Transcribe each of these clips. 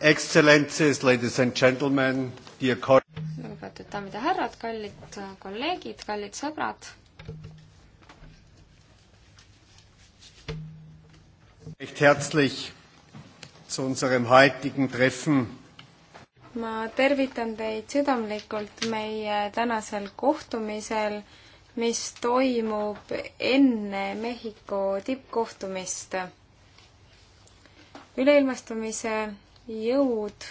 Excellencies, ladies and gentlemen, dear colleagues. lugupeetud daamid ja härrad, kallid kolleegid, kallid sõbrad. Recht herzlich zu unserem heutigen Treffen. ma tervitan teid südamlikult meie tänasel kohtumisel, mis toimub enne Mehhiko tippkohtumist. üleilmastumise jõud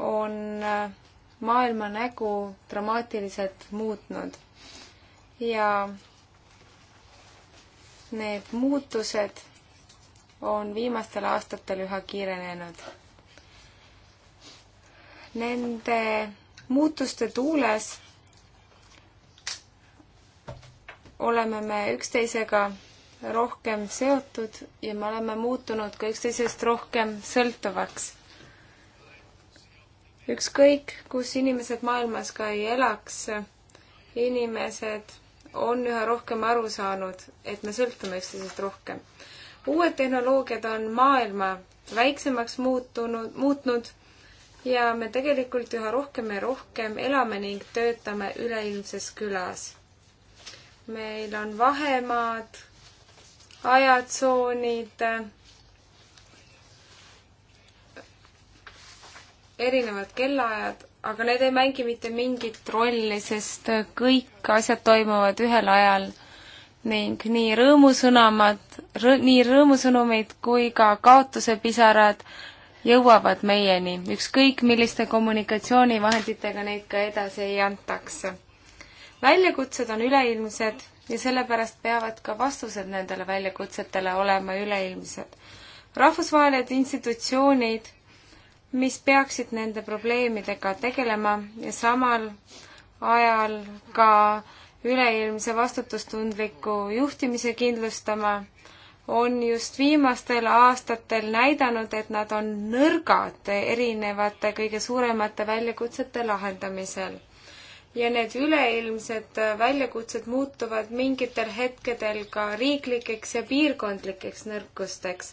on äh, maailma nägu dramaatiliselt muutnud ja need muutused on viimastel aastatel üha kiirenenud. Nende muutuste tuules oleme me üksteisega rohkem seotud ja me oleme muutunud ka üksteisest rohkem sõltuvaks. ükskõik, kus inimesed maailmas ka ei elaks, inimesed on üha rohkem aru saanud, et me sõltume üksteisest rohkem. uued tehnoloogiad on maailma väiksemaks muutunud, muutnud ja me tegelikult üha rohkem ja rohkem elame ning töötame üleilmses külas. meil on vahemaad, ajatsoonid, erinevad kellaajad, aga need ei mängi mitte mingit rolli, sest kõik asjad toimuvad ühel ajal ning nii rõõmusõnamad rõ,, nii rõõmusõnumid kui ka kaotusepisarad jõuavad meieni, ükskõik milliste kommunikatsioonivahenditega neid ka edasi ei antaks. väljakutsed on üleilmsed ja sellepärast peavad ka vastused nendele väljakutsetele olema üleilmsed. rahvusvahelised institutsioonid, mis peaksid nende probleemidega tegelema ja samal ajal ka üleilmse vastutustundliku juhtimise kindlustama, on just viimastel aastatel näidanud, et nad on nõrgad erinevate kõige suuremate väljakutsete lahendamisel ja need üleilmsed väljakutsed muutuvad mingitel hetkedel ka riiklikeks ja piirkondlikeks nõrkusteks,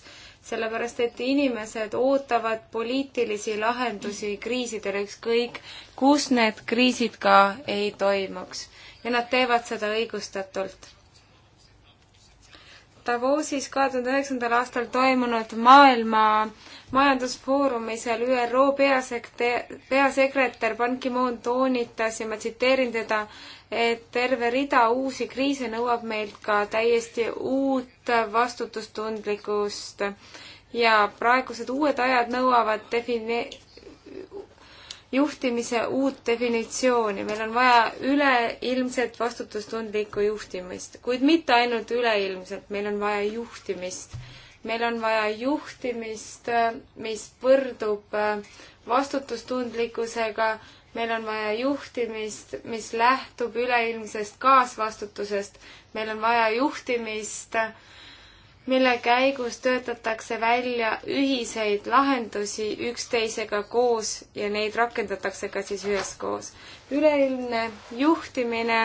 sellepärast et inimesed ootavad poliitilisi lahendusi kriisidele, ükskõik kus need kriisid ka ei toimuks. ja nad teevad seda õigustatult. Davosis kahe tuhande üheksandal aastal toimunud maailma äh, majandusfoorumi seal ÜRO peasekte-, peasekretär Ban Ki-moon toonitas ja ma tsiteerin teda, et terve rida uusi kriise nõuab meilt ka täiesti uut vastutustundlikkust ja praegused uued ajad nõuavad defini-, juhtimise uut definitsiooni, meil on vaja üleilmset vastutustundlikku juhtimist, kuid mitte ainult üleilmselt, meil on vaja juhtimist meil on vaja juhtimist, mis võrdub äh, vastutustundlikkusega, meil on vaja juhtimist, mis lähtub üleilmsest kaasvastutusest, meil on vaja juhtimist, mille käigus töötatakse välja ühiseid lahendusi üksteisega koos ja neid rakendatakse ka siis üheskoos. üleilmne juhtimine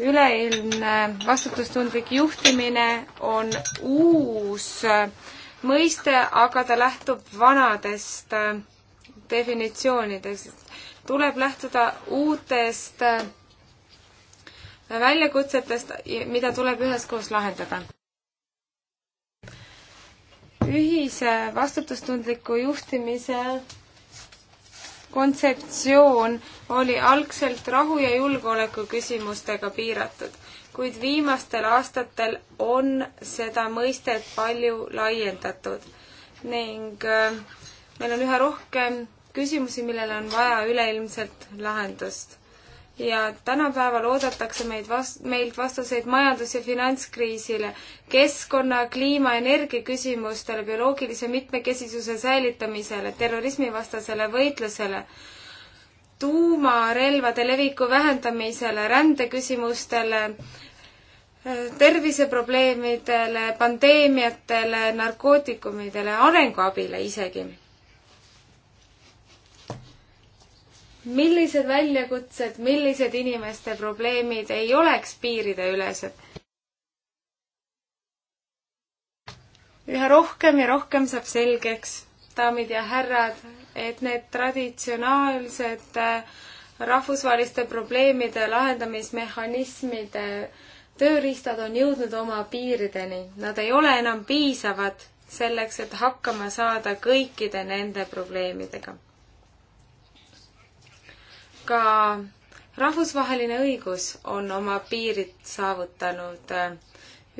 üleilmne vastutustundlik juhtimine on uus mõiste, aga ta lähtub vanadest äh, definitsioonidest. tuleb lähtuda uutest äh, väljakutsetest, mida tuleb üheskoos lahendada. ühise vastutustundliku juhtimise kontseptsioon oli algselt rahu ja julgeoleku küsimustega piiratud, kuid viimastel aastatel on seda mõistet palju laiendatud ning äh, meil on üha rohkem küsimusi, millele on vaja üleilmselt lahendust ja tänapäeval oodatakse meid vast-, meilt vastuseid majandus- ja finantskriisile, keskkonna, kliima, energiaküsimustele, bioloogilise mitmekesisuse säilitamisele, terrorismivastasele võitlusele, tuumarelvade leviku vähendamisele, rändeküsimustele, terviseprobleemidele, pandeemiatele, narkootikumidele, arenguabile isegi millised väljakutsed, millised inimeste probleemid ei oleks piirideülesed. üha rohkem ja rohkem saab selgeks, daamid ja härrad, et need traditsionaalsed äh, rahvusvaheliste probleemide lahendamismehhanismide tööriistad on jõudnud oma piirideni. Nad ei ole enam piisavad selleks, et hakkama saada kõikide nende probleemidega ka rahvusvaheline õigus on oma piirid saavutanud.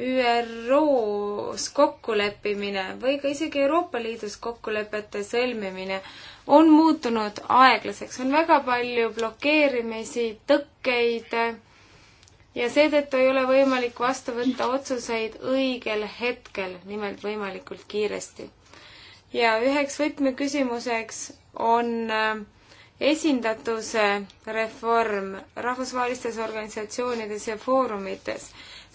ÜRO-s kokkuleppimine või ka isegi Euroopa Liidus kokkulepete sõlmimine on muutunud aeglaseks, on väga palju blokeerimisi, tõkkeid ja seetõttu ei ole võimalik vastu võtta otsuseid õigel hetkel, nimelt võimalikult kiiresti. ja üheks võtmeküsimuseks on äh, esindatuse reform rahvusvahelistes organisatsioonides ja foorumites,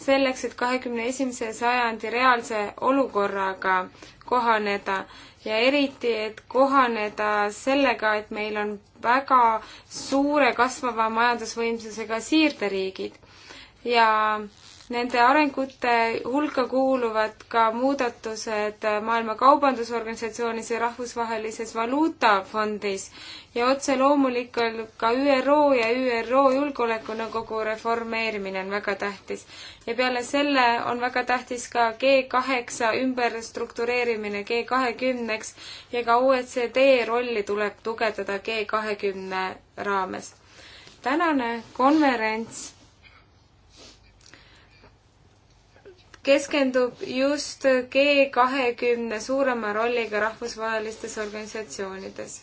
selleks, et kahekümne esimese sajandi reaalse olukorraga kohaneda ja eriti, et kohaneda sellega, et meil on väga suure kasvava majandusvõimsusega siirderiigid ja Nende arengute hulka kuuluvad ka muudatused Maailma Kaubandusorganisatsioonis ja Rahvusvahelises Valuutafondis ja otse loomulikult ka ÜRO ja ÜRO Julgeolekunõukogu reformeerimine on väga tähtis. ja peale selle on väga tähtis ka G kaheksa ümberstruktureerimine G kahekümneks ja ka OECD rolli tuleb tugevdada G kahekümne raames. tänane konverents keskendub just G kahekümne suurema rolliga rahvusvahelistes organisatsioonides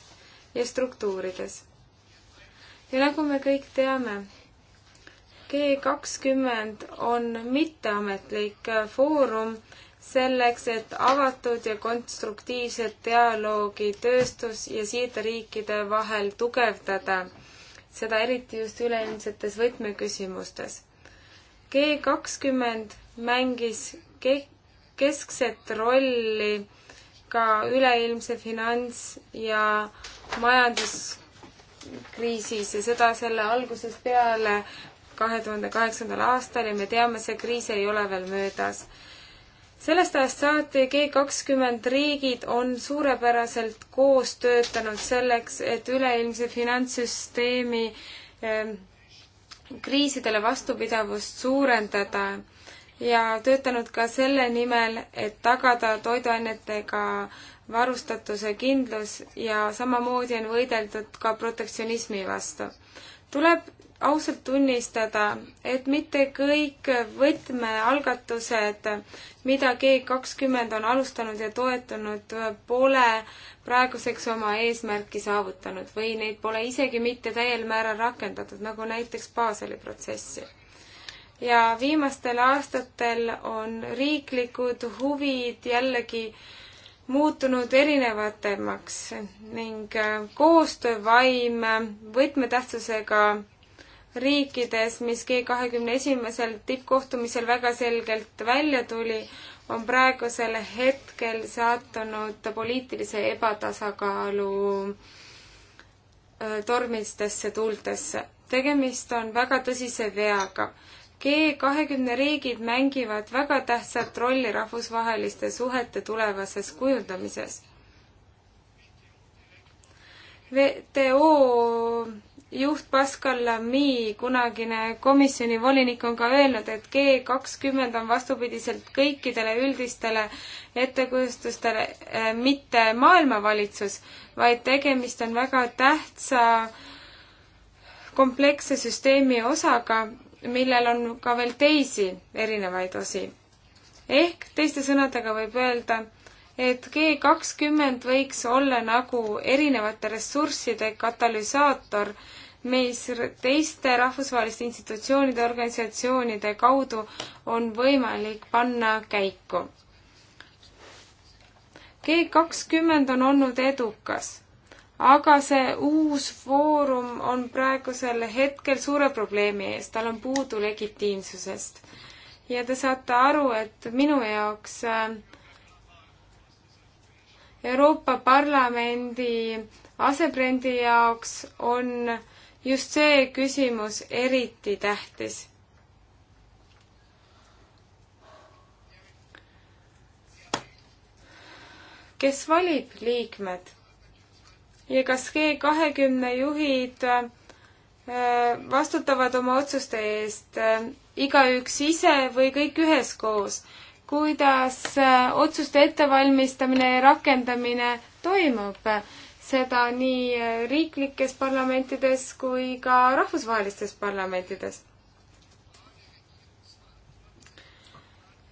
ja struktuurides. ja nagu me kõik teame, G kakskümmend on mitteametlik foorum selleks, et avatud ja konstruktiivset dialoogi tööstus- ja siirderiikide vahel tugevdada, seda eriti just üleilmsetes võtmeküsimustes. G kakskümmend mängis ke-, keskset rolli ka üleilmse finants- ja majanduskriisis ja seda selle algusest peale kahe tuhande kaheksandal aastal ja me teame, see kriis ei ole veel möödas. sellest ajast saati G kakskümmend riigid on suurepäraselt koos töötanud selleks, et üleilmse finantssüsteemi ehm, kriisidele vastupidavust suurendada ja töötanud ka selle nimel, et tagada toiduainetega varustatuse kindlus ja samamoodi on võideldud ka protektsionismi vastu. tuleb ausalt tunnistada, et mitte kõik võtmealgatused, mida G kakskümmend on alustanud ja toetanud, pole praeguseks oma eesmärki saavutanud või neid pole isegi mitte täiel määral rakendatud, nagu näiteks Baseli protsessi ja viimastel aastatel on riiklikud huvid jällegi muutunud erinevatemaks ning äh, koostöövaim võtmetähtsusega riikides, mis G kahekümne esimesel tippkohtumisel väga selgelt välja tuli, on praegusel hetkel sattunud poliitilise ebatasakaalu äh, tormistesse tuultesse. tegemist on väga tõsise veaga G kahekümne riigid mängivad väga tähtsat rolli rahvusvaheliste suhete tulevases kujundamises. WTO juht Pascal Lamy, kunagine komisjoni volinik, on ka öelnud, et G kakskümmend on vastupidiselt kõikidele üldistele ettekujutustele äh, mitte maailmavalitsus, vaid tegemist on väga tähtsa kompleksse süsteemi osaga millel on ka veel teisi erinevaid osi. ehk teiste sõnadega võib öelda, et G kakskümmend võiks olla nagu erinevate ressursside katalüsaator, mis teiste rahvusvaheliste institutsioonide, organisatsioonide kaudu on võimalik panna käiku. G kakskümmend on olnud edukas aga see uus foorum on praegusel hetkel suure probleemi ees, tal on puudu legitiimsusest. ja te saate aru, et minu jaoks äh, Euroopa Parlamendi asepresidendi jaoks on just see küsimus eriti tähtis kes valib liikmed? ja kas G kahekümne juhid äh, vastutavad oma otsuste eest äh, igaüks ise või kõik üheskoos? kuidas äh, otsuste ettevalmistamine ja rakendamine toimub? seda nii riiklikes parlamentides kui ka rahvusvahelistes parlamentides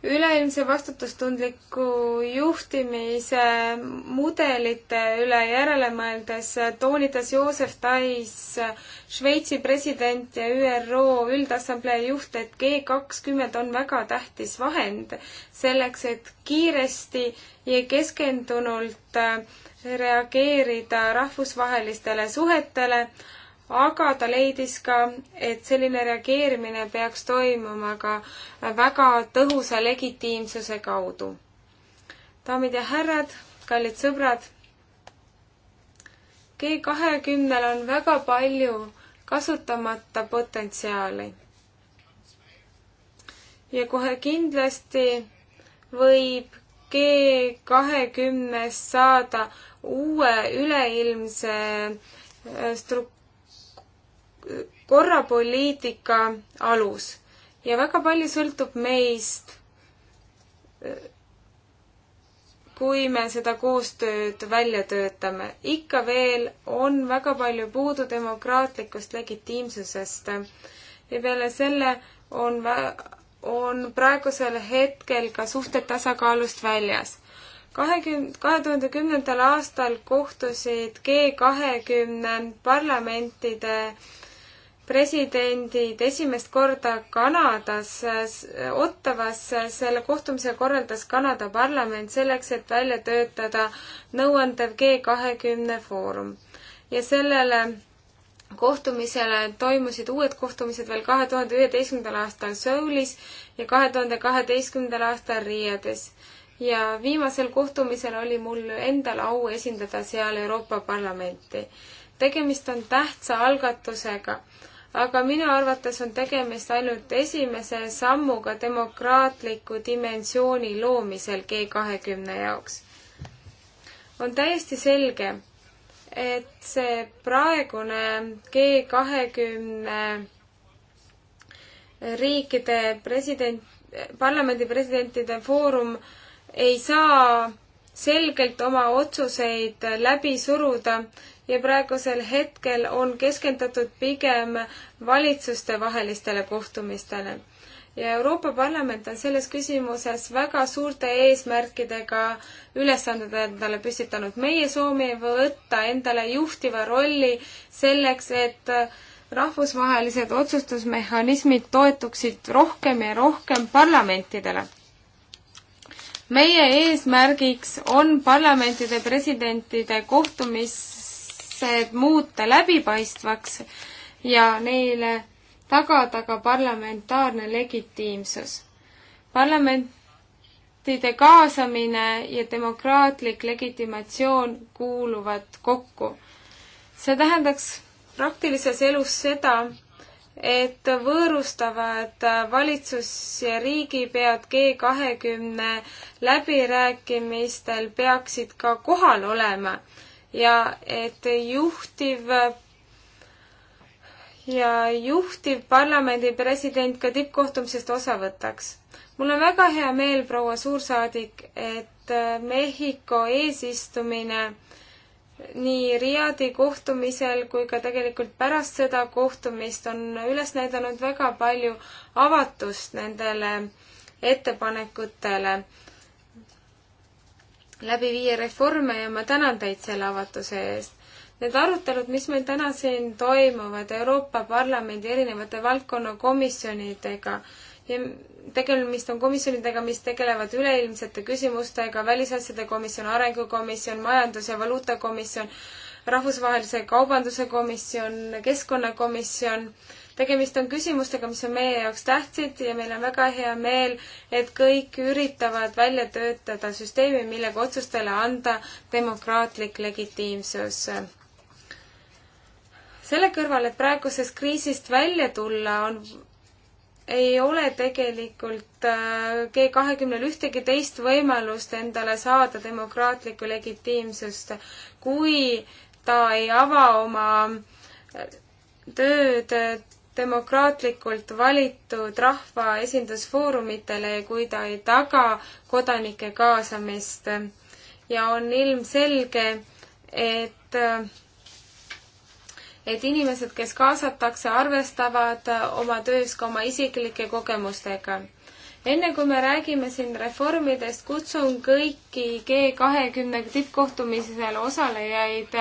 üleilmse vastutustundliku juhtimise mudelite üle järele mõeldes toonitas Joosef Tais, Šveitsi president ja ÜRO Üldassamblee juht, et G kakskümmend on väga tähtis vahend selleks, et kiiresti ja keskendunult reageerida rahvusvahelistele suhetele, aga ta leidis ka, et selline reageerimine peaks toimuma ka väga tõhusa legitiimsuse kaudu. daamid ja härrad, kallid sõbrad, G kahekümnel on väga palju kasutamata potentsiaali. ja kohe kindlasti võib G kahekümnest saada uue üleilmse struk-, korrapoliitika alus ja väga palju sõltub meist, kui me seda koostööd välja töötame. ikka veel on väga palju puudu demokraatlikust legitiimsusest ja peale selle on, on praegusel hetkel ka suhted tasakaalust väljas kahekümne, kahe tuhande kümnendal aastal kohtusid G kahekümne parlamentide äh, presidendid esimest korda Kanadas, Ottawas selle kohtumise korraldas Kanada parlament selleks, et välja töötada nõuandev G kahekümne foorum. ja sellele kohtumisele toimusid uued kohtumised veel kahe tuhande üheteistkümnendal aastal Soulis ja kahe tuhande kaheteistkümnendal aastal Riiades. ja viimasel kohtumisel oli mul endal au esindada seal Euroopa Parlamenti. tegemist on tähtsa algatusega aga minu arvates on tegemist ainult esimese sammuga demokraatliku dimensiooni loomisel G kahekümne jaoks. on täiesti selge, et see praegune G kahekümne riikide president, parlamendi presidentide foorum ei saa selgelt oma otsuseid läbi suruda, ja praegusel hetkel on keskendatud pigem valitsustevahelistele kohtumistele. ja Euroopa Parlament on selles küsimuses väga suurte eesmärkidega ülesanded endale püstitanud. meie soovime võtta endale juhtiva rolli selleks, et rahvusvahelised otsustusmehhanismid toetuksid rohkem ja rohkem parlamentidele. meie eesmärgiks on parlamentide presidentide kohtumis see muuta läbipaistvaks ja neile tagada ka parlamentaarne legitiimsus. parlamentide kaasamine ja demokraatlik legitimatsioon kuuluvad kokku. see tähendaks praktilises elus seda, et võõrustavad valitsus ja riigipead G kahekümne läbirääkimistel peaksid ka kohal olema ja et juhtiv ja juhtiv parlamendi president ka tippkohtumisest osa võtaks. mul on väga hea meel, proua suursaadik, et Mehhiko eesistumine nii Riadi kohtumisel kui ka tegelikult pärast seda kohtumist on üles näidanud väga palju avatust nendele ettepanekutele läbi viia reforme ja ma tänan teid selle avatuse eest. Need arutelud, mis meil täna siin toimuvad Euroopa Parlamendi erinevate valdkonnakomisjonidega ja tegemist on komisjonidega, mis tegelevad üleilmsete küsimustega, välisasjade komisjon, arengukomisjon, majandus- ja valuutakomisjon, Rahvusvahelise Kaubanduse Komisjon, Keskkonnakomisjon. tegemist on küsimustega, mis on meie jaoks tähtsad ja meil on väga hea meel, et kõik üritavad välja töötada süsteemi, millega otsustele anda demokraatlik legitiimsus selle kõrval, et praegusest kriisist välja tulla, on ei ole tegelikult äh, G kahekümnel ühtegi teist võimalust endale saada demokraatlikku legitiimsust, kui ta ei ava oma äh, tööd äh, demokraatlikult valitud rahvaesindusfoorumitele ja kui ta ei taga kodanike kaasamist. ja on ilmselge, et, äh, et inimesed, kes kaasatakse, arvestavad oma töös ka oma isiklike kogemustega. enne kui me räägime siin reformidest, kutsun kõiki G kahekümne tippkohtumisel osalejaid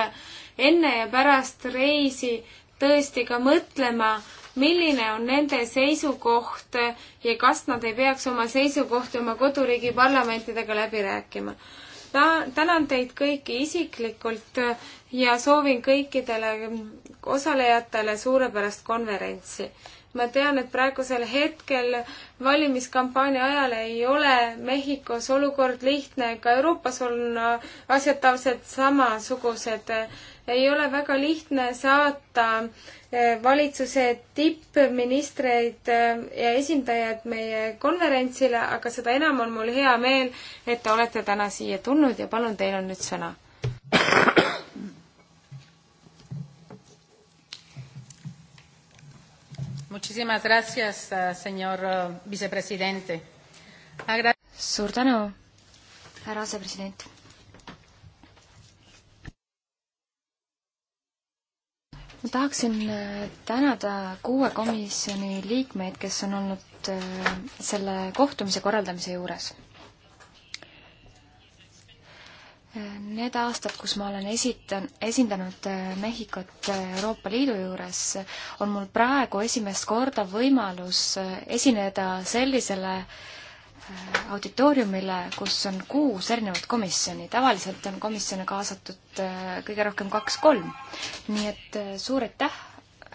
enne ja pärast reisi tõesti ka mõtlema, milline on nende seisukoht ja kas nad ei peaks oma seisukohti oma koduriigi parlamentidega läbi rääkima. ta, tänan teid kõiki isiklikult ja soovin kõikidele osalejatele suurepärast konverentsi. ma tean, et praegusel hetkel valimiskampaania ajal ei ole Mehhikos olukord lihtne, ka Euroopas on asjad tavaliselt samasugused ei ole väga lihtne saata eh, valitsuse tippministreid eh, ja esindajad meie konverentsile, aga seda enam on mul hea meel, et te olete täna siia tulnud ja palun, teil on nüüd sõna. Muchísimas gracias, eh, señor vicepresidente. suur tänu, härra asepresident ma tahaksin äh, tänada kuue komisjoni liikmeid, kes on olnud äh, selle kohtumise korraldamise juures. Äh, need aastad, kus ma olen esitan-, esindanud Mehhikot Euroopa Liidu juures, on mul praegu esimest korda võimalus esineda sellisele äh, auditooriumile, kus on kuus erinevat komisjoni. tavaliselt on komisjone kaasatud äh, kõige rohkem kaks-kolm. nii et äh, suur aitäh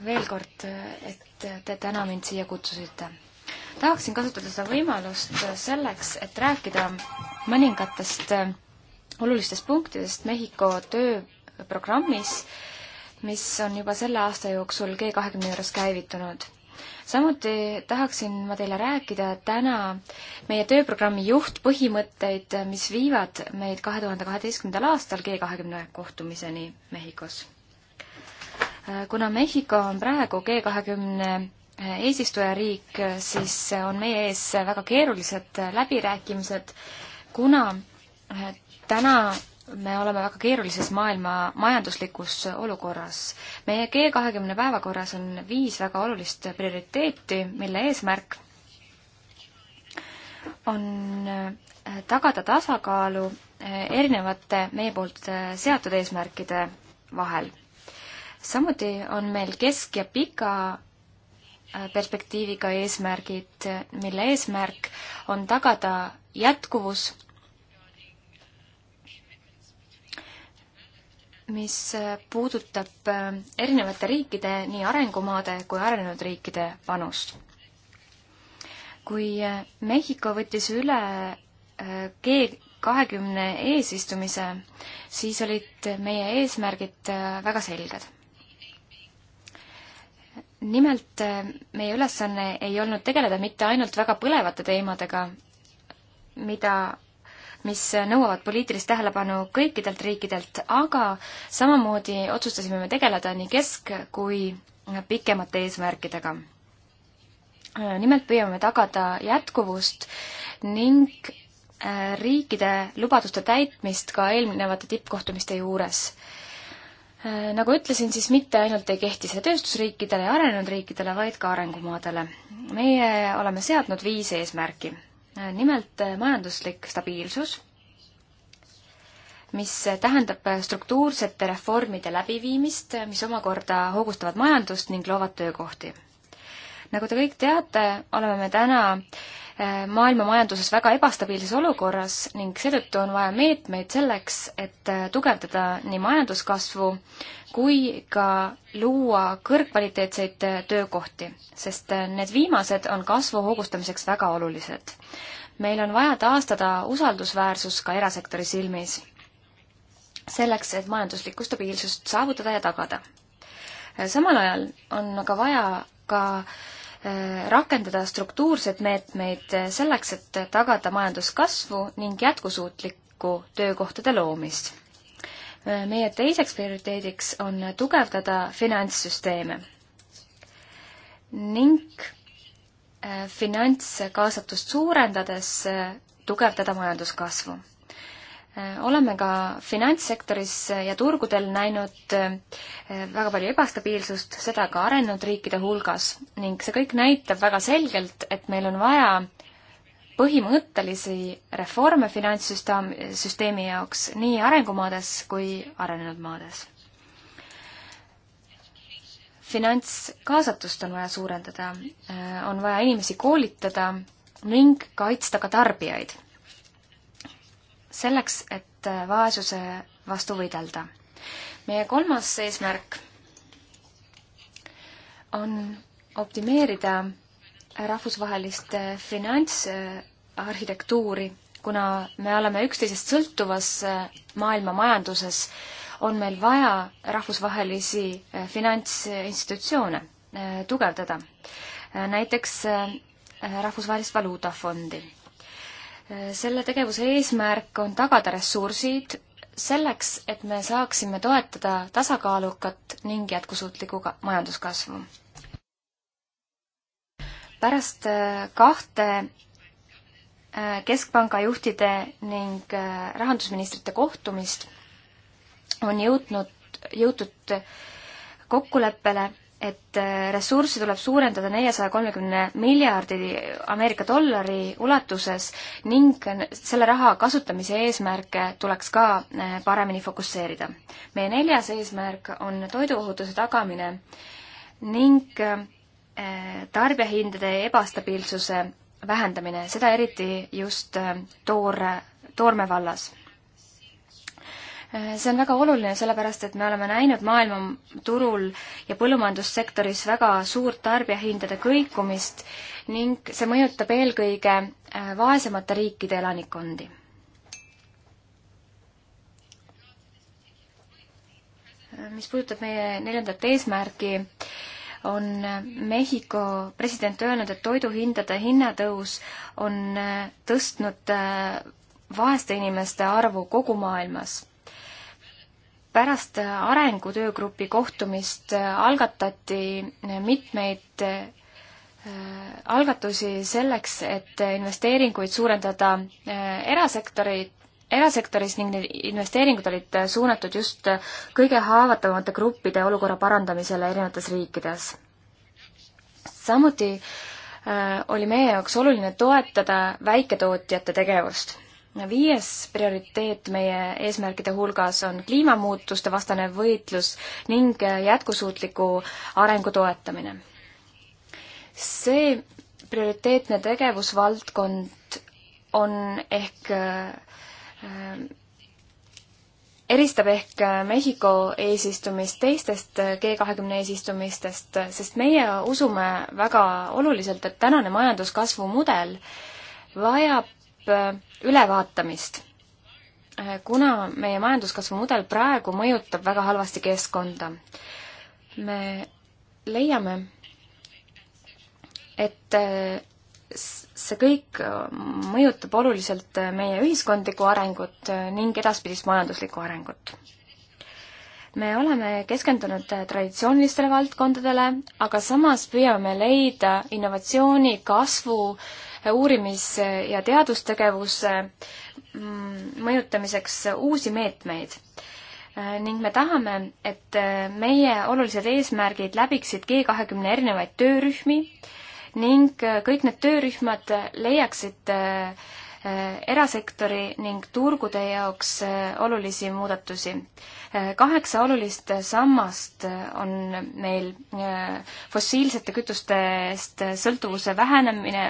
veel kord, äh, et te täna mind siia kutsusite. tahaksin kasutada seda võimalust selleks, et rääkida mõningatest olulistest punktidest Mehhiko tööprogrammis, mis on juba selle aasta jooksul G kahekümne juures käivitunud samuti tahaksin ma teile rääkida täna meie tööprogrammi juhtpõhimõtteid, mis viivad meid kahe tuhande kaheteistkümnendal aastal G kahekümne kohtumiseni Mehhikos. kuna Mehhiko on praegu G kahekümne eesistujariik, siis on meie ees väga keerulised läbirääkimised, kuna täna me oleme väga keerulises maailma majanduslikus olukorras. meie G kahekümne päevakorras on viis väga olulist prioriteeti, mille eesmärk on äh, tagada tasakaalu äh, erinevate meie poolt äh, seatud eesmärkide vahel. samuti on meil kesk- ja pika perspektiiviga eesmärgid, mille eesmärk on tagada jätkuvus mis puudutab äh, erinevate riikide, nii arengumaade kui arenenud riikide panust. kui äh, Mehhiko võttis üle äh, G kahekümne eesistumise, siis olid meie eesmärgid väga selged. nimelt meie ülesanne ei olnud tegeleda mitte ainult väga põlevate teemadega, mida mis nõuavad poliitilist tähelepanu kõikidelt riikidelt, aga samamoodi otsustasime me tegeleda nii kesk- kui pikemate eesmärkidega. nimelt püüame tagada jätkuvust ning äh, riikide lubaduste täitmist ka eelnevate tippkohtumiste juures äh, nagu ütlesin, siis mitte ainult ei kehti see tööstusriikidele ja arenenud riikidele, vaid ka arengumaadele. meie oleme seadnud viis eesmärki nimelt eh, majanduslik stabiilsus, mis tähendab eh, struktuursete reformide läbiviimist, eh, mis omakorda hoogustavad majandust ning loovad töökohti nagu te kõik teate, oleme me täna äh, maailma majanduses väga ebastabiilses olukorras ning seetõttu on vaja meetmeid selleks, et äh, tugevdada nii majanduskasvu kui ka luua kõrgkvaliteetseid äh, töökohti, sest need viimased on kasvu hoogustamiseks väga olulised. meil on vaja taastada usaldusväärsus ka erasektori silmis, selleks et majanduslikku stabiilsust saavutada ja tagada. samal ajal on aga vaja ka äh, Äh, rakendada struktuurseid meetmeid selleks, et tagada majanduskasvu ning jätkusuutlikku töökohtade loomist. Äh, meie teiseks prioriteediks on tugevdada finantssüsteeme ning äh, finantskaasatust suurendades tugevdada majanduskasvu Äh, oleme ka finantssektoris ja turgudel näinud äh, väga palju ebastabiilsust, seda ka arenenud riikide hulgas ning see kõik näitab väga selgelt, et meil on vaja põhimõttelisi reforme finantssüsteemi, süsteemi jaoks nii arengumaades kui arenenud maades. finantskaasatust on vaja suurendada, äh, on vaja inimesi koolitada ning kaitsta ka tarbijaid selleks, et vaesuse vastu võidelda. meie kolmas eesmärk on optimeerida rahvusvahelist finantsarhitektuuri, kuna me oleme üksteisest sõltuvas maailma majanduses, on meil vaja rahvusvahelisi finantsinstitutsioone eh, tugevdada. näiteks eh, Rahvusvahelist Valuutafondi selle tegevuse eesmärk on tagada ressursid selleks, et me saaksime toetada tasakaalukat ning jätkusuutlikku majanduskasvu. pärast äh, kahte äh, keskpanga juhtide ning äh, rahandusministrite kohtumist on jõudnud, jõutud kokkuleppele, et äh, ressursse tuleb suurendada neljasaja kolmekümne miljardi Ameerika dollari ulatuses ning selle raha kasutamise eesmärke tuleks ka äh, paremini fokusseerida. meie neljas eesmärk on toiduohutuse tagamine ning äh, tarbijahindade ebastabiilsuse vähendamine, seda eriti just toor, toorme vallas see on väga oluline, sellepärast et me oleme näinud maailmaturul ja põllumajandussektoris väga suurt tarbijahindade kõikumist ning see mõjutab eelkõige äh, vaesemate riikide elanikkondi. mis puudutab meie neljandat eesmärki, on äh, Mehhiko president öelnud, et toiduhindade hinnatõus on äh, tõstnud vaeste inimeste arvu kogu maailmas pärast arengutöögrupi kohtumist äh, algatati äh, mitmeid äh, algatusi selleks, et investeeringuid suurendada erasektori, erasektoris ning need investeeringud olid suunatud just kõige haavatavamate gruppide olukorra parandamisele erinevates riikides. samuti oli meie jaoks oluline toetada väiketootjate tegevust viies prioriteet meie eesmärkide hulgas on kliimamuutuste vastane võitlus ning jätkusuutliku arengu toetamine. see prioriteetne tegevusvaldkond on ehk äh, eristab ehk Mehhiko eesistumist teistest G kahekümne eesistumistest, sest meie usume väga oluliselt, et tänane majanduskasvu mudel vajab Äh, ülevaatamist. Äh, kuna meie majanduskasvu mudel praegu mõjutab väga halvasti keskkonda, me leiame, et äh, see kõik mõjutab oluliselt meie ühiskondlikku arengut ning edaspidist majanduslikku arengut. me oleme keskendunud traditsioonilistele valdkondadele, aga samas püüame leida innovatsiooni, kasvu äh, uurimis- ja teadustegevuse mm, mõjutamiseks uusi meetmeid. ning me tahame, et meie olulised eesmärgid läbiksid G kahekümne erinevaid töörühmi ning kõik need töörühmad leiaksid Eh, erasektori ning turgude jaoks eh, olulisi muudatusi. Eh, kaheksa olulist sammast on meil fossiilsete kütustest sõltuvuse vähenemine,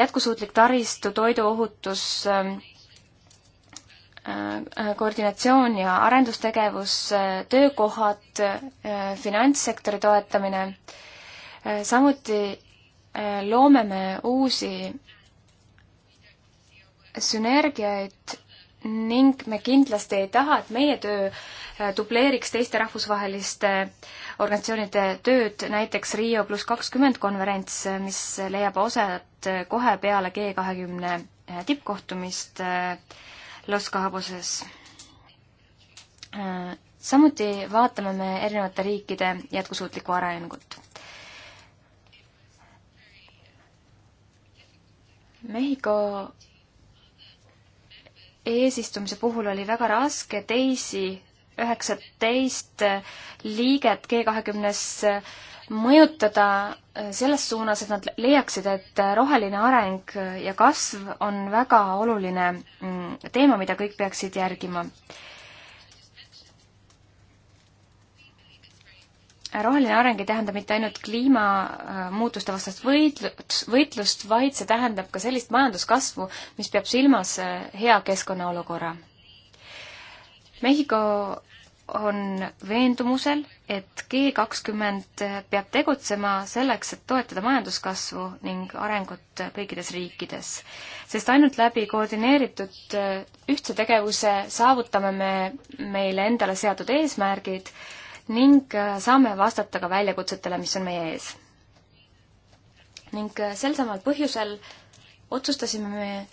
jätkusuutlik taristu, toiduohutus, koordinatsioon ja arendustegevus, töökohad, finantssektori toetamine, samuti loome me uusi sünergiaid ning me kindlasti ei taha, et meie töö äh, dubleeriks teiste rahvusvaheliste äh, organisatsioonide tööd, näiteks Rio pluss kakskümmend konverents, äh, mis leiab osad kohe peale G kahekümne tippkohtumist Los Caboses. samuti vaatame me erinevate riikide jätkusuutlikku arengut. Mehhiko eesistumise puhul oli väga raske teisi üheksateist liiget G kahekümnes mõjutada äh, selles suunas, et nad leiaksid, et roheline areng ja kasv on väga oluline mm, teema, mida kõik peaksid järgima. roheline areng ei tähenda mitte ainult kliimamuutuste vastast võitlust, võitlust, vaid see tähendab ka sellist majanduskasvu, mis peab silmas eh, hea keskkonnaolukorra. Mehhiko on veendumusel, et G kakskümmend peab tegutsema selleks, et toetada majanduskasvu ning arengut kõikides riikides. sest ainult läbi koordineeritud eh, ühtse tegevuse saavutame me meile endale seatud eesmärgid ning äh, saame vastata ka väljakutsetele, mis on meie ees. ning äh, sel samal põhjusel otsustasime me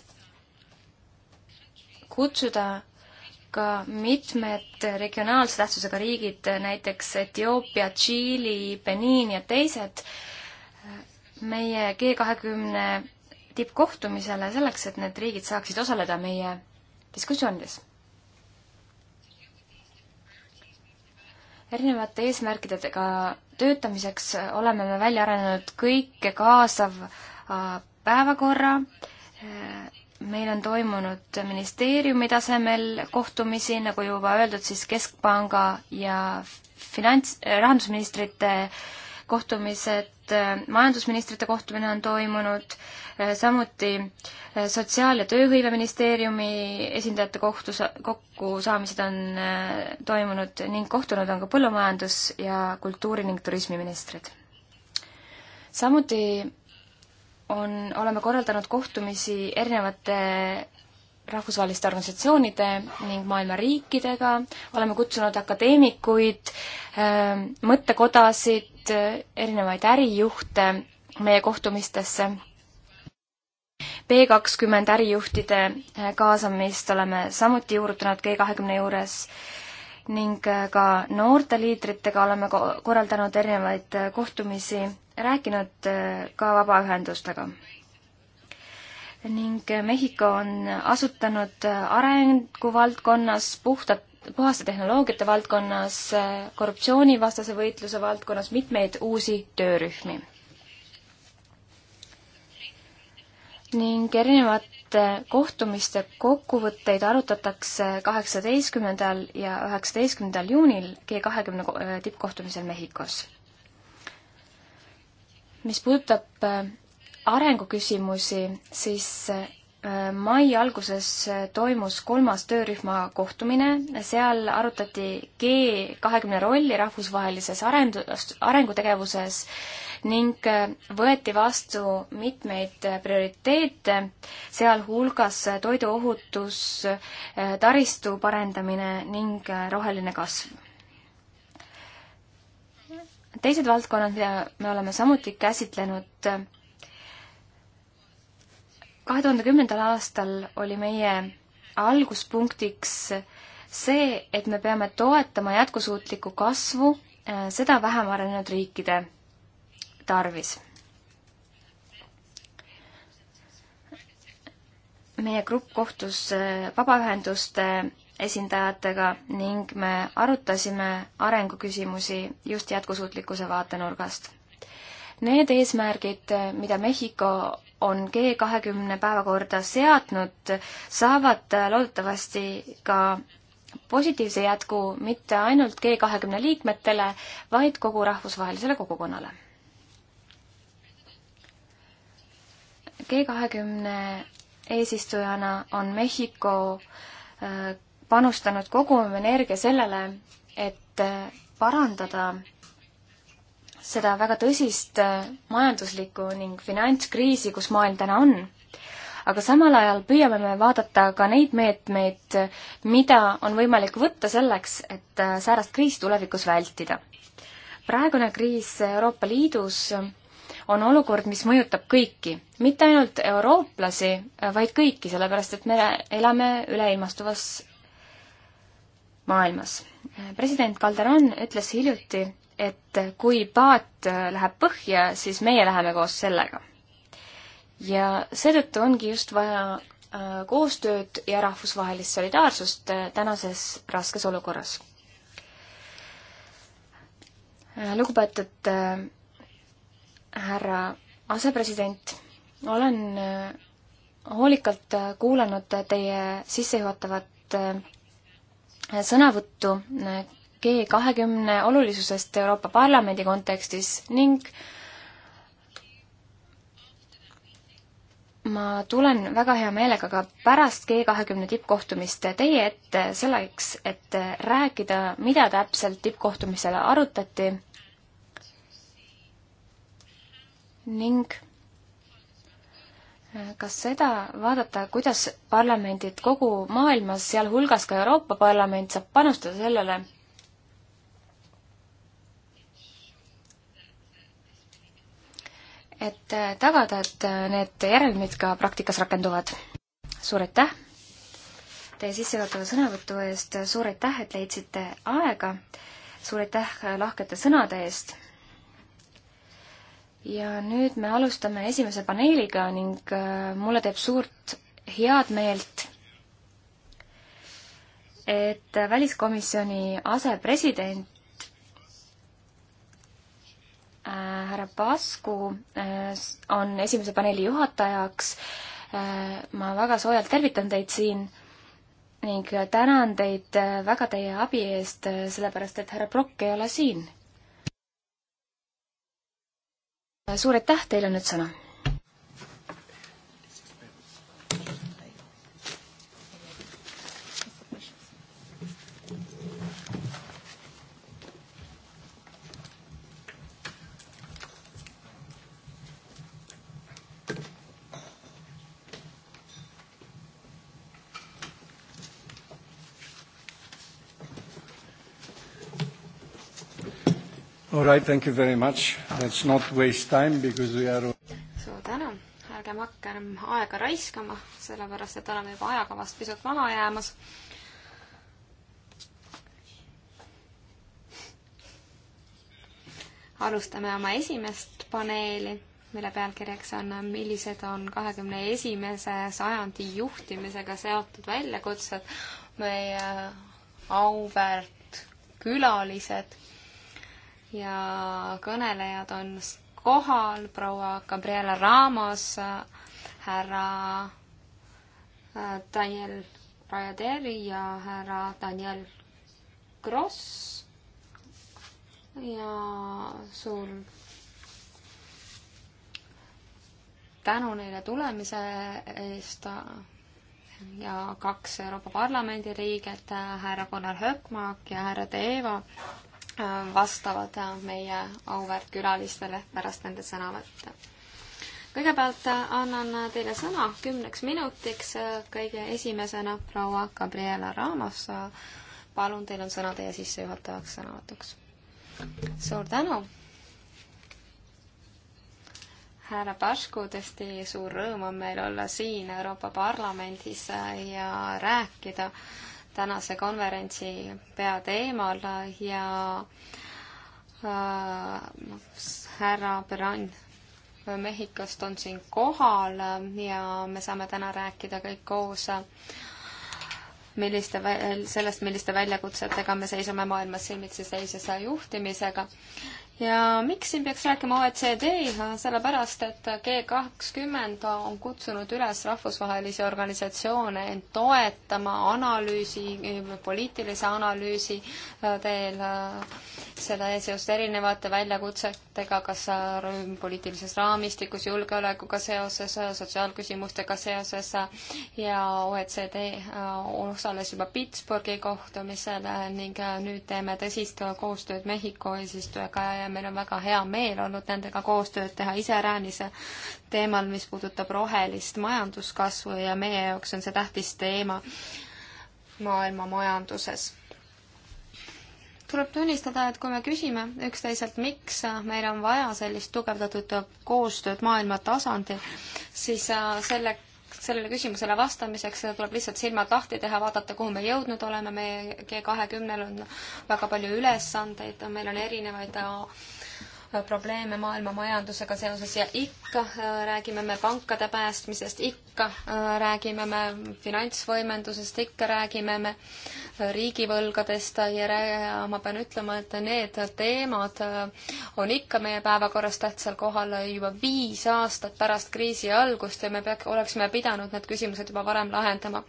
kutsuda ka mitmed regionaalse tähtsusega riigid, äh, näiteks Etioopia, Tšiili, Beniin ja teised, meie G kahekümne tippkohtumisele selleks, et need riigid saaksid osaleda meie diskussioonides erinevate eesmärkidega töötamiseks oleme me välja arenenud kõike kaasav äh, päevakorra, äh, meil on toimunud ministeeriumi tasemel kohtumisi, nagu juba öeldud, siis Keskpanga ja finants, äh, rahandusministrite kohtumised, et äh, majandusministrite kohtumine on toimunud, äh, samuti äh, sotsiaal- ja tööhõiveministeeriumi esindajate kohtu, kokkusaamised on toimunud ning kohtunud on ka põllumajandus- ja kultuuri- ning turismiministrid. samuti on, oleme korraldanud kohtumisi erinevate rahvusvaheliste organisatsioonide ning maailma riikidega, oleme kutsunud akadeemikuid, mõttekodasid, meid, äh, erinevaid ärijuhte meie kohtumistesse. B kakskümmend ärijuhtide äh, kaasamist oleme samuti juurutanud G kahekümne juures ning äh, ka noorte liidritega oleme korraldanud erinevaid kohtumisi, rääkinud ka vabaühendustega. ning Mehhiko on asutanud arenguvaldkonnas puhtat puhaste tehnoloogiate valdkonnas, korruptsioonivastase võitluse valdkonnas mitmeid uusi töörühmi. ning erinevate kohtumiste kokkuvõtteid arutatakse kaheksateistkümnendal ja üheksateistkümnendal juunil G kahekümne äh, tippkohtumisel Mehhikos. mis puudutab äh, arenguküsimusi, siis äh, mai alguses toimus kolmas töörühma kohtumine, seal arutati G kahekümne rolli rahvusvahelises arendus, arengutegevuses ning võeti vastu mitmeid prioriteete, sealhulgas toiduohutus, taristu parendamine ning roheline kasv. teised valdkonnad, mida me oleme samuti käsitlenud, kahe tuhande kümnendal aastal oli meie alguspunktiks see, et me peame toetama jätkusuutlikku kasvu, äh, seda vähem arenenud riikide tarvis. meie grupp kohtus äh, vabaühenduste esindajatega ning me arutasime arenguküsimusi just jätkusuutlikkuse vaatenurgast. Need eesmärgid, mida Mehhiko on G kahekümne päevakorda seadnud, saavad loodetavasti ka positiivse jätku mitte ainult G kahekümne liikmetele, vaid kogu rahvusvahelisele kogukonnale. G kahekümne eesistujana on Mehhiko äh, panustanud kogu oma energia sellele, et äh, parandada seda väga tõsist äh, majanduslikku ning finantskriisi, kus maailm täna on. aga samal ajal püüame me vaadata ka neid meetmeid, mida on võimalik võtta selleks, et äh, säärast kriis tulevikus vältida. praegune kriis Euroopa Liidus on olukord, mis mõjutab kõiki, mitte ainult eurooplasi, äh, vaid kõiki, sellepärast et me elame üleilmastuvas maailmas. president Calderon ütles hiljuti, et kui paat läheb põhja, siis meie läheme koos sellega. ja seetõttu ongi just vaja äh, koostööd ja rahvusvahelist solidaarsust äh, tänases raskes olukorras. Äh, lugupeetud härra asepresident, olen hoolikalt kuulanud teie sissejuhatavat sõnavõttu G kahekümne olulisusest Euroopa Parlamendi kontekstis ning ma tulen väga hea meelega ka pärast G kahekümne tippkohtumist teie ette selleks, et rääkida, mida täpselt tippkohtumisel arutati ning kas seda vaadata, kuidas parlamendid kogu maailmas, sealhulgas ka Euroopa Parlament, saab panustada sellele, et äh, tagada, et äh, need järelmid ka praktikas rakenduvad. suur aitäh teie sissejuhatava sõnavõtu eest, suur aitäh, et leidsite aega, suur aitäh äh, lahkete sõnade eest. ja nüüd me alustame esimese paneeliga ning mulle teeb suurt head meelt, et väliskomisjoni asepresident Äh, härra Pasku äh, on esimese paneeli juhatajaks. Äh, ma väga soojalt tervitan teid siin ning tänan teid väga teie abi eest, sellepärast et härra Prokk ei ole siin. suur aitäh, teil on nüüd sõna All right, thank you very much. Let's not waste time because we are suur tänu, ärgem hakkem aega raiskama, sellepärast et oleme juba ajakavast pisut maha jäämas. alustame oma esimest paneeli, mille pealkirjaks on, millised on kahekümne esimese sajandi juhtimisega seotud väljakutsed. meie äh, auväärt külalised ja kõnelejad on kohal, proua Gabriela Ramos, härra äh, Daniel Rajaderi ja härra Daniel Gross ja suur tänu neile tulemise eest ja kaks Euroopa Parlamendi liiget, härra Gunnar Hökmark ja härra Teeva Äh, vastavad äh, meie auväärt külalistele pärast nende sõnavõtte. kõigepealt äh, annan teile sõna kümneks minutiks, kõige esimesena proua Gabriela Ramos. palun, teil on sõna teie sissejuhatavaks sõnavõtuks. suur tänu! härra Pašku, tõesti suur rõõm on meil olla siin Euroopa Parlamendis ja rääkida äh, tänase konverentsi peateemal ja äh, härra Beran Mehhikost on siin kohal ja me saame täna rääkida kõik koos milliste, sellest, milliste väljakutsetega me seisame maailmas silmitsi seisjase juhtimisega ja miks siin peaks rääkima OECD, sellepärast et G kakskümmend on kutsunud üles rahvusvahelisi organisatsioone end toetama analüüsi, poliitilise analüüsi äh, teel, äh, seda seost erinevate väljakutsetega, kas äh, poliitilises raamistikus, julgeolekuga seoses, sotsiaalküsimustega seoses ja OECD osales juba Pittsburghi kohtumisel ning nüüd teeme tõsist koostööd Mehhiko eesistujaga ja meil on väga hea meel olnud nendega koostööd teha iseäranis teemal, mis puudutab rohelist majanduskasvu ja meie jaoks on see tähtis teema maailma majanduses. tuleb tunnistada, et kui me küsime üksteiselt, miks meil on vaja sellist tugevdatud koostööd maailma tasandil, siis äh, selle sellele küsimusele vastamiseks tuleb lihtsalt silmad lahti teha, vaadata, kuhu me jõudnud oleme, meie G kahekümnel on väga palju ülesandeid, meil on erinevaid probleeme maailma majandusega seoses ja ikka äh, räägime me pankade päästmisest, ikka äh, räägime me finantsvõimendusest, ikka räägime me äh, riigivõlgadest ja rää... ma pean ütlema, et need teemad on ikka meie päevakorras tähtsal kohal juba viis aastat pärast kriisi algust ja me peaks, oleksime pidanud need küsimused juba varem lahendama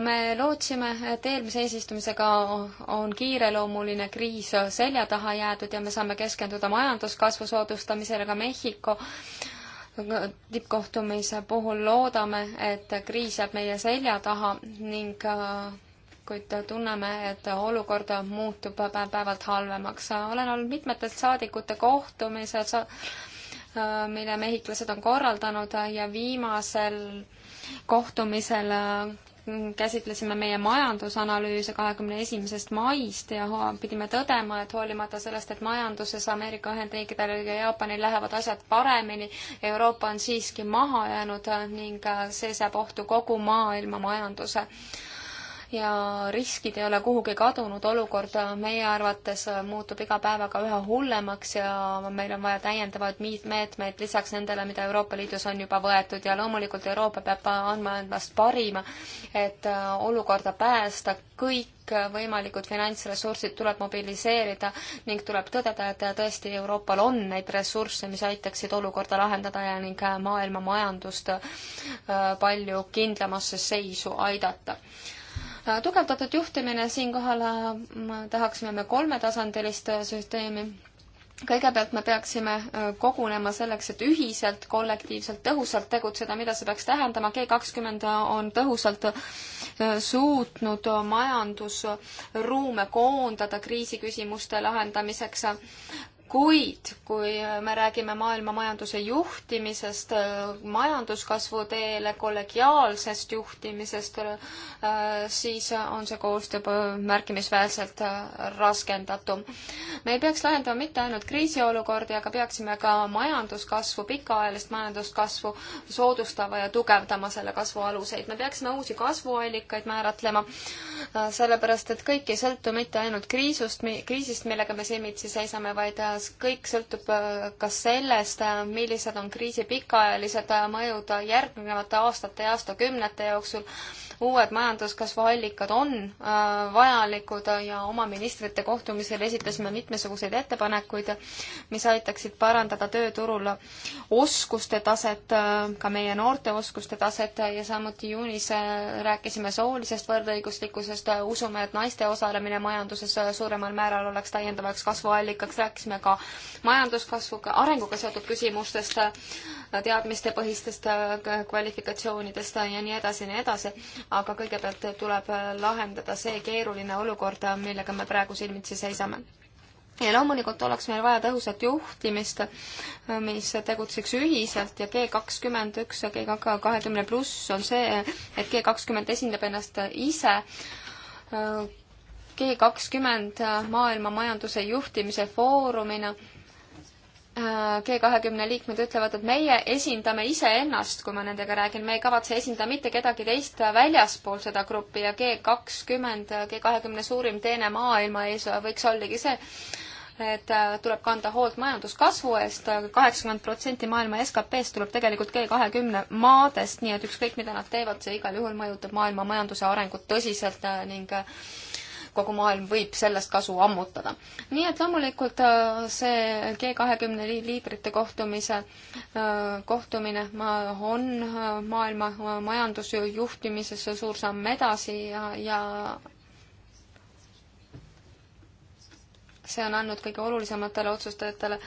me lootsime, et eelmise eesistumisega on kiireloomuline kriis selja taha jäädud ja me saame keskenduda majanduskasvu soodustamisele ka Mehhiko tippkohtumise puhul loodame, et kriis jääb meie selja taha ning äh, kuid tunneme, et olukord muutub päev-päevalt halvemaks. olen olnud mitmetelt saadikute kohtumisel, äh, mille mehhiklased on korraldanud ja viimasel kohtumisel äh, käsitlesime meie majandusanalüüse kahekümne esimesest maist ja pidime tõdema, et hoolimata sellest, et majanduses Ameerika Ühendriikidel ja Jaapanil lähevad asjad paremini, Euroopa on siiski maha jäänud ning see seab ohtu kogu maailma majanduse ja riskid ei ole kuhugi kadunud, olukord meie arvates muutub iga päevaga üha hullemaks ja meil on vaja täiendavaid meetmeid lisaks nendele, mida Euroopa Liidus on juba võetud ja loomulikult Euroopa peab andma endast parima, et äh, olukorda päästa, kõik võimalikud finantsressursid tuleb mobiliseerida ning tuleb tõdeda, et tõesti Euroopal on neid ressursse, mis aitaksid olukorda lahendada ja ning äh, maailma majandust äh, palju kindlamasse seisu aidata Äh, tugevdatud juhtimine, siinkohal äh, tahaksime me kolmetasandilist äh, süsteemi. kõigepealt me peaksime kogunema selleks, et ühiselt, kollektiivselt, tõhusalt tegutseda, mida see peaks tähendama, G kakskümmend on tõhusalt suutnud majandusruume koondada kriisiküsimuste lahendamiseks kuid kui me räägime maailma majanduse juhtimisest, majanduskasvu teele, kollegiaalsest juhtimisest, siis on see koostöö märkimisväärselt raskendatum. me ei peaks lahendama mitte ainult kriisiolukordi, aga peaksime ka majanduskasvu, pikaajalist majanduskasvu soodustama ja tugevdama selle kasvu aluseid. me peaksime uusi kasvuallikaid määratlema, sellepärast et kõik ei sõltu mitte ainult kriisust, kriisist, millega me silmitsi seisame, vaid kõik sõltub äh, ka sellest, äh, millised on kriisi pikaajalised äh, mõjud järgnevate aastate ja aastakümnete jooksul. uued majanduskasvu allikad on vajalikud ja oma ministrite kohtumisel esitasime mitmesuguseid ettepanekuid, mis aitaksid parandada tööturul oskuste taset, ka meie noorte oskuste taset ja samuti juunis rääkisime soolisest võrdõiguslikkusest, usume, et naiste osalemine majanduses suuremal määral oleks täiendavaks kasvuallikaks, rääkisime ka ka majanduskasvuga, arenguga seotud küsimustest, teadmistepõhistest kvalifikatsioonidest ja nii edasi ja nii edasi, aga kõigepealt tuleb lahendada see keeruline olukord, millega me praegu silmitsi seisame ja loomulikult oleks meil vaja tõhusat juhtimist, mis tegutseks ühiselt ja G kakskümmend üks ja G kahekümne pluss on see, et G kakskümmend esindab ennast ise G kakskümmend maailma majanduse juhtimise foorumina. Äh, G kahekümne liikmed ütlevad, et meie esindame iseennast, kui ma nendega räägin, me ei kavatse esindada mitte kedagi teist väljaspool seda gruppi ja G kakskümmend, G kahekümne suurim teene maailma ees võiks ollagi see, et äh, tuleb kanda hoolt majanduskasvu eest, kaheksakümmend protsenti maailma SKP-st tuleb tegelikult G kahekümne maadest, nii et ükskõik, mida nad teevad, see igal juhul mõjutab maailma majanduse arengut tõsiselt äh, ning kogu maailm võib sellest kasu ammutada. nii et loomulikult äh, see G kahekümne liidrite kohtumise, äh, kohtumine on äh, maailma majandusjuhtimises suur samm edasi ja, ja see on andnud kõige olulisematele otsustajatele öö,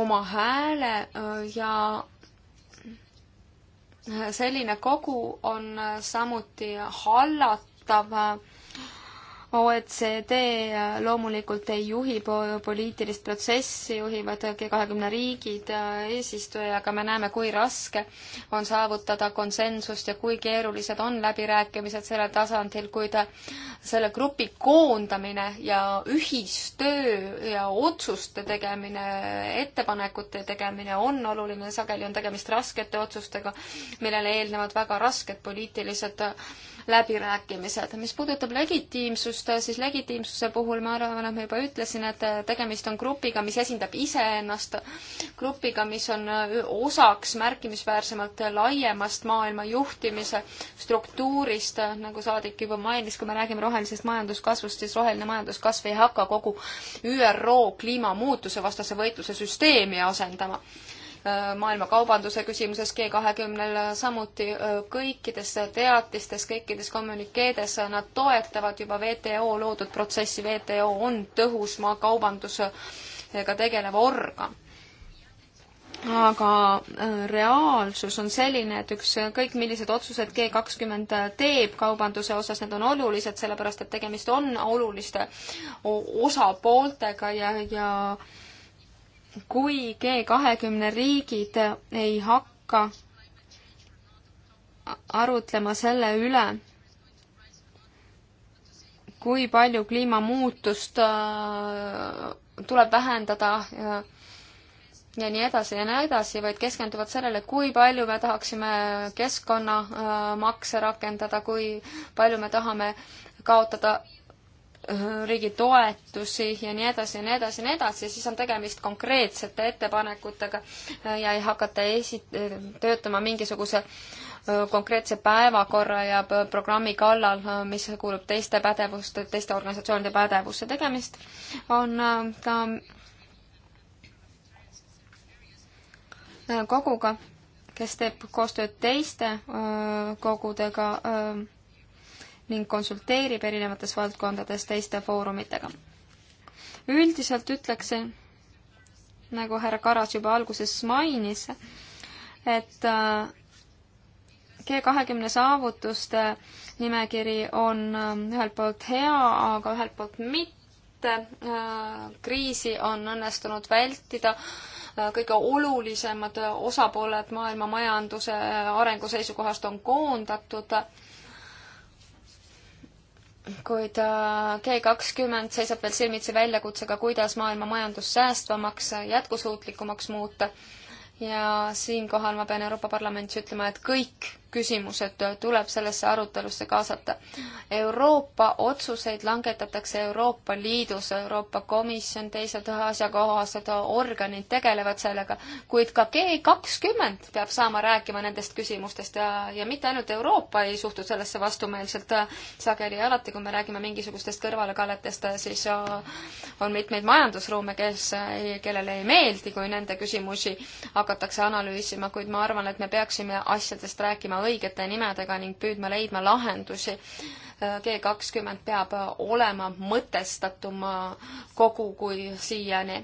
oma hääle öö, ja selline kogu on samuti hallatav OECD loomulikult ei juhi poliitilist protsessi, juhivad G20 riigid, äh, eesistuja, aga me näeme, kui raske on saavutada konsensust ja kui keerulised on läbirääkimised sellel tasandil, kuid äh, selle grupi koondamine ja ühistöö ja otsuste tegemine, ettepanekute tegemine on oluline, sageli on tegemist raskete otsustega, millele eelnevad väga rasked poliitilised äh, läbirääkimised. mis puudutab legitiimsust, siis legitiimsuse puhul ma arvan, et nagu ma juba ütlesin, et tegemist on grupiga, mis esindab iseennast, grupiga, mis on osaks märkimisväärsemalt laiemast maailma juhtimise struktuurist, nagu saadik juba mainis, kui me räägime rohelisest majanduskasvust, siis roheline majanduskasv ei hakka kogu ÜRO kliimamuutuse vastase võitluse süsteemi asendama maailma kaubanduse küsimuses G20-l, samuti äh, kõikides teatistes, kõikides kommünikeedes, nad toetavad juba WTO loodud protsessi, WTO on tõhus maakaubandusega tegelev organ aga äh, reaalsus on selline, et ükskõik äh, millised otsused G kakskümmend teeb kaubanduse osas, need on olulised, sellepärast et tegemist on oluliste osapooltega ja, ja kui G kahekümne riigid ei hakka arutlema selle üle, kui palju kliimamuutust äh, tuleb vähendada ja, ja nii edasi ja nii edasi, vaid keskenduvad sellele, kui palju me tahaksime keskkonnamakse rakendada, kui palju me tahame kaotada Äh, riigi toetusi ja nii edasi ja nii edasi ja nii edasi ja siis on tegemist konkreetsete ettepanekutega äh, ja ei hakata esi-, töötama mingisuguse äh, konkreetse päevakorra ja programmi kallal, mis kuulub teiste pädevuste, teiste organisatsioonide pädevusse. tegemist on ka koguga, kes teeb koostööd teiste kogudega öö, ning konsulteerib erinevates valdkondades teiste foorumitega. üldiselt ütleksin, nagu härra Karas juba alguses mainis, et äh, G kahekümne saavutuste nimekiri on äh, ühelt poolt hea, aga ühelt poolt mitte. Äh, kriisi on õnnestunud vältida kõige olulisemad osapooled maailma majanduse arengu seisukohast on koondatud kuid G kakskümmend seisab veel silmitsi väljakutsega, kuidas maailma majandus säästvamaks, jätkusuutlikumaks muuta. ja siinkohal ma pean Euroopa Parlamendis ütlema, et kõik küsimused tuleb sellesse arutelusse kaasata. Euroopa otsuseid langetatakse Euroopa Liidus, Euroopa Komisjon, teised asjakohased organid tegelevad sellega, kuid ka G kakskümmend peab saama rääkima nendest küsimustest ja, ja mitte ainult Euroopa ei suhtu sellesse vastumeelselt sageli, alati kui me räägime mingisugustest kõrvalekalletest, siis äh, on mitmeid majandusruume, kes, äh, kellele ei meeldi, kui nende küsimusi hakatakse analüüsima, kuid ma arvan, et me peaksime asjadest rääkima õigete nimedega ning püüdma leidma lahendusi. G kakskümmend peab olema mõtestatum kogu kui siiani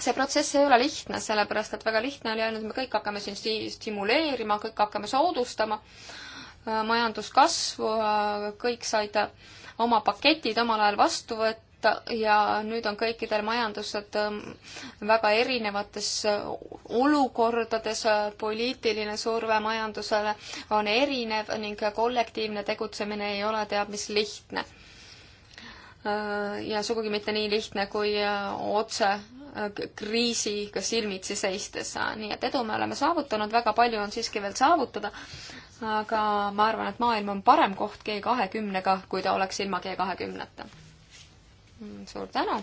see protsess ei ole lihtne, sellepärast et väga lihtne oli ainult, me kõik hakkame siin stimuleerima, kõik hakkame soodustama äh, majanduskasvu, äh, kõik said oma paketid omal ajal vastu võtta, ja nüüd on kõikidel majandused ähm, väga erinevates äh, olukordades, poliitiline surve majandusele on erinev ning kollektiivne tegutsemine ei ole teab mis lihtne. Äh, ja sugugi mitte nii lihtne kui äh, otse kriisiga silmitsi seistes, nii et edu me oleme saavutanud, väga palju on siiski veel saavutada, aga ma arvan, et maailm on parem koht G kahekümnega, kui ta oleks ilma G kahekümneta Mm, suur tänu.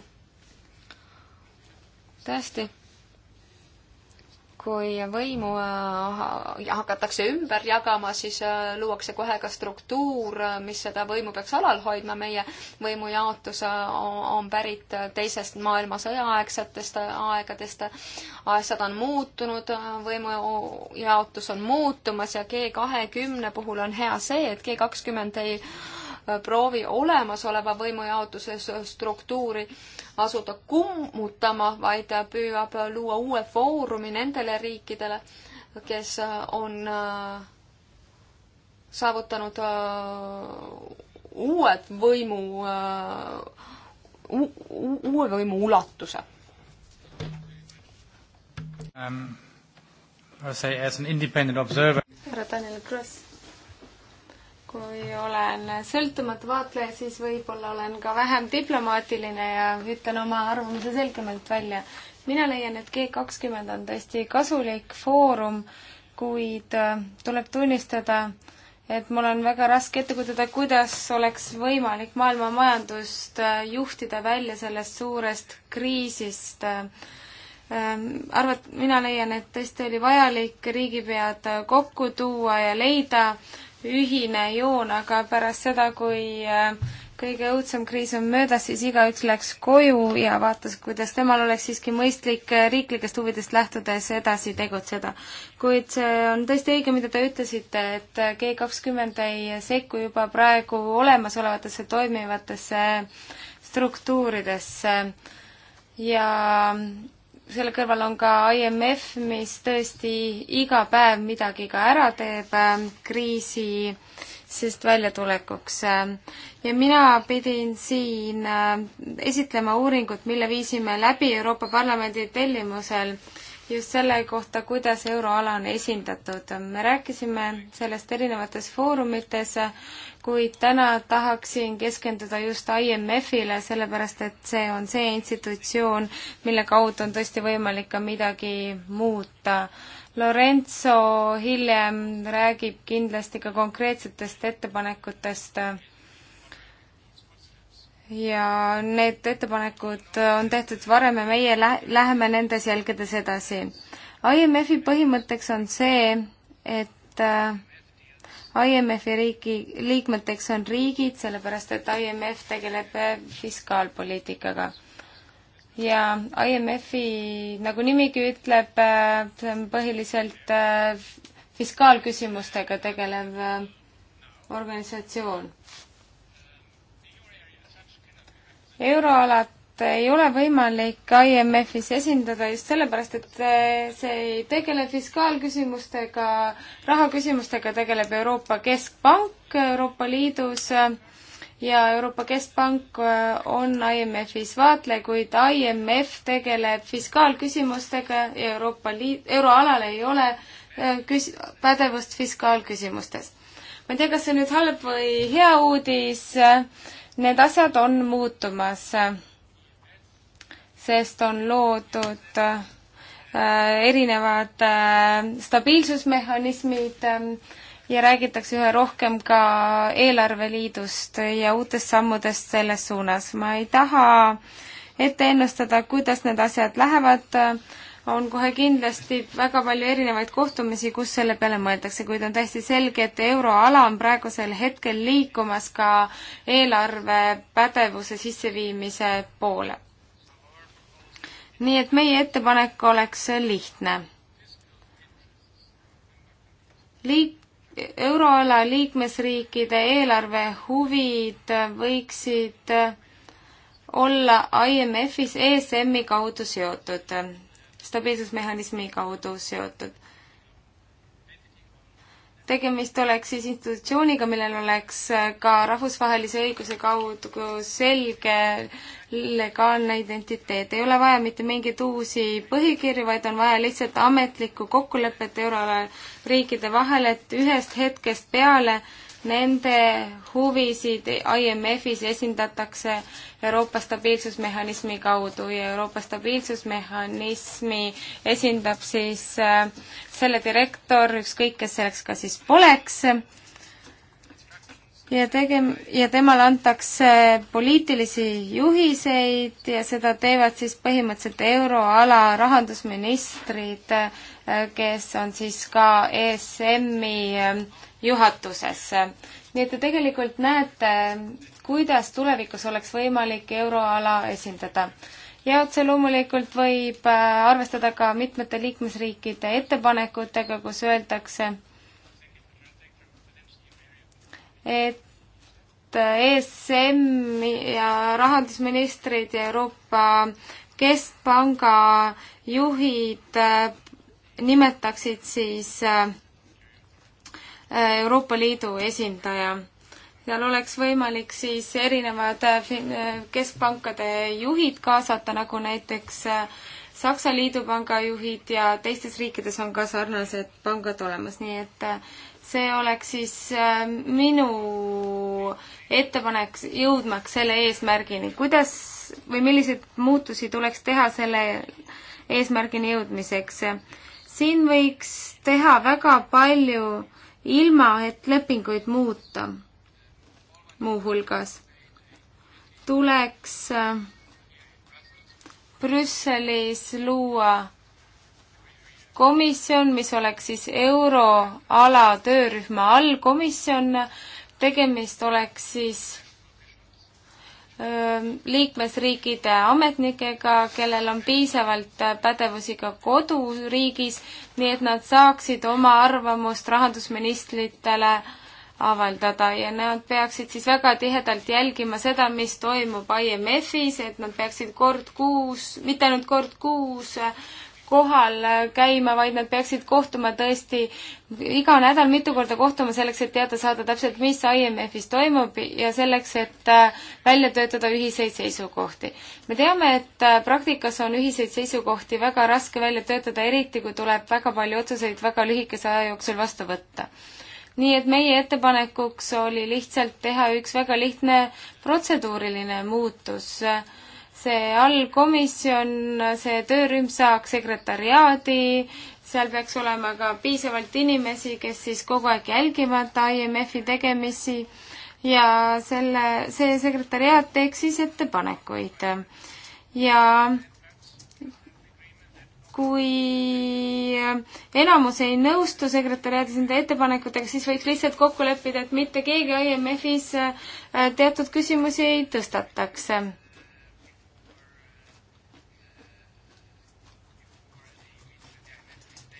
tõesti, kui võimu äh, hakatakse ümber jagama, siis äh, luuakse kohe ka struktuur, äh, mis seda võimu peaks alal hoidma. meie võimujaotus on pärit teisest maailmasõja aegsetest aegadest. asjad on muutunud, võimujaotus on muutumas ja G kahekümne puhul on hea see, et G kakskümmend ei proovi olemasoleva võimujaotuse struktuuri asuda kummutama, vaid püüab luua uue foorumi nendele riikidele, kes on äh, saavutanud äh, uued võimu, äh, uue võimu ulatuse um,. härra Daniel Kross kui olen sõltumatu vaatleja, siis võib-olla olen ka vähem diplomaatiline ja ütlen oma arvamuse selgemalt välja. mina leian, et G kakskümmend on tõesti kasulik foorum, kuid äh, tuleb tunnistada, et mul on väga raske ette kujutada, kuidas oleks võimalik maailma majandust äh, juhtida välja sellest suurest kriisist. Ähm, arvat-, mina leian, et tõesti oli vajalik riigipead äh, kokku tuua ja leida ühine joon, aga pärast seda, kui äh, kõige õudsem kriis on möödas, siis igaüks läks koju ja vaatas, kuidas temal oleks siiski mõistlik äh, riiklikest huvidest lähtudes edasi tegutseda. kuid see on tõesti õige, mida te ütlesite, et äh, G kakskümmend ei sekku juba praegu olemasolevatesse toimivatesse struktuuridesse ja selle kõrval on ka IMF, mis tõesti iga päev midagi ka ära teeb ähm, kriisi sest väljatulekuks. Ähm, ja mina pidin siin ähm, esitlema uuringut, mille viisime läbi Euroopa Parlamendi tellimusel just selle kohta, kuidas euroala on esindatud. me rääkisime sellest erinevates foorumites, kuid täna tahaksin keskenduda just IMF-ile, sellepärast et see on see institutsioon, mille kaudu on tõesti võimalik ka midagi muuta. Lorenzo hiljem räägib kindlasti ka konkreetsetest ettepanekutest ja need ettepanekud on tehtud varem ja meie lä-, läheme nendes jälgedes edasi. IMF-i põhimõtteks on see, et äh, IMF-i riigi, liikmeteks on riigid, sellepärast et IMF tegeleb äh, fiskaalpoliitikaga. ja IMF-i, nagu nimigi ütleb, äh, see on põhiliselt fiskaalküsimustega tegelev organisatsioon euroalat ei ole võimalik IMF-is esindada just sellepärast, et eh, see ei tegele fiskaalküsimustega, rahaküsimustega tegeleb Euroopa Keskpank Euroopa Liidus ja Euroopa Keskpank eh, on IMF-is vaatleja, kuid IMF tegeleb fiskaalküsimustega ja Euroopa Liit, euroalal ei ole eh, küs-, pädevust fiskaalküsimustes. ma ei tea, kas see nüüd halb või hea uudis, Need asjad on muutumas, sest on loodud äh, erinevad äh, stabiilsusmehhanismid äh, ja räägitakse üha rohkem ka eelarveliidust ja uutest sammudest selles suunas. ma ei taha ette ennustada, kuidas need asjad lähevad, on kohe kindlasti väga palju erinevaid kohtumisi, kus selle peale mõeldakse, kuid on täiesti selge, et euroala on praegusel hetkel liikumas ka eelarvepädevuse sisseviimise poole. nii et meie ettepanek oleks lihtne. liik-, euroala liikmesriikide eelarve huvid võiksid olla IMF-is ESM-i kaudu seotud stabiilsusmehhanismi kaudu seotud. tegemist oleks siis institutsiooniga, millel oleks ka rahvusvahelise õiguse kaudu selge legaalne identiteet. ei ole vaja mitte mingeid uusi põhikirju, vaid on vaja lihtsalt ametlikku kokkulepet euroala riikide vahel, et ühest hetkest peale äh, nende huvisid IMF-is esindatakse Euroopa stabiilsusmehhanismi kaudu ja Euroopa stabiilsusmehhanismi esindab siis äh, selle direktor, ükskõik kes selleks ka siis poleks ja tegem-, ja temale antakse poliitilisi juhiseid ja seda teevad siis põhimõtteliselt euroala rahandusministrid, kes on siis ka ESM-i ähm, juhatuses. nii et te tegelikult näete, kuidas tulevikus oleks võimalik euroala esindada. ja otse loomulikult võib äh, arvestada ka mitmete liikmesriikide ettepanekutega, kus öeldakse, et ESM ja rahandusministrid ja Euroopa Keskpanga juhid äh, nimetaksid siis äh, Euroopa Liidu esindaja seal oleks võimalik siis erinevad äh, keskpankade juhid kaasata, nagu näiteks Saksa liidupanga juhid ja teistes riikides on ka sarnased pangad olemas, nii et see oleks siis äh, minu ettepanek jõudmaks selle eesmärgini, kuidas või milliseid muutusi tuleks teha selle eesmärgini jõudmiseks. siin võiks teha väga palju ilma, et lepinguid muuta muuhulgas. tuleks äh, Brüsselis luua komisjon, mis oleks siis euroala töörühma all komisjon, tegemist oleks siis liikmesriikide ametnikega, kellel on piisavalt pädevusi ka koduriigis, nii et nad saaksid oma arvamust rahandusministritele avaldada ja nad peaksid siis väga tihedalt jälgima seda, mis toimub IMF-is, et nad peaksid kord kuus, mitte ainult kord kuus, kohal käima, vaid nad peaksid kohtuma tõesti iga nädal mitu korda kohtuma selleks, et teada saada täpselt, mis IMF-is toimub ja selleks, et äh, välja töötada ühiseid seisukohti. me teame, et äh, praktikas on ühiseid seisukohti väga raske välja töötada, eriti kui tuleb väga palju otsuseid väga lühikese aja jooksul vastu võtta nii et meie ettepanekuks oli lihtsalt teha üks väga lihtne protseduuriline muutus äh, see allkomisjon, see töörühm saaks sekretäriaadi, seal peaks olema ka piisavalt inimesi, kes siis kogu aeg jälgivad IMF-i tegemisi ja selle, see sekretäriaat teeks siis ettepanekuid. ja kui enamus ei nõustu sekretäriaadis nende ettepanekutega, siis võiks lihtsalt kokku leppida, et mitte keegi IMF-is äh, teatud küsimusi ei tõstataks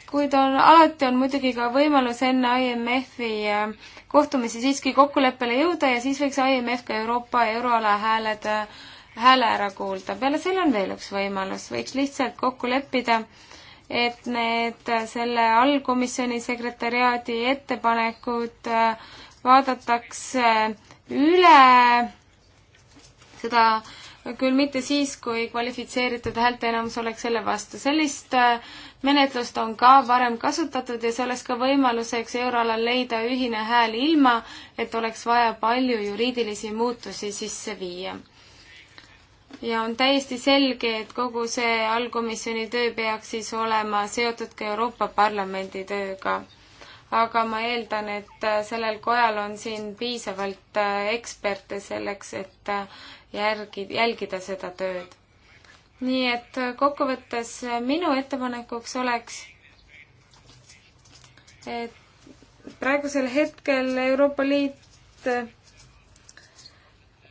kuid on, alati on muidugi ka võimalus enne IMF-i äh, kohtumisi siiski kokkuleppele jõuda ja siis võiks IMF ka Euroopa euroala hääled, äh, hääle ära kuulda. peale selle on veel üks võimalus, võiks lihtsalt kokku leppida, et need äh, selle allkomisjoni sekretäriaadi ettepanekud vaadatakse üle, seda küll mitte siis, kui kvalifitseeritud häälteenamus oleks selle vastu. sellist äh, menetlust on ka varem kasutatud ja see oleks ka võimaluseks euroalal leida ühine hääl ilma, et oleks vaja palju juriidilisi muutusi sisse viia. ja on täiesti selge, et kogu see allkomisjoni töö peaks siis olema seotud ka Euroopa Parlamendi tööga aga ma eeldan, et sellel kojal on siin piisavalt eksperte selleks, et järgi, jälgida seda tööd nii et kokkuvõttes minu ettepanekuks oleks, et praegusel hetkel Euroopa Liit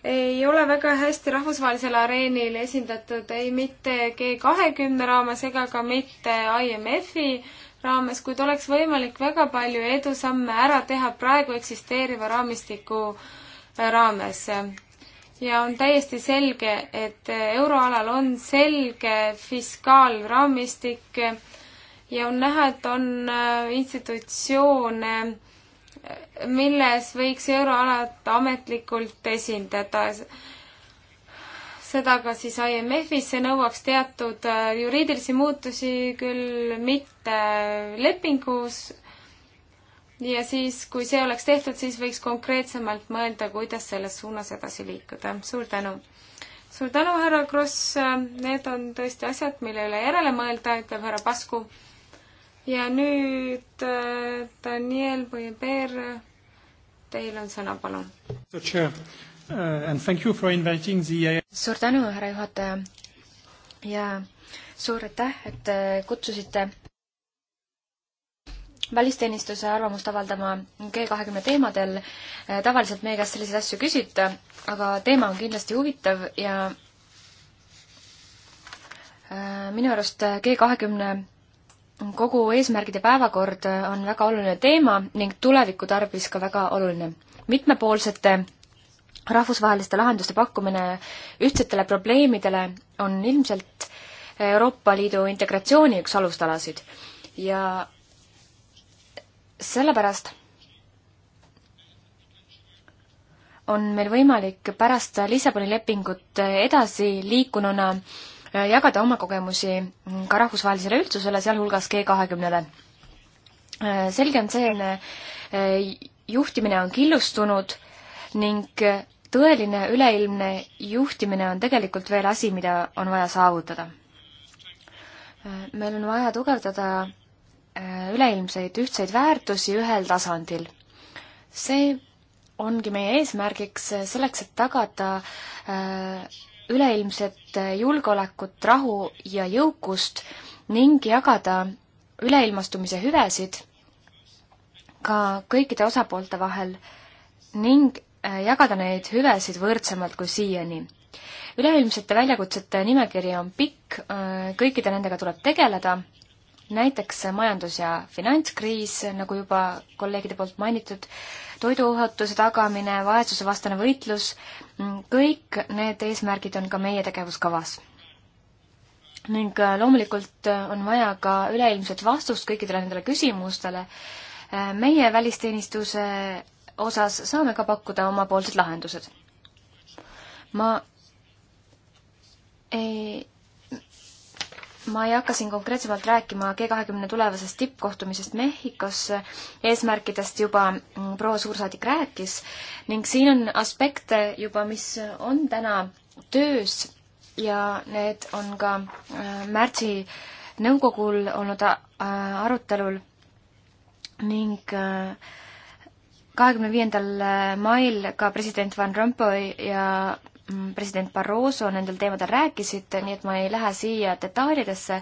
ei ole väga hästi rahvusvahelisel areenil esindatud ei mitte G kahekümne raames ega ka mitte IMF-i raames, kuid oleks võimalik väga palju edusamme ära teha praegu eksisteeriva raamistiku raames ja on täiesti selge, et euroalal on selge fiskaalraamistik ja on näha, et on äh, institutsioone, milles võiks euroalat ametlikult esindada. seda ka siis IMF-is, see nõuaks teatud äh, juriidilisi muutusi, küll mitte lepingus ja siis, kui see oleks tehtud, siis võiks konkreetsemalt mõelda, kuidas selles suunas edasi liikuda. suur tänu! suur tänu, härra Kross, need on tõesti asjad, mille üle järele mõelda, ütleb härra Pasku. ja nüüd äh, Daniel Boiber, teil on sõna, palun. Uh, suur tänu, härra juhataja ja suur aitäh, et äh, kutsusite välisteenistuse arvamust avaldama G20 teemadel. Äh, tavaliselt meie käest selliseid asju küsita, aga teema on kindlasti huvitav ja äh, minu arust äh, G20 kogu eesmärgide päevakord on väga oluline teema ning tuleviku tarbis ka väga oluline. mitmepoolsete rahvusvaheliste lahenduste pakkumine ühtsetele probleemidele on ilmselt Euroopa Liidu integratsiooni üks alustalasid ja sellepärast on meil võimalik pärast Lissaboni lepingut edasi liikununa äh, jagada oma kogemusi ka rahvusvahelisele üldsusele, sealhulgas G kahekümnele. Äh, selge on see, äh, juhtimine on killustunud ning tõeline üleilmne juhtimine on tegelikult veel asi, mida on vaja saavutada. meil on vaja tugevdada Äh, üleilmseid ühtseid väärtusi ühel tasandil. see ongi meie eesmärgiks selleks, et tagada äh, üleilmset julgeolekut, rahu ja jõukust ning jagada üleilmastumise hüvesid ka kõikide osapoolte vahel ning äh, jagada neid hüvesid võrdsemalt kui siiani. üleilmsete väljakutsete nimekiri on pikk, kõikide nendega tuleb tegeleda näiteks majandus- ja finantskriis, nagu juba kolleegide poolt mainitud, toiduohutuse tagamine, vaesusevastane võitlus, kõik need eesmärgid on ka meie tegevuskavas. ning äh, loomulikult äh, on vaja ka üleilmset vastust kõikidele nendele küsimustele. Äh, meie välisteenistuse osas saame ka pakkuda omapoolsed lahendused. ma ei ma ei hakka siin konkreetsemalt rääkima G kahekümne tulevasest tippkohtumisest Mehhikos, eesmärkidest juba mm, proua suursaadik rääkis ning siin on aspekte juba, mis on täna töös ja need on ka äh, märtsi nõukogul olnud äh, arutelul ning äh, kahekümne viiendal mail ka president Van Rompuy ja Mm, president Barroso nendel teemadel rääkisid, nii et ma ei lähe siia detailidesse,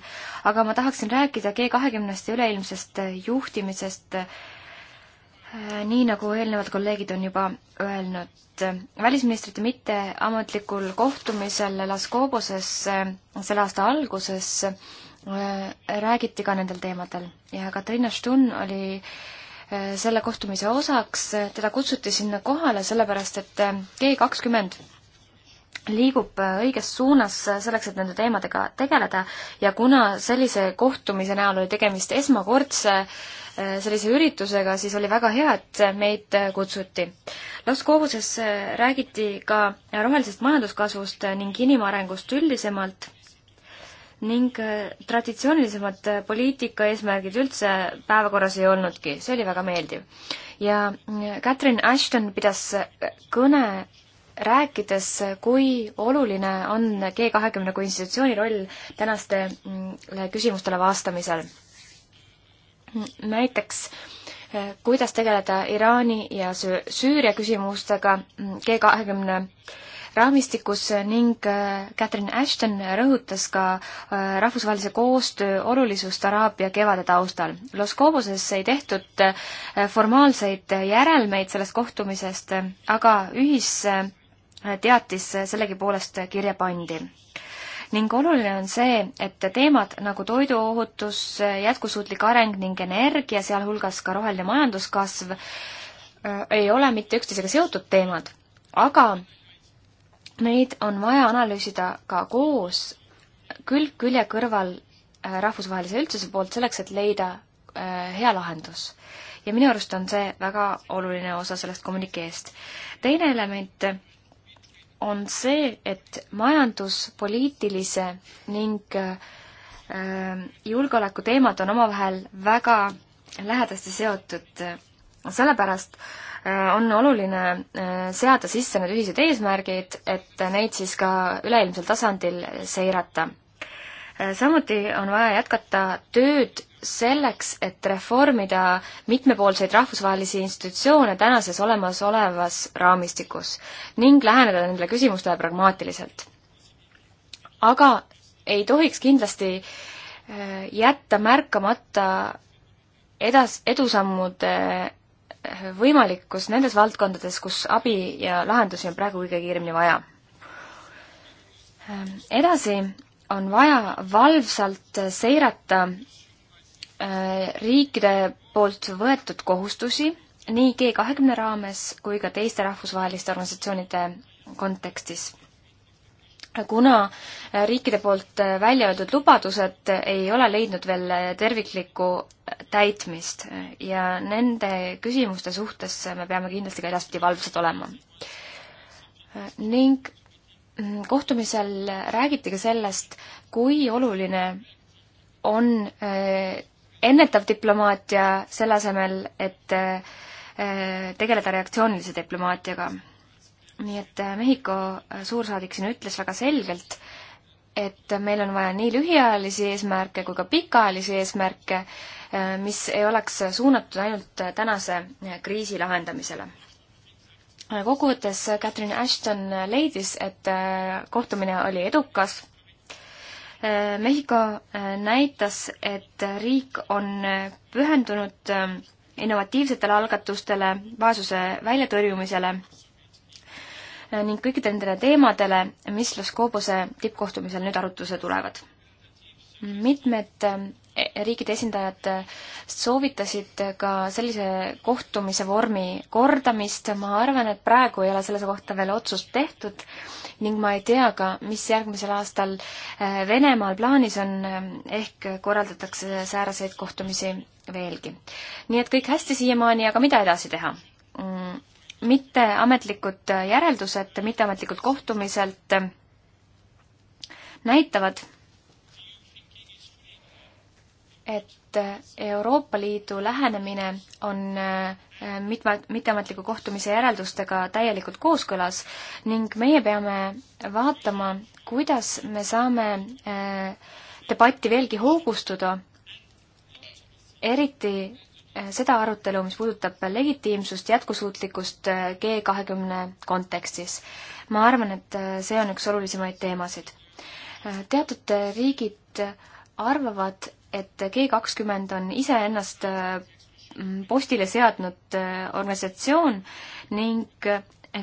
aga ma tahaksin rääkida G kahekümnest ja üleilmsest juhtimisest, äh, nii nagu eelnevad kolleegid on juba öelnud. välisministrite mitteametlikul kohtumisel Las Coboses äh, selle aasta alguses äh, räägiti ka nendel teemadel ja Katrina Stun oli selle kohtumise osaks, teda kutsuti sinna kohale sellepärast, et G kakskümmend liigub äh, õiges suunas äh, selleks, et nende teemadega tegeleda ja kuna sellise kohtumise näol oli tegemist esmakordse äh, sellise üritusega, siis oli väga hea, et meid kutsuti. Las Koobuses räägiti ka rohelisest majanduskasvust ning inimarengust üldisemalt ning traditsioonilisemad poliitika eesmärgid üldse päevakorras ei olnudki, see oli väga meeldiv. ja Catherine Ashton pidas kõne rääkides, kui oluline on G kahekümne kui institutsiooni roll tänastele küsimustele vastamisel. näiteks kuidas tegeleda Iraani ja Süüria küsimustega G kahekümne raamistikus ning äh, Catherine Ashton rõhutas ka äh, rahvusvahelise koostöö olulisust Araabia kevade taustal. Los Coboses ei tehtud äh, formaalseid järelmeid sellest kohtumisest, aga ühis teatis sellegipoolest kirja pandi ning oluline on see, et teemad nagu toiduohutus, jätkusuutlik areng ning energia, sealhulgas ka roheline majanduskasv, äh, ei ole mitte üksteisega seotud teemad, aga neid on vaja analüüsida ka koos, külg külje kõrval äh, rahvusvahelise üldsuse poolt, selleks et leida äh, hea lahendus. ja minu arust on see väga oluline osa sellest kommünikeest. teine element on see, et majanduspoliitilise ning äh, julgeoleku teemad on omavahel väga lähedasti seotud. sellepärast äh, on oluline äh, seada sisse need ühised eesmärgid, et neid siis ka üleilmsel tasandil seirata. samuti on vaja jätkata tööd selleks, et reformida mitmepoolseid rahvusvahelisi institutsioone tänases olemasolevas raamistikus ning läheneda nendele küsimustele pragmaatiliselt. aga ei tohiks kindlasti eh, jätta märkamata edas, edusammude eh, võimalikkus nendes valdkondades, kus abi ja lahendusi on praegu kõige kiiremini vaja. Ehm, edasi on vaja valvsalt seirata riikide poolt võetud kohustusi nii G kahekümne raames kui ka teiste rahvusvaheliste organisatsioonide kontekstis. kuna riikide poolt välja öeldud lubadused ei ole leidnud veel terviklikku täitmist ja nende küsimuste suhtes me peame kindlasti ka edaspidi valvsad olema. ning kohtumisel räägiti ka sellest, kui oluline on äh, ennetav diplomaatia selle asemel, et äh, tegeleda reaktsioonilise diplomaatiaga. nii et äh, Mehhiko äh, suursaadik siin ütles väga selgelt, et meil on vaja nii lühiajalisi eesmärke kui ka pikaajalisi eesmärke, mis ei oleks suunatud ainult tänase kriisi lahendamisele. kokkuvõttes Catherine Ashton leidis, et kohtumine oli edukas Äh, Mehhiko äh, näitas, et riik on äh, pühendunud ähm, innovatiivsetele algatustele, vaesuse väljatõrjumisele ning kõikidele nendele teemadele, mis Los Cobose tippkohtumisel nüüd arutluse tulevad. mitmed ähm, riikide esindajad soovitasid ka sellise kohtumise vormi kordamist. ma arvan, et praegu ei ole selle kohta veel otsust tehtud ning ma ei tea ka, mis järgmisel aastal äh, Venemaal plaanis on, ähm, ehk korraldatakse sääraseid kohtumisi veelgi. nii et kõik hästi siiamaani, aga mida edasi teha? Mm, mitteametlikud äh, järeldused mitteametlikult kohtumiselt äh, näitavad, et äh, Euroopa Liidu lähenemine on äh, mitme, mitteametliku kohtumise järeldustega täielikult kooskõlas ning meie peame vaatama, kuidas me saame äh, debatti veelgi hoogustuda, eriti seda arutelu, mis puudutab legitiimsust, jätkusuutlikkust G kahekümne kontekstis. ma arvan, et see on üks olulisemaid teemasid. teatud riigid arvavad, et G kakskümmend on iseennast äh, postile seadnud äh, organisatsioon ning äh,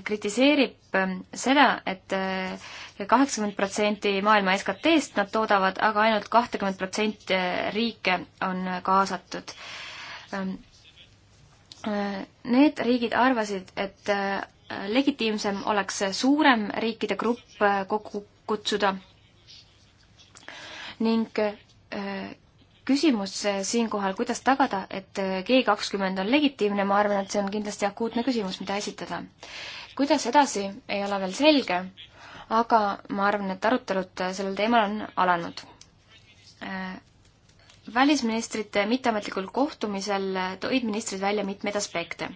kritiseerib ähm, seda et, et kaheksakümmend protsenti maailma SKT-st nad toodavad, aga ainult kahtekümmend protsenti riike on kaasatud. Ähm, need riigid arvasid, et legitiimsem oleks suurem riikide grupp kokku kutsuda ning küsimus eh, siinkohal, kuidas tagada, et eh, G kakskümmend on legitiimne, ma arvan, et see on kindlasti akuutne küsimus, mida esitada. kuidas edasi, ei ole veel selge, aga ma arvan, et arutelud eh, sellel teemal on alanud. välisministrite mitteametlikul kohtumisel tõid ministrid välja mitmeid aspekte.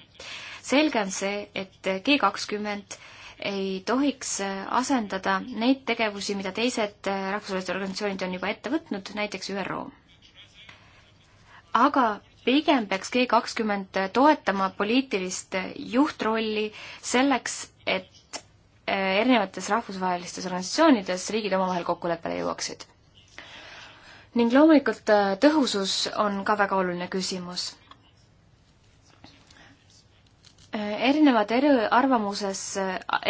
selge on see, et G kakskümmend ei tohiks asendada neid tegevusi, mida teised rahvusvahelised organisatsioonid on juba ette võtnud, näiteks ÜRO aga pigem peaks G kakskümmend toetama poliitilist juhtrolli selleks, et eh, erinevates rahvusvahelistes organisatsioonides riigid omavahel kokkuleppele jõuaksid. ning loomulikult eh, tõhusus on ka väga oluline küsimus. Eh, erinevad eriarvamuses,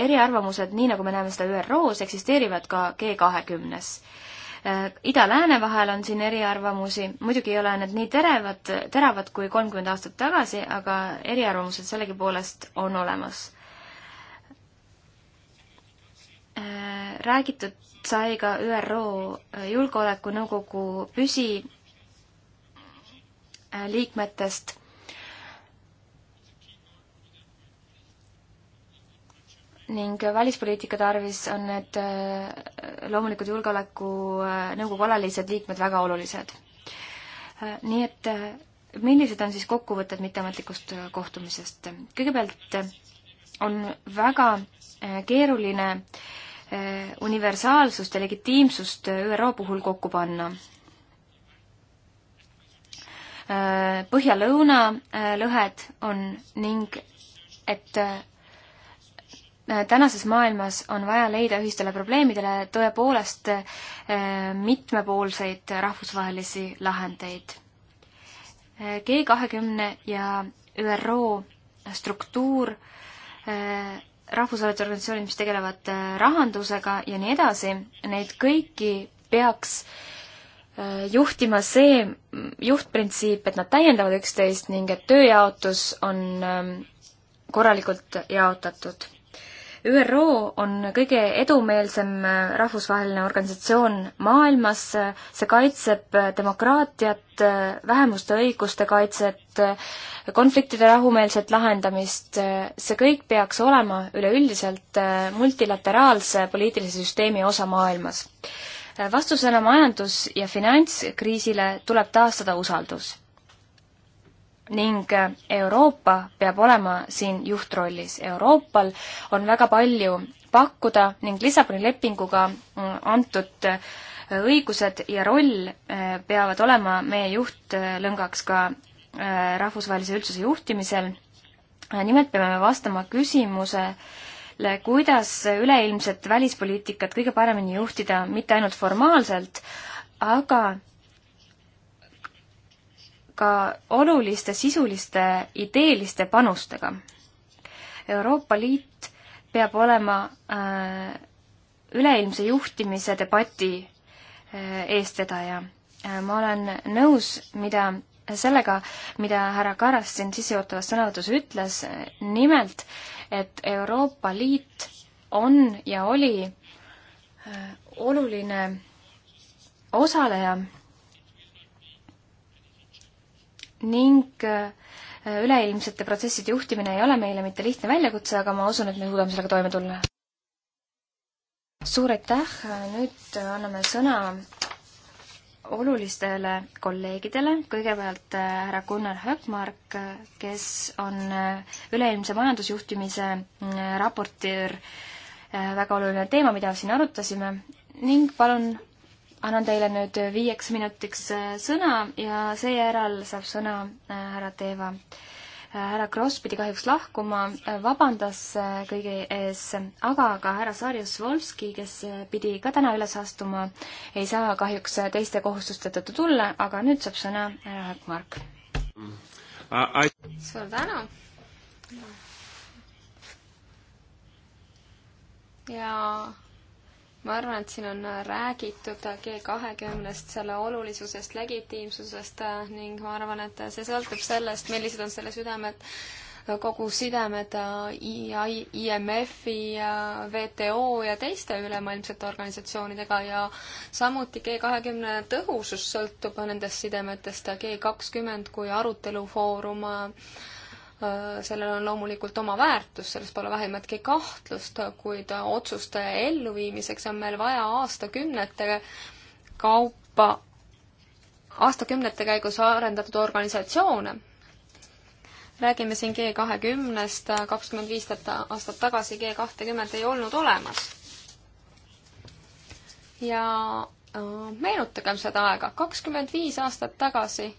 eriarvamused, nii nagu me näeme seda ÜRO-s, eksisteerivad ka G kahekümnes Äh, ida-lääne vahel on siin eriarvamusi, muidugi ei ole need nii terevad, teravad kui kolmkümmend aastat tagasi, aga eriarvamused sellegipoolest on olemas. Äh, räägitud sai ka ÜRO äh, Julgeolekunõukogu püsiliikmetest ning välispoliitika tarvis on need äh, loomulikud Julgeolekunõukogu alalised liikmed väga olulised. Äh, nii et äh, millised on siis kokkuvõtted mitteametlikust kohtumisest? kõigepealt on väga keeruline universaalsust ja legitiimsust ÜRO puhul kokku panna. Põhja-lõuna lõhed on ning et Äh, tänases maailmas on vaja leida ühistele probleemidele tõepoolest äh, mitmepoolseid rahvusvahelisi lahendeid. Äh, G kahekümne ja ÜRO struktuur, rahvusvahelised organisatsioonid, mis tegelevad rahandusega ja nii edasi, neid kõiki peaks juhtima see mm, juhtprintsiip, et nad täiendavad üksteist ning et tööjaotus on ähm, korralikult jaotatud ÜRO on kõige edumeelsem äh, rahvusvaheline organisatsioon maailmas, äh, see kaitseb äh, demokraatiat, vähemuste õiguste kaitset, konfliktide rahumeelset lahendamist, see kõik peaks olema üleüldiselt multilateraalse poliitilise süsteemi osa maailmas. vastusena majandus- ja finantskriisile tuleb taastada usaldus ning äh, Euroopa peab olema siin juhtrollis. Euroopal on väga palju pakkuda ning Lissaboni lepinguga mm, antud äh, õigused ja roll äh, peavad olema meie juhtlõngaks ka rahvusvahelise üldsuse juhtimisel. nimelt peame vastama küsimusele, kuidas üleilmset välispoliitikat kõige paremini juhtida, mitte ainult formaalselt, aga ka oluliste sisuliste ideeliste panustega. Euroopa Liit peab olema äh, üleilmse juhtimise debati äh, eestvedaja äh,. ma olen nõus, mida sellega, mida härra Karas siin sissejuhatavas sõnavõtus ütles, nimelt, et Euroopa Liit on ja oli äh, oluline osaleja äh, ning äh, üleilmsete protsesside juhtimine ei ole meile mitte lihtne väljakutse, aga ma usun, et me suudame sellega toime tulla. suur aitäh, nüüd anname sõna olulistele kolleegidele, kõigepealt äh, härra Gunnar Höökmark, kes on äh, üleilmse majandusjuhtimise raportöör, väga oluline teema, mida siin arutasime, ning palun annan teile nüüd viieks minutiks äh, sõna ja seejärel saab sõna äh, härra Teeva. Äh, härra Kross pidi kahjuks lahkuma, vabandas kõigi ees, aga ka härra Sarjus Volski, kes pidi ka täna üles astuma, ei saa kahjuks teiste kohustuste tõttu tulla, aga nüüd saab sõna härra Hökmark. suur tänu! ja ma arvan, et siin on räägitud G20-st, selle olulisusest, legitiimsusest äh, ning ma arvan, et see sõltub sellest, millised on selle südamed, kogu sidemed äh, IMF-i ja äh, WTO ja teiste ülemaailmsete organisatsioonidega ja samuti G20 tõhusus sõltub nendest sidemetest, G20 kui arutelufoorum äh, Äh, sellel on loomulikult oma väärtus, selles pole vähimatki kahtlust, kuid otsuste elluviimiseks on meil vaja aastakümnete kaupa, aastakümnete käigus arendatud organisatsioone räägime siin G kahekümnest, kakskümmend viis aastat tagasi G kahtekümmet ei olnud olemas. ja äh, meenutagem seda aega, kakskümmend viis aastat tagasi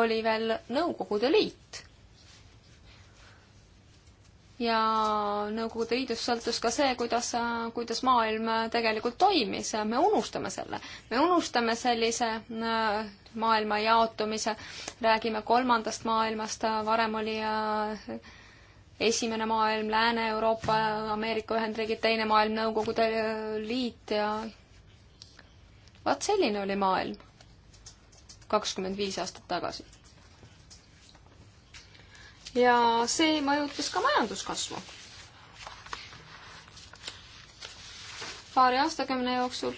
oli veel Nõukogude Liit ja Nõukogude Liidust sõltus ka see, kuidas, kuidas maailm tegelikult toimis. me unustame selle. me unustame sellise äh, maailma jaotumise, räägime kolmandast maailmast, varem oli äh, esimene maailm Lääne-Euroopa, Ameerika Ühendriigid, teine maailm Nõukogude Liit ja vaat selline oli maailm kakskümmend viis aastat tagasi ja see mõjutas ka majanduskasvu. paari aastakümne jooksul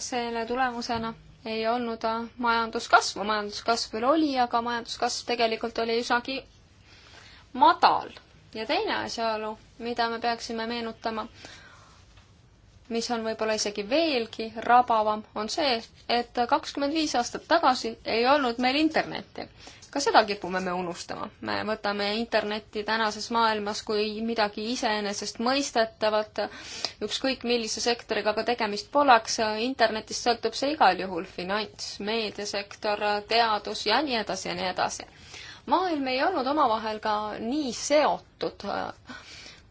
selle tulemusena ei olnud majanduskasvu, majanduskasv veel oli, aga majanduskasv tegelikult oli üsnagi madal. ja teine asjaolu, mida me peaksime meenutama, mis on võib-olla isegi veelgi rabavam, on see, et kakskümmend viis aastat tagasi ei olnud meil internetti. ka seda kipume me unustama. me võtame internetti tänases maailmas kui midagi iseenesestmõistetavat, ükskõik millise sektoriga ka tegemist poleks, internetist sõltub see igal juhul, finants, meediasektor, teadus ja nii edasi ja nii edasi. maailm ei olnud omavahel ka nii seotud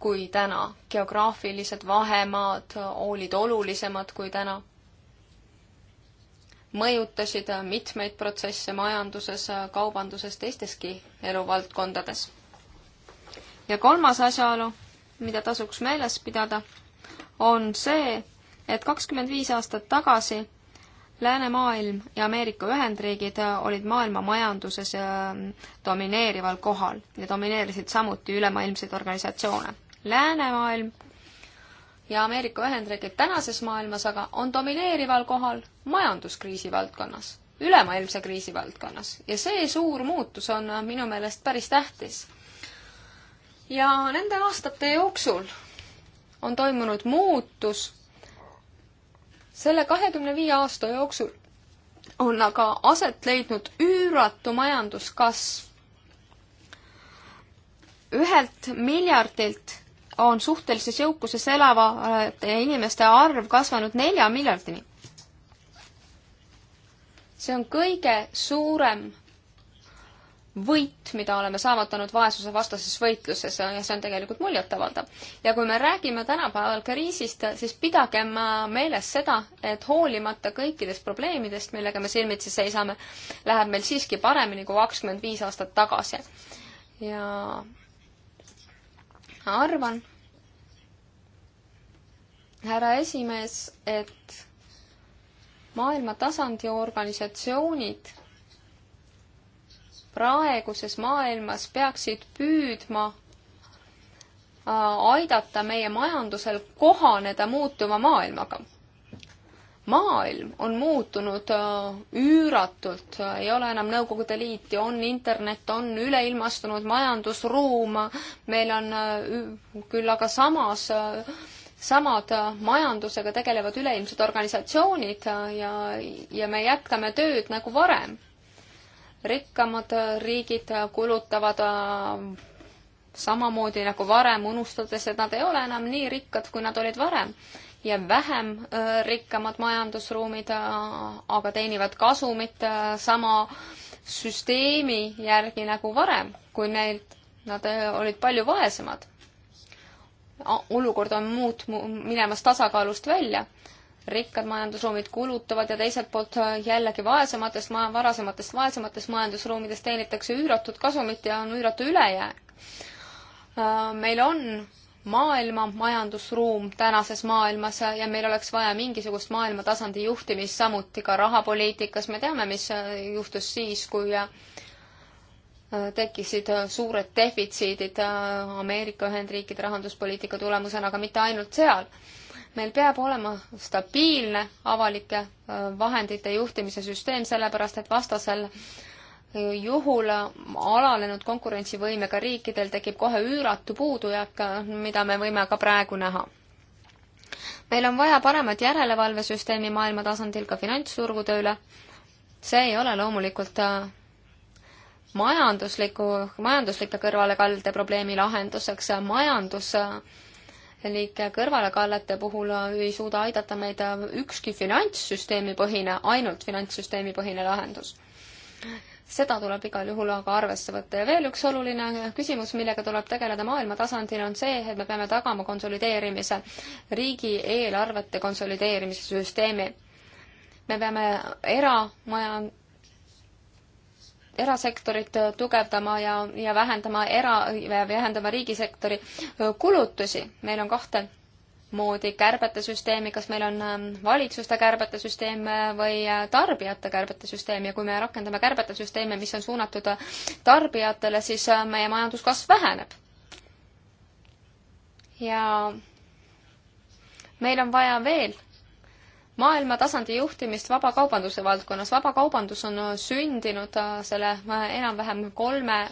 kui täna. geograafilised vahemaad olid olulisemad kui täna. mõjutasid mitmeid protsesse majanduses, kaubanduses, teisteski eluvaldkondades. ja kolmas asjaolu, mida tasuks meeles pidada, on see, et kakskümmend viis aastat tagasi läänemaailm ja Ameerika Ühendriigid olid maailma majanduses ähm, domineerival kohal ja domineerisid samuti ülemaailmseid organisatsioone läänemaailm ja Ameerika Ühendriigid tänases maailmas aga on domineerival kohal majanduskriisi valdkonnas, ülemaailmse kriisi valdkonnas ja see suur muutus on minu meelest päris tähtis. ja nende aastate jooksul on toimunud muutus. selle kahekümne viie aasta jooksul on aga aset leidnud üüratu majanduskasv. ühelt miljardilt on suhtelises jõukuses elavate äh, inimeste arv kasvanud nelja miljardini. see on kõige suurem võit, mida oleme saavutanud vaesusevastases võitluses ja see on tegelikult muljetavaldav. ja kui me räägime tänapäeval kriisist, siis pidagem meeles seda, et hoolimata kõikidest probleemidest, millega me silmitsi seisame, läheb meil siiski paremini kui kakskümmend viis aastat tagasi. ja arvan, härra esimees, et maailma tasandi organisatsioonid praeguses maailmas peaksid püüdma äh, aidata meie majandusel kohaneda muutuva maailmaga maailm on muutunud äh, üüratult, ei ole enam Nõukogude Liiti, on internet, on üleilmastunud majandusruum, meil on äh, küll aga samas äh, samad majandusega tegelevad üleilmsed organisatsioonid ja, ja me jätkame tööd nagu varem. rikkamad riigid kulutavad samamoodi nagu varem, unustades, et nad ei ole enam nii rikkad, kui nad olid varem ja vähem rikkamad majandusruumid, aga teenivad kasumit sama süsteemi järgi nagu varem, kui neil, nad olid palju vaesemad. olukord on muut-, minemas tasakaalust välja rikkad majandusruumid kulutavad ja teiselt poolt jällegi vaesematest, varasematest vaesematest majandusruumidest teenitakse üüratud kasumit ja on üüratu ülejääk. meil on maailma majandusruum tänases maailmas ja meil oleks vaja mingisugust maailmatasandi juhtimist samuti ka rahapoliitikas. me teame, mis juhtus siis, kui äh, tekkisid äh, suured defitsiidid äh, Ameerika Ühendriikide rahanduspoliitika tulemusena, aga mitte ainult seal. meil peab olema stabiilne avalike vahendite juhtimise süsteem, sellepärast et vastasel juhul alanenud konkurentsivõimega riikidel tekib kohe üüratu puudujääk, mida me võime ka praegu näha. meil on vaja paremat järelevalvesüsteemi maailma tasandil ka finantsturgude üle. see ei ole loomulikult äh, majandusliku, majanduslike kõrvalekalde probleemi lahenduseks, majandus liike kõrvalekallete puhul ei suuda aidata meid ükski finantssüsteemi põhine, ainult finantssüsteemi põhine lahendus seda tuleb igal juhul aga arvesse võtta ja veel üks oluline küsimus, millega tuleb tegeleda maailma tasandil, on see, et me peame tagama konsolideerimise, riigieelarvete konsolideerimise süsteemi. me peame eramaja, erasektorit tugevdama ja, ja vähendama era, vähendama riigisektori kulutusi, meil on kahte moodi kärbetesüsteemi, kas meil on ähm, valitsuste kärbetesüsteem äh, või äh, tarbijate kärbetesüsteem ja kui me rakendame kärbetesüsteeme, mis on suunatud äh, tarbijatele, siis meie majanduskasv väheneb. ja meil on vaja veel maailmatasandi juhtimist vabakaubanduse valdkonnas. vabakaubandus on sündinud selle enam-vähem kolme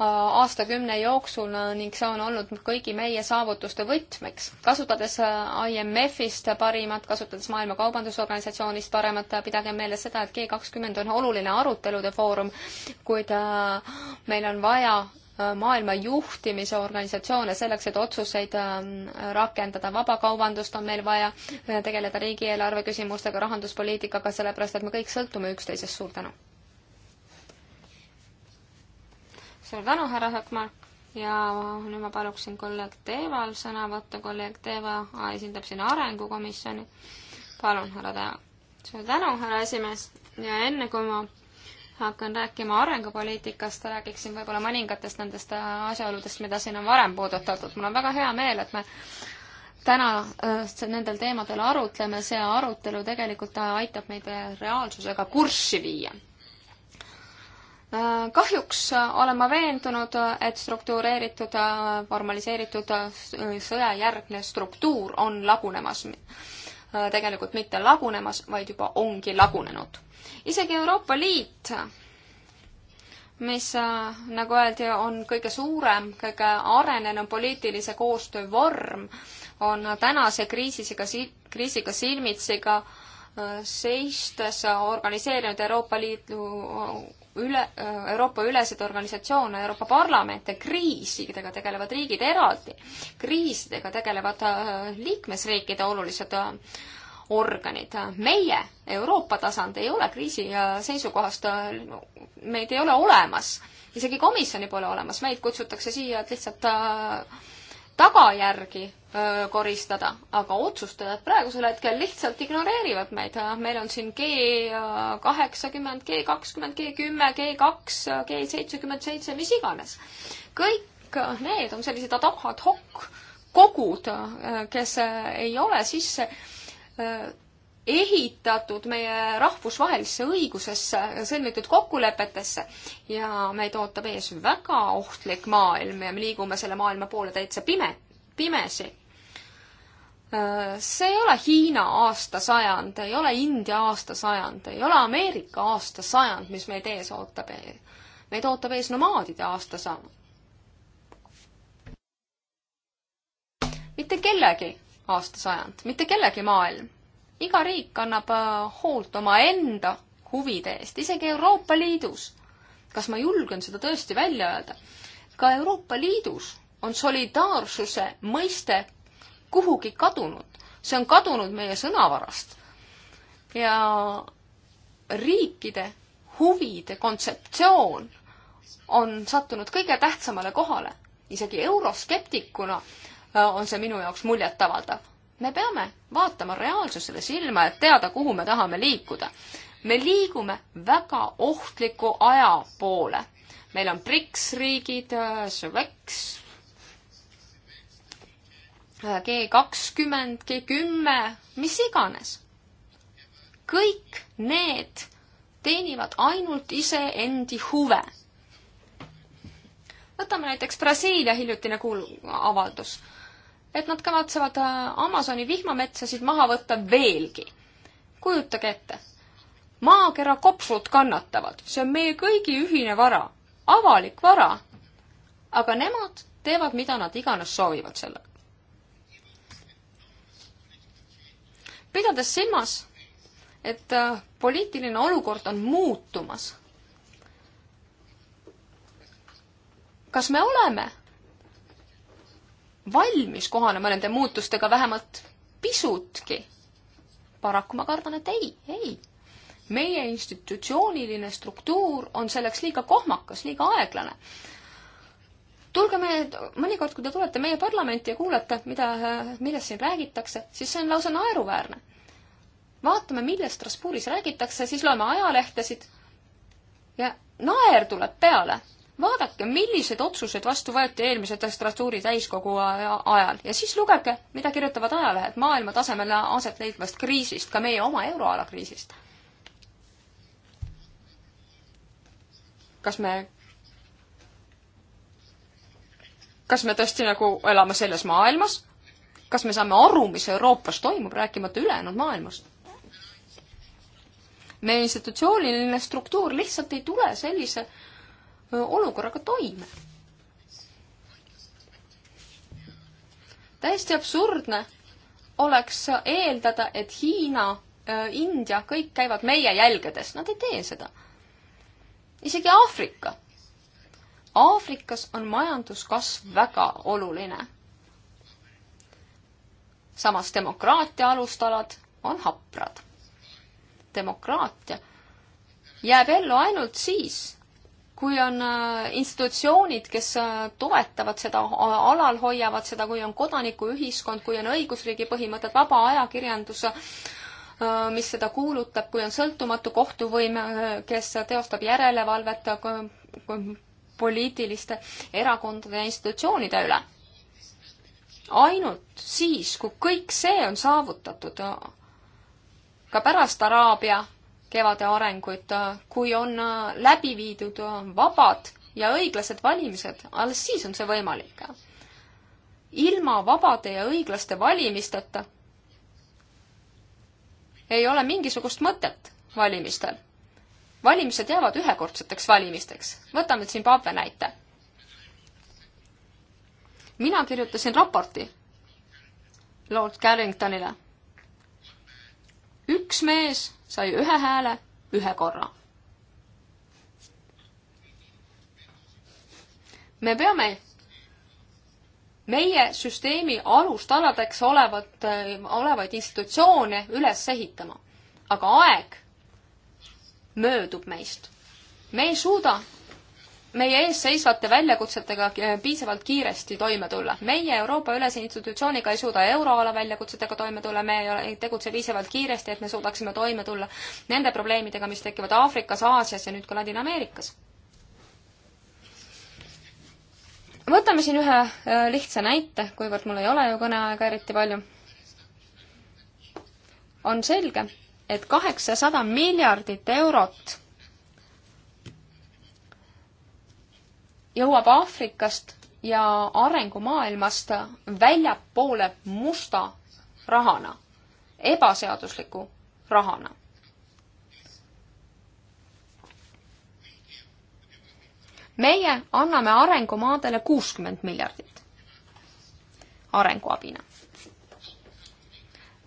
Äh, aastakümne jooksul äh, ning see on olnud kõigi meie saavutuste võtmeks. kasutades äh, IMF-ist parimat, kasutades Maailma Kaubandusorganisatsioonist paremat, pidagem meeles seda, et G kakskümmend on oluline arutelude foorum, kuid meil on vaja maailma juhtimise organisatsioone selleks, et otsuseid ähm, rakendada. vabakaubandust on meil vaja tegeleda riigieelarve küsimustega, rahanduspoliitikaga, sellepärast et me kõik sõltume üksteisest. suur tänu! suur tänu, härra Hökmark ja nüüd ma paluksin kolleeg Teeval sõna võtta, kolleeg Teeva esindab siin Arengukomisjoni. palun, härra Teeva. suur tänu, härra esimees ja enne kui ma hakkan rääkima arengupoliitikast, räägiksin võib-olla mõningatest nendest asjaoludest, mida siin on varem puudutatud. mul on väga hea meel, et me täna äh, nendel teemadel arutleme, see arutelu tegelikult aitab meid reaalsusega kurssi viia kahjuks olen ma veendunud, et struktureeritud, formaliseeritud sõjajärgne struktuur on lagunemas. tegelikult mitte lagunemas, vaid juba ongi lagunenud. isegi Euroopa Liit, mis, nagu öeldi, on kõige suurem, kõige arenenum poliitilise koostöö vorm, on tänase kriisisiga, kriisiga silmitsi ka äh, seistes organiseerinud Euroopa Liidu üle, äh, Euroopa üleseid organisatsioone, Euroopa Parlamente, kriisidega tegelevad riigid eraldi, kriisidega tegelevad äh, liikmesriikide olulised äh, organid. meie Euroopa tasand ei ole kriisi seisukohast, meid ei ole olemas, isegi komisjoni pole olemas, meid kutsutakse siia, et lihtsalt tagajärgi koristada, aga otsustajad praegusel hetkel lihtsalt ignoreerivad meid. meil on siin G kaheksakümmend, G kakskümmend, G kümme, G kaks, G seitsekümmend seitse, mis iganes. kõik need on sellised ad hoc kogud, kes ei ole sisse ehitatud meie rahvusvahelisse õigusesse sõlmitud kokkulepetesse ja meid ootab ees väga ohtlik maailm ja me liigume selle maailma poole täitsa pime, pimesi. Äh, see ei ole Hiina aastasajand, ei ole India aastasajand, ei ole Ameerika aastasajand, mis meid ees ootab. E-, meid ootab ees nomaadide aastasajand. mitte kellegi aastasajand, mitte kellegi maailm iga riik annab äh, hoolt omaenda huvide eest, isegi Euroopa Liidus. kas ma julgen seda tõesti välja öelda? ka Euroopa Liidus on solidaarsuse mõiste kuhugi kadunud. see on kadunud meie sõnavarast. ja riikide huvide kontseptsioon on sattunud kõige tähtsamale kohale. isegi euroskeptikuna äh, on see minu jaoks muljetavaldav me peame vaatama reaalsusele silma, et teada, kuhu me tahame liikuda. me liigume väga ohtliku aja poole. meil on BRICS riigid, SOVEX, G kakskümmend, G kümme, mis iganes. kõik need teenivad ainult iseendi huve. võtame näiteks Brasiilia hiljutine kuul-, avaldus et nad kavatsevad äh, Amazoni vihmametsasid maha võtta veelgi. kujutage ette, maakera kopsud kannatavad, see on meie kõigi ühine vara, avalik vara. aga nemad teevad, mida nad iganes soovivad sellega. pidades silmas, et äh, poliitiline olukord on muutumas. kas me oleme valmis kohanema nende muutustega vähemalt pisutki? paraku ma kardan, et ei, ei. meie institutsiooniline struktuur on selleks liiga kohmakas, liiga aeglane. tulge meie, mõnikord, kui te tulete meie parlamenti ja kuulete, mida, millest siin räägitakse, siis see on lausa naeruväärne. vaatame, millest Strasbourgis räägitakse, siis loeme ajalehtesid ja naer tuleb peale vaadake, millised otsused vastu võeti eelmise Strasbourgi täiskogu ajal ja siis lugege, mida kirjutavad ajalehed maailma tasemel aset leidvast kriisist, ka meie oma euroala kriisist. kas me, kas me tõesti nagu elame selles maailmas? kas me saame aru, mis Euroopas toimub, rääkimata ülejäänud maailmast? meie institutsiooniline struktuur lihtsalt ei tule sellise äh, olukorraga toime. täiesti absurdne oleks eeldada, et Hiina, India, kõik käivad meie jälgedes, nad ei tee seda. isegi Aafrika. Aafrikas on majanduskasv väga oluline. samas demokraatia alustalad on haprad. demokraatia jääb ellu ainult siis, kui on äh, institutsioonid, kes äh, toetavad seda, alal hoiavad seda, kui on kodanikuühiskond, kui on õigusriigi põhimõtted, vaba ajakirjandus, äh, mis seda kuulutab, kui on sõltumatu kohtuvõim, kes teostab järelevalvet poliitiliste erakondade ja institutsioonide üle. ainult siis, kui kõik see on saavutatud, ka pärast Araabia kevade arenguid, kui on läbi viidud vabad ja õiglased valimised, alles siis on see võimalik. ilma vabade ja õiglaste valimisteta ei ole mingisugust mõtet valimistel. valimised jäävad ühekordseteks valimisteks. võtame Zimbabwe näite. mina kirjutasin raporti Lord Carringtonile. üks mees sai ühe hääle ühe korra. me peame meie süsteemi alustaladeks olevat, äh, olevaid institutsioone üles ehitama. aga aeg möödub meist. me ei suuda meie ees seisvate väljakutsetega piisavalt kiiresti toime tulla. meie Euroopa ülese institutsiooniga ei suuda euroala väljakutsetega toime tulla, me ei, ole, ei tegutse piisavalt kiiresti, et me suudaksime toime tulla nende probleemidega, mis tekivad Aafrikas, Aasias ja nüüd ka Ladina-Ameerikas. võtame siin ühe äh, lihtsa näite, kuivõrd mul ei ole ju kõneaega eriti palju. on selge, et kaheksasada miljardit eurot jõuab Aafrikast ja arengumaailmast väljapoole musta rahana, ebaseadusliku rahana. meie anname arengumaadele kuuskümmend miljardit arenguabina.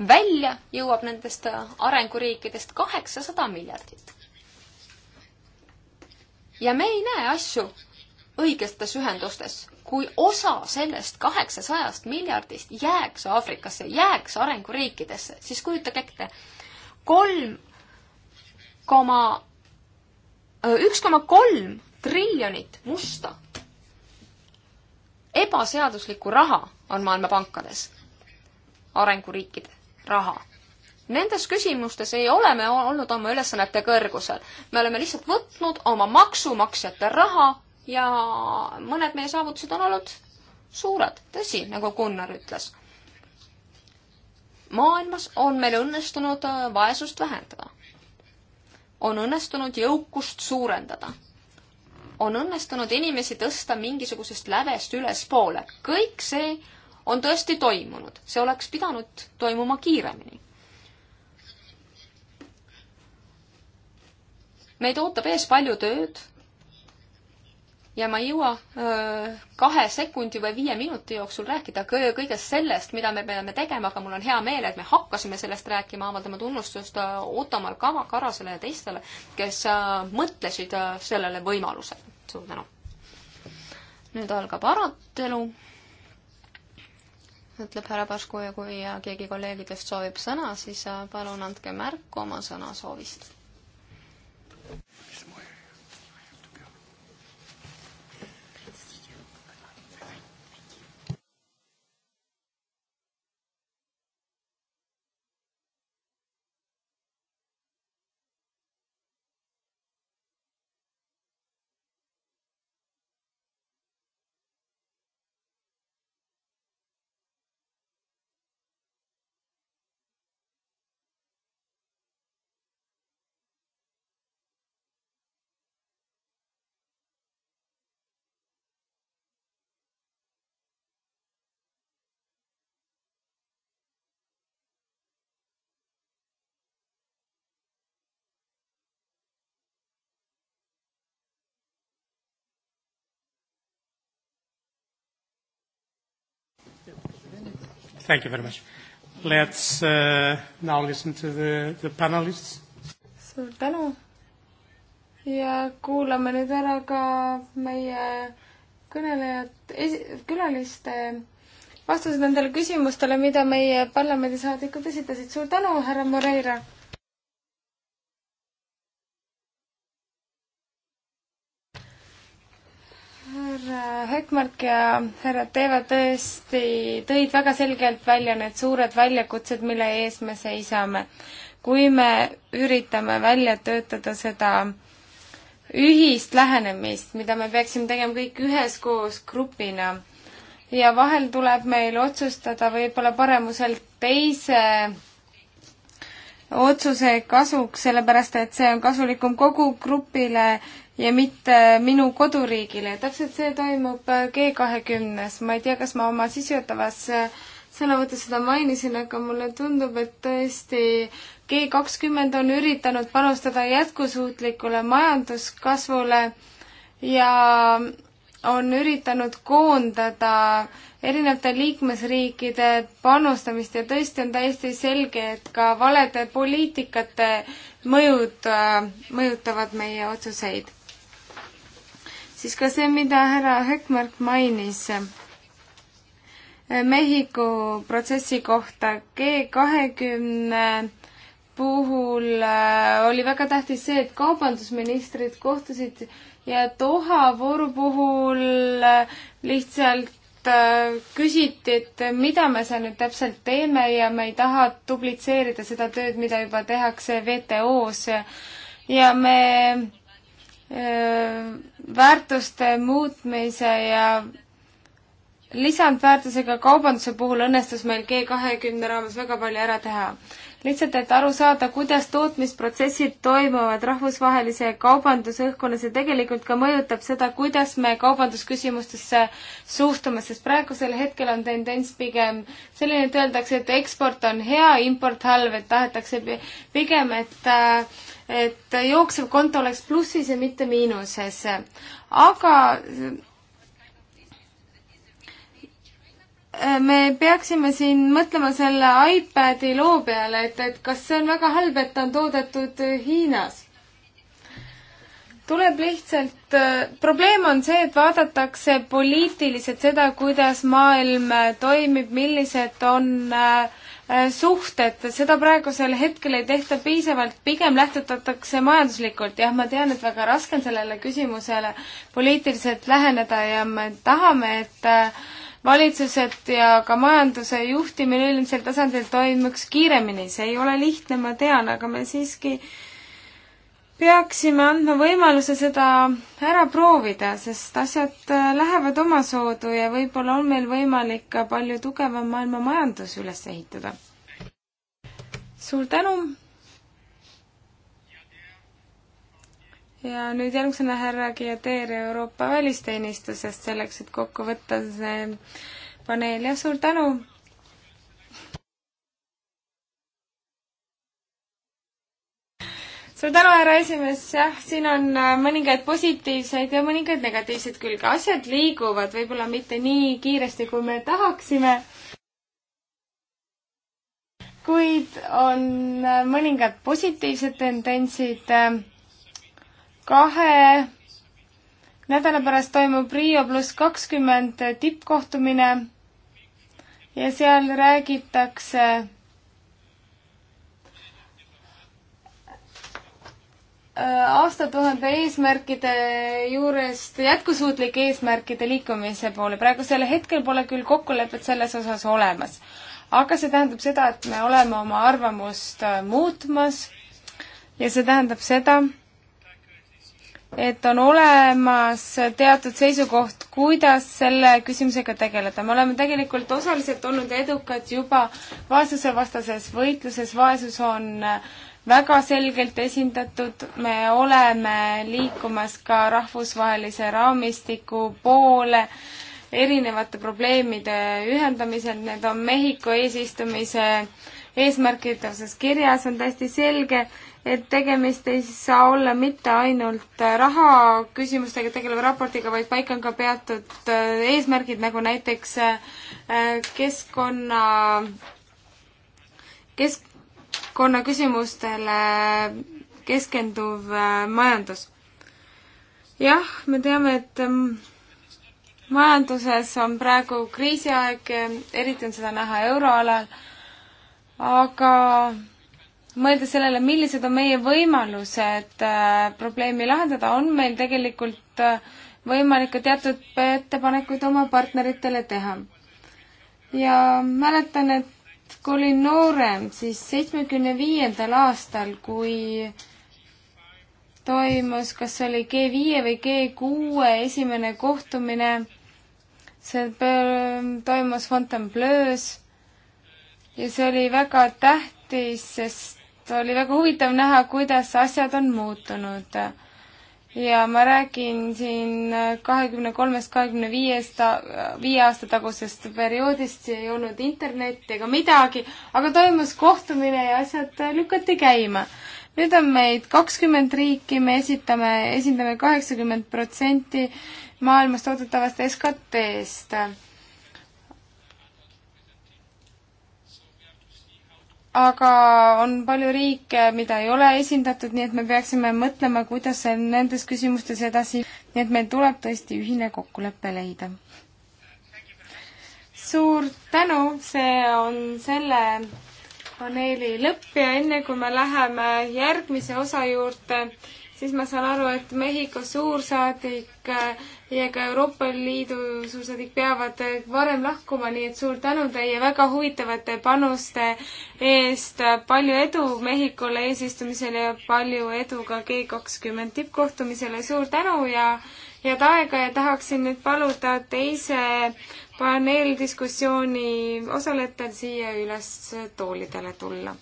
välja jõuab nendest arenguriikidest kaheksasada miljardit. ja me ei näe asju õigetes ühendustes. kui osa sellest kaheksasajast miljardist jääks Aafrikasse, jääks arenguriikidesse, siis kujutage ette, kolm koma, üks koma kolm triljonit musta ebaseaduslikku raha on maailma pankades, arenguriikide raha. Nendes küsimustes ei ole me olnud oma ülesannete kõrgusel. me oleme lihtsalt võtnud oma maksumaksjate raha ja mõned meie saavutused on olnud suured, tõsi, nagu Gunnar ütles. maailmas on meil õnnestunud äh, vaesust vähendada. on õnnestunud jõukust suurendada. on õnnestunud inimesi tõsta mingisugusest lävest ülespoole. kõik see on tõesti toimunud, see oleks pidanud toimuma kiiremini. meid ootab ees palju tööd ja ma ei jõua öö, kahe sekundi või viie minuti jooksul rääkida kõigest sellest, mida me peame tegema, aga mul on hea meel, et me hakkasime sellest rääkima, avaldama tunnustust Ottomar Kava, Karasele ja teistele, kes öö, mõtlesid öö, sellele võimalusele. suur tänu! nüüd algab arutelu, ütleb härra Pasku ja kui keegi kolleegidest soovib sõna, siis palun andke märku oma sõnasoovist Thank you very much. Let's uh, now listen to the, the panelists. suur tänu ja kuulame nüüd ära ka meie kõnelejad, külaliste vastused nendele küsimustele, mida meie parlamendisaadikud esitasid. suur tänu, härra Moreira! Hökmark ja härra Teeva tõesti tõid väga selgelt välja need suured väljakutsed, mille ees me seisame. kui me üritame välja töötada seda ühist lähenemist, mida me peaksime tegema kõik üheskoos grupina ja vahel tuleb meil otsustada võib-olla paremuselt teise otsuse kasuks, sellepärast et see on kasulikum kogu grupile ja mitte minu koduriigile ja täpselt see toimub äh, G kahekümnes. ma ei tea, kas ma oma sissejuhatavas äh, sõnavõtus seda mainisin, aga mulle tundub, et tõesti G kakskümmend on üritanud panustada jätkusuutlikule majanduskasvule ja on üritanud koondada erinevate liikmesriikide panustamist ja tõesti on täiesti selge, et ka valede poliitikate mõjud äh, mõjutavad meie otsuseid siis ka see, mida härra Hökmark mainis äh, Mehhiko protsessi kohta G kahekümne puhul äh, oli väga tähtis see, et kaubandusministrid kohtusid ja Doha vooru puhul äh, lihtsalt küsiti, et mida me seal nüüd täpselt teeme ja me ei taha dublitseerida seda tööd, mida juba tehakse WTO-s ja me väärtuste muutmise ja lisandväärtusega kaubanduse puhul õnnestus meil G kahekümne raames väga palju ära teha. lihtsalt, et aru saada, kuidas tootmisprotsessid toimuvad rahvusvahelise kaubandusõhkkonnas ja tegelikult ka mõjutab seda, kuidas me kaubandusküsimustesse suhtume, sest praegusel hetkel on tendents pigem selline, et öeldakse, et eksport on hea, import halb, et tahetakse pigem, et äh, et jooksev konto oleks plussis ja mitte miinuses. aga äh, me peaksime siin mõtlema selle iPadi loo peale, et, et kas see on väga halb, et ta on toodetud Hiinas. tuleb lihtsalt, äh, probleem on see, et vaadatakse poliitiliselt seda, kuidas maailm äh, toimib, millised on äh, Äh, suhted, seda praegusel hetkel ei tehta piisavalt, pigem lähtutatakse majanduslikult, jah, ma tean, et väga raske on sellele küsimusele poliitiliselt läheneda ja me tahame, et äh, valitsused ja ka majanduse juhtimine üldisel tasandil toimuks kiiremini, see ei ole lihtne, ma tean, aga me siiski äh, peaksime andma võimaluse seda ära proovida, sest asjad äh, lähevad omasoodu ja võib-olla on meil võimalik ka palju tugevam maailma majandus üles ehitada. suur tänu! ja nüüd järgmisena härra Giateer Euroopa välisteenistusest selleks, et kokku võtta see paneel ja suur tänu! suur tänu, härra esimees, jah, siin on äh, mõningaid positiivseid ja mõningaid negatiivseid külge. asjad liiguvad võib-olla mitte nii kiiresti, kui me tahaksime. kuid on äh, mõningad positiivsed tendentsid. Äh, kahe nädala pärast toimub Riia pluss kakskümmend tippkohtumine ja seal räägitakse aastatuhande eesmärkide juurest jätkusuutlike eesmärkide liikumise poole. praegusel hetkel pole küll kokkulepet selles osas olemas. aga see tähendab seda, et me oleme oma arvamust äh, muutmas ja see tähendab seda, et on olemas teatud seisukoht, kuidas selle küsimusega tegeleda. me oleme tegelikult osaliselt olnud edukad juba vaesusevastases võitluses, vaesus on äh, väga selgelt esindatud, me oleme liikumas ka rahvusvahelise raamistiku poole erinevate probleemide ühendamisel, need on Mehhiko eesistumise eesmärkide osas kirjas, on täiesti selge, et tegemist ei saa olla mitte ainult raha küsimustega tegeleva raportiga, vaid paika on ka peatud äh, eesmärgid, nagu näiteks äh, keskkonna, kesk-, keskkonna küsimustele keskenduv äh, majandus. jah, me teame, et ähm, majanduses on praegu kriisiaeg, eriti on seda näha euroalal, aga mõeldes sellele, millised on meie võimalused äh, probleemi lahendada, on meil tegelikult äh, võimalik ka teatud ettepanekuid oma partneritele teha. ja mäletan, et kui olin noorem, siis seitsmekümne viiendal aastal, kui toimus, kas see oli G viie või G kuue esimene kohtumine, see toimus Fontainebleus ja see oli väga tähtis, sest oli väga huvitav näha, kuidas asjad on muutunud ja ma räägin siin kahekümne kolmest, kahekümne viiest, viie aasta tagusest perioodist, ei olnud internetti ega midagi, aga toimus kohtumine ja asjad lükati käima. nüüd on meid kakskümmend riiki, me esitame, esindame kaheksakümmend protsenti maailmas toodetavast SKT-st aga on palju riike, mida ei ole esindatud, nii et me peaksime mõtlema, kuidas nendes küsimustes edasi, nii et meil tuleb tõesti ühine kokkulepe leida. suur tänu, see on selle paneeli lõpp ja enne kui me läheme järgmise osa juurde, siis ma saan aru, et Mehhiko suursaadik äh, ja ka Euroopa Liidu suursaadik peavad äh, varem lahkuma, nii et suur tänu teie väga huvitavate panuste eest. palju edu Mehhikole eesistumisel ja palju edu ka G kakskümmend tippkohtumisele. suur tänu ja head aega ja tahaksin nüüd paluda teise paneeldiskussiooni osalejatel siia üles toolidele tulla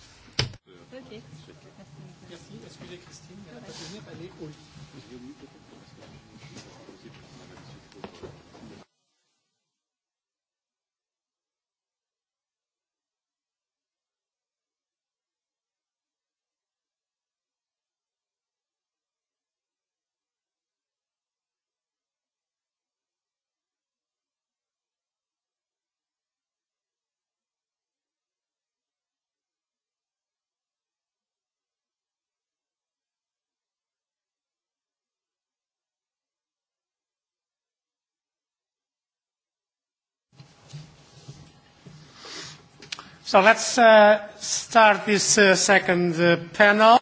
So let's uh, start this uh, second uh, panel.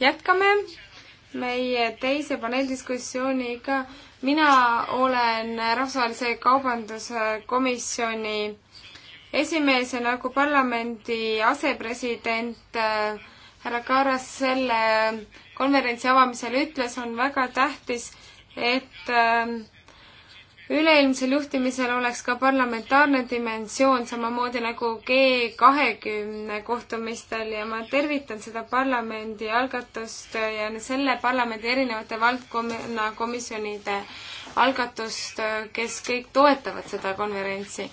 jätkame meie teise paneeldiskussiooniga. mina olen Rahvusvahelise Kaubanduskomisjoni esimees ja nagu parlamendi asepresident äh, härra Kaaras selle konverentsi avamisel ütles, on väga tähtis, et äh, üleilmsel juhtimisel oleks ka parlamentaarne dimensioon, samamoodi nagu G kahekümne kohtumistel ja ma tervitan seda parlamendi algatust ja selle parlamendi erinevate valdkonnakomisjonide algatust, kes kõik toetavad seda konverentsi.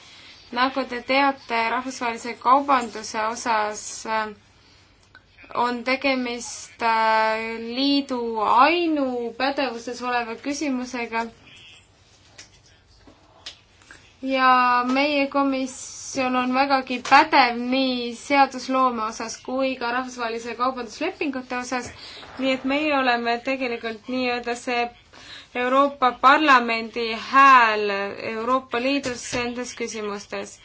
nagu te teate, rahvusvahelise kaubanduse osas äh, on tegemist äh, liidu ainupädevuses oleva küsimusega ja meie komisjon on vägagi pädev nii seadusloome osas kui ka rahvusvahelise kaubanduslepingute osas, nii et meie oleme tegelikult nii-öelda see Euroopa Parlamendi hääl Euroopa Liidus nendes küsimustes.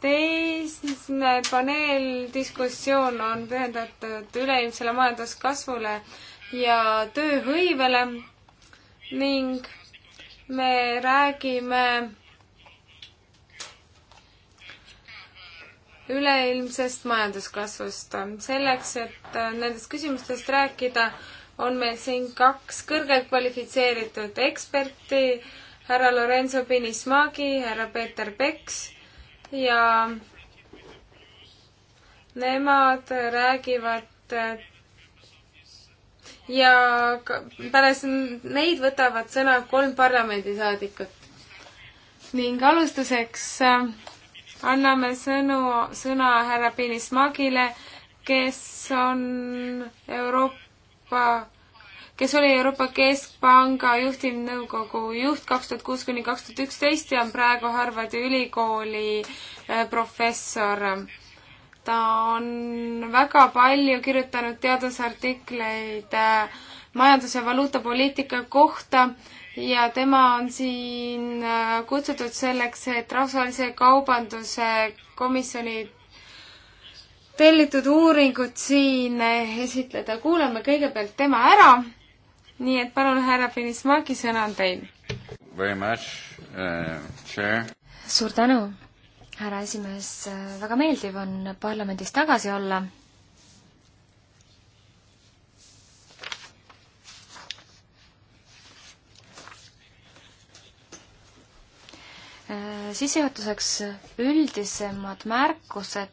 teine paneeldiskussioon on pühendatud üleilmsele majanduskasvule ja tööhõivele ning me räägime üleilmsest majanduskasvust. selleks, et äh, nendest küsimustest rääkida, on meil siin kaks kõrgelt kvalifitseeritud eksperti, härra Lorenzo Pinismagi, härra Peeter Peks ja nemad räägivad äh, ja pärast neid võtavad sõna kolm parlamendisaadikut. ning alustuseks äh, anname sõnu, sõna härra Pinismagile, kes on Euroopa, kes oli Euroopa Keskpanga juhtivnõukogu juht kaks tuhat kuus kuni kaks tuhat üksteist ja on praegu Harvardi ülikooli äh, professor ta on väga palju kirjutanud teadusartikleid äh, majandus- ja valuutapoliitika kohta ja tema on siin äh, kutsutud selleks, et rahvusvahelise kaubanduse komisjoni tellitud uuringut siin äh, esitleda. kuulame kõigepealt tema ära. nii et palun, härra Finismaki, sõna on teil. Very much uh,, chair. suur tänu, härra esimees. väga meeldiv on parlamendis tagasi olla Äh, sissejuhatuseks üldisemad märkused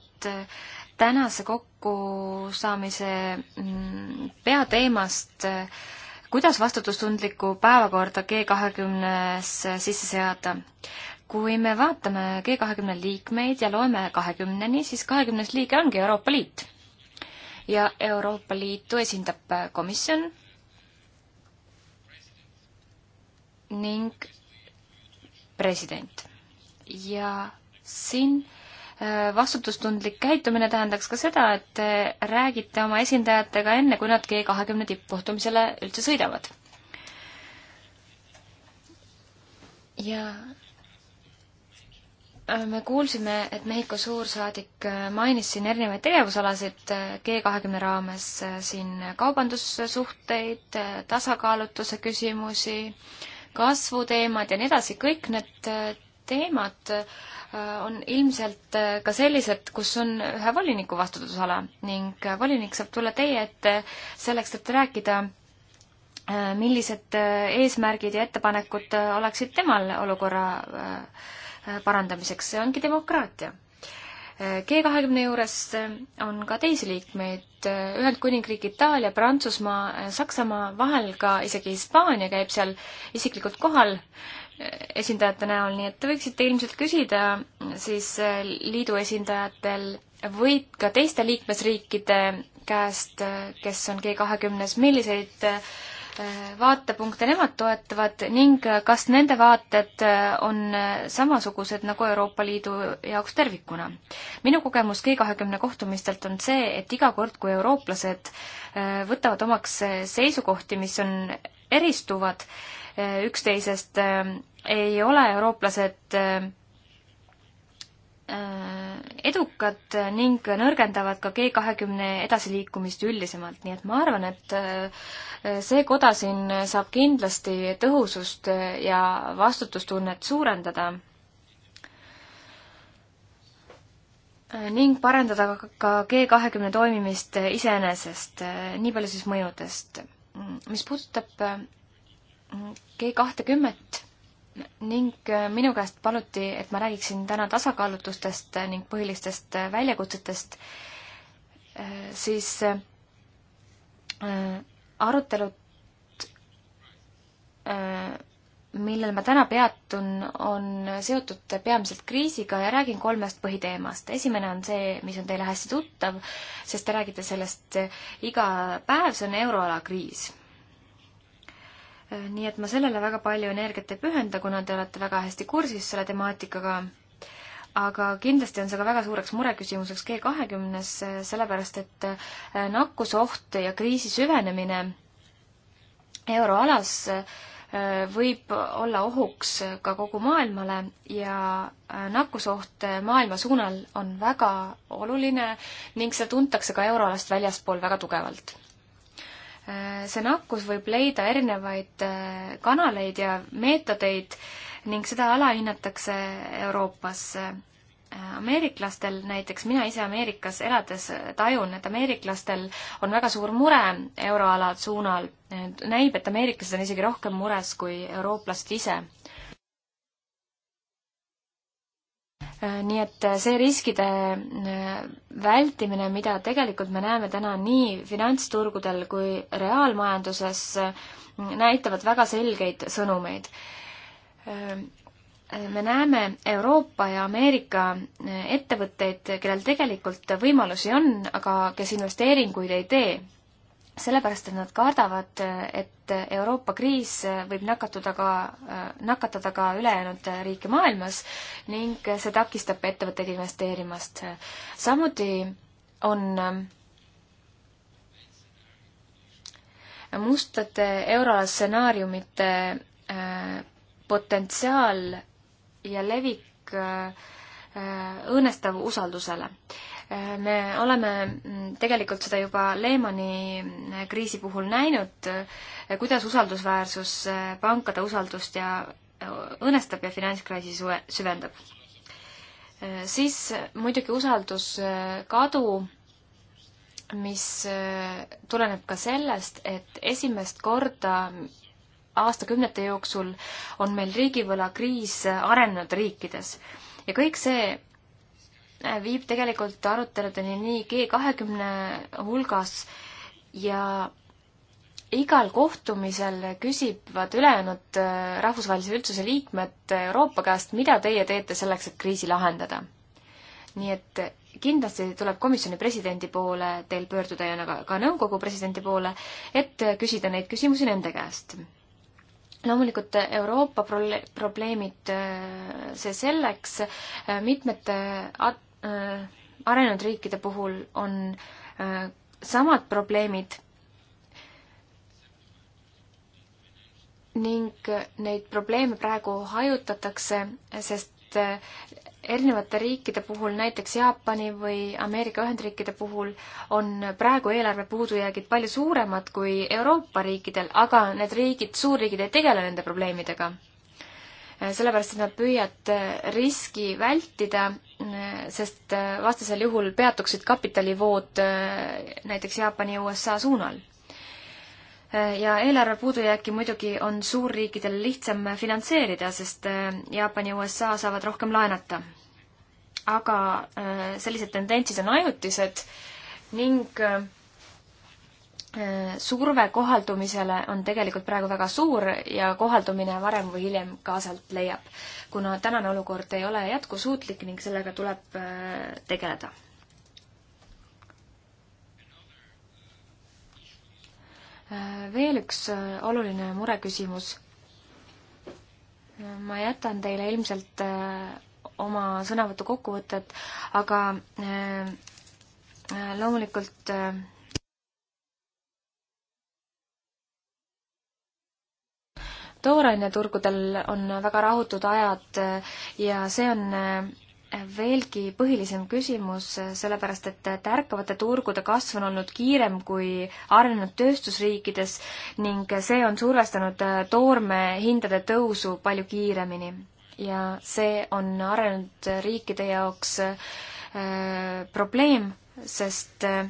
tänase kokkusaamise mm, peateemast, äh, kuidas vastutustundlikku päevakorda G kahekümnes äh, sisse seada. kui me vaatame G kahekümne liikmeid ja loeme kahekümneni, siis kahekümnes liige ongi Euroopa Liit. ja Euroopa Liitu esindab komisjon ning president. ja siin äh, vastutustundlik käitumine tähendaks ka seda, et te äh, räägite oma esindajatega enne, kui nad G kahekümne tippkohtumisele üldse sõidavad. ja äh, me kuulsime, et Mehhiko suursaadik mainis siin erinevaid tegevusalasid G kahekümne raames, siin kaubandussuhteid, tasakaalutuse küsimusi, kasvuteemad ja nii edasi, kõik need äh, teemad äh, on ilmselt äh, ka sellised, kus on ühe voliniku vastutusala ning volinik saab tulla teie ette selleks, et rääkida, millised eesmärgid ja ettepanekud oleksid temal olukorra parandamiseks, see ongi demokraatia G kahekümne juures on ka teisi liikmeid, Ühendkuningriik, Itaalia, Prantsusmaa, Saksamaa, vahel ka isegi Hispaania käib seal isiklikult kohal esindajate näol, nii et te võiksite ilmselt küsida siis liidu esindajatel või ka teiste liikmesriikide käest, kes on G kahekümnes, milliseid Äh, vaatepunkte nemad toetavad ning äh, kas nende vaated äh, on samasugused nagu Euroopa Liidu jaoks tervikuna. minu kogemus G20 kohtumistelt on see, et iga kord, kui eurooplased võtavad omaks seisukohti, mis on eristuvad üksteisest, ei ole eurooplased Äh, edukad ning nõrgendavad ka G kahekümne edasiliikumist üldisemalt, nii et ma arvan, et äh, see koda siin saab kindlasti tõhusust ja vastutustunnet suurendada äh, ning parendada ka G kahekümne toimimist iseenesest, nii palju siis mõjudest. Mm, mis puudutab G kahtekümmet, ning äh, minu käest paluti, et ma räägiksin täna tasakaalutustest ning põhilistest äh, väljakutsetest, äh, siis arutelud, millel ma täna peatun, on seotud peamiselt kriisiga ja räägin kolmest põhiteemast. esimene on see, mis on teile hästi tuttav, sest te räägite sellest iga päev, see on euroala kriis Äh, nii et ma sellele väga palju energiat ei pühenda, kuna te olete väga hästi kursis selle temaatikaga. aga kindlasti on see ka väga suureks mureküsimuseks G kahekümnes, äh, sellepärast et äh, nakkusoht ja kriisi süvenemine euroalas võib olla ohuks ka kogu maailmale ja nakkusoht maailma suunal on väga oluline ning see tuntakse ka euroalast väljaspool väga tugevalt see nakkus võib leida erinevaid äh, kanaleid ja meetodeid ning seda alahinnatakse Euroopas. Äh, ameeriklastel näiteks, mina ise Ameerikas elades äh, tajun, et ameeriklastel on väga suur mure euroala suunal. näib, et ameeriklased on isegi rohkem mures kui eurooplased ise Äh, nii et äh, see riskide äh, vältimine, mida tegelikult me näeme täna nii finantsturgudel kui reaalmajanduses, näitavad väga selgeid sõnumeid. me näeme Euroopa ja Ameerika ettevõtteid, kellel tegelikult võimalusi on, aga kes investeeringuid ei tee sellepärast, et nad kardavad, et Euroopa kriis võib nakatuda ka, nakatada ka ülejäänud riike maailmas ning see takistab ettevõtteid investeerimast. samuti on mustade euroala stsenaariumite äh, potentsiaal ja levik äh, õõnestav usaldusele me oleme tegelikult seda juba Lehmani kriisi puhul näinud, kuidas usaldusväärsus pankade usaldust ja õõnestab ja finantskriisi süvendab. siis muidugi usalduskadu, mis tuleneb ka sellest, et esimest korda aastakümnete jooksul on meil riigivõlakriis arenenud riikides ja kõik see, viib tegelikult aruteludeni nii G kahekümne hulgas ja igal kohtumisel küsivad ülejäänud äh, rahvusvahelise üldsuse liikmed Euroopa käest, mida teie teete selleks, et kriisi lahendada. nii et kindlasti tuleb komisjoni presidendi poole teil pöörduda ja ka, ka nõukogu presidendi poole, et küsida neid küsimusi nende käest. loomulikult Euroopa prole-, probleemid, äh, see selleks, äh, mitmete ad-, Äh, arenenud riikide puhul on äh, samad probleemid ning neid probleeme praegu hajutatakse, sest äh, erinevate riikide puhul, näiteks Jaapani või Ameerika Ühendriikide puhul, on praegu eelarve puudujäägid palju suuremad kui Euroopa riikidel, aga need riigid, suurriigid ei tegele nende probleemidega Eh, sellepärast et nad püüavad eh, riski vältida, eh, sest vastasel juhul peatuksid kapitalivood näiteks Jaapani ja USA suunal. ja eelarve puudujääki muidugi on suurriikidel lihtsam finantseerida, sest Jaapan ja USA saavad rohkem laenata. aga sellised tendentsid on ajutised ning Äh, surve kohaldumisele on tegelikult praegu väga suur ja kohaldumine varem või hiljem ka sealt leiab, kuna tänane olukord ei ole jätkusuutlik ning sellega tuleb äh, tegeleda. Äh, veel üks oluline mureküsimus. ma jätan teile ilmselt oma sõnavõtu kokkuvõtted, aga loomulikult äh, tooraineturgudel on väga rahutud ajad eh, ja see on eh, veelgi põhilisem küsimus, eh, sellepärast et tärkavate turgude kasv on olnud kiirem kui arenenud tööstusriikides ning see on survestanud toorme hindade tõusu palju kiiremini. ja see on arenenud riikide jaoks äh, probleem, sest äh,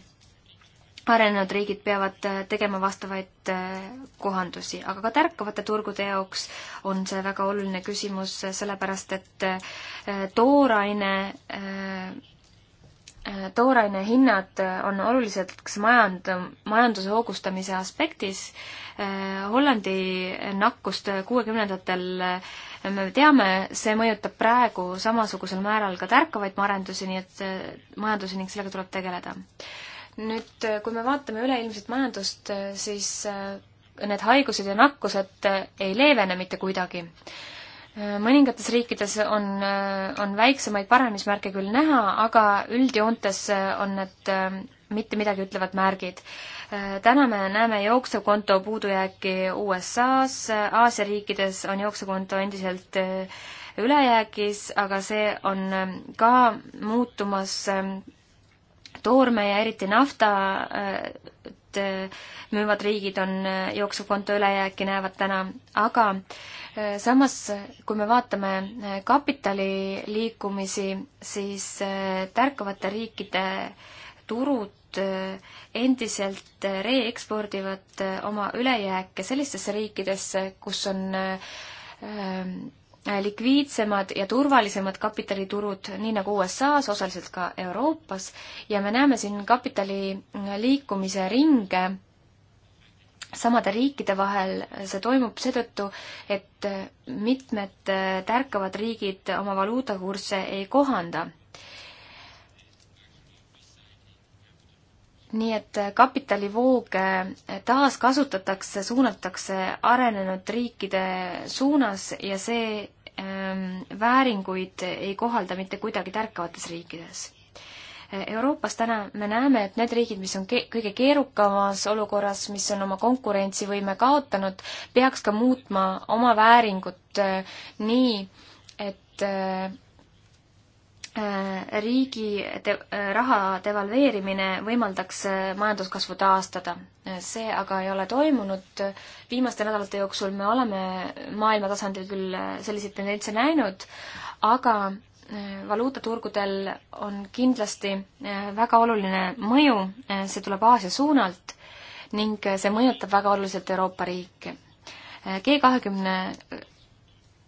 arenenud riigid peavad äh, tegema vastavaid äh, kohandusi, aga ka tärkavate turgude jaoks on see väga oluline küsimus, äh, sellepärast et tooraine, tooraine hinnad on oluliseks majand-, majanduse hoogustamise aspektis. Hollandi nakkust kuuekümnendatel me teame, see mõjutab praegu samasugusel määral ka tärkavaid marendusi, nii et majandusi ning sellega tuleb tegeleda nüüd, äh, kui me vaatame üleilmset majandust, äh, siis äh, need haigused ja nakkused ei leevene mitte kuidagi. mõningates riikides on, on väiksemaid paranemismärke küll näha, aga üldjoontes on need mitte midagi ütlevad märgid. täna me näeme jooksevkonto puudujääki USA-s, Aasia riikides on jooksevkonto endiselt ülejäägis, aga see on ka muutumas toorme ja eriti nafta äh, müüvad riigid on äh, jooksuvkonto ülejääki, näevad täna, aga äh, samas, kui me vaatame kapitali liikumisi, siis tärkavate riikide turud endiselt reekspordivad oma ülejääke sellistesse riikidesse, kus on Äh, likviidsemad ja turvalisemad kapitaliturud, nii nagu USA-s, osaliselt ka Euroopas, ja me näeme siin kapitali äh, liikumise ringe samade riikide vahel, see toimub seetõttu, et äh, mitmed tärkavad riigid oma valuutakursse ei kohanda nii et äh, kapitalivooge äh, taaskasutatakse, suunatakse arenenud riikide suunas ja see ähm, vääringuid ei kohalda mitte kuidagi tärkavates riikides. Äh, Euroopas täna me näeme, et need riigid, mis on ke kõige keerukamas olukorras, mis on oma konkurentsivõime kaotanud, peaks ka muutma oma vääringut äh, nii, et äh, Äh, riigi de äh, raha devalveerimine võimaldaks äh, majanduskasvu taastada. see aga ei ole toimunud. viimaste nädalate jooksul me oleme maailma tasandil küll selliseid tendentse näinud, aga valuutaturgudel on kindlasti väga oluline mõju, see tuleb Aasia suunalt ning see mõjutab väga oluliselt Euroopa riike G kahekümne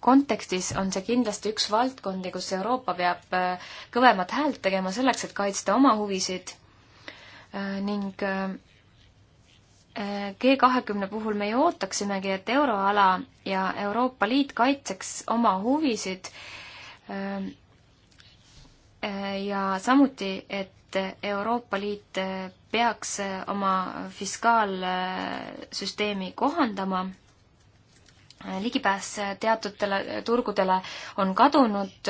kontekstis on see kindlasti üks valdkondi, kus Euroopa peab äh, kõvemat häält tegema selleks, et kaitsta oma huvisid äh, ning äh, G kahekümne puhul meie ootaksimegi, et euroala ja Euroopa Liit kaitseks oma huvisid ja samuti, et Euroopa Liit peaks oma fiskaalsüsteemi kohandama ligipääs teatutele turgudele on kadunud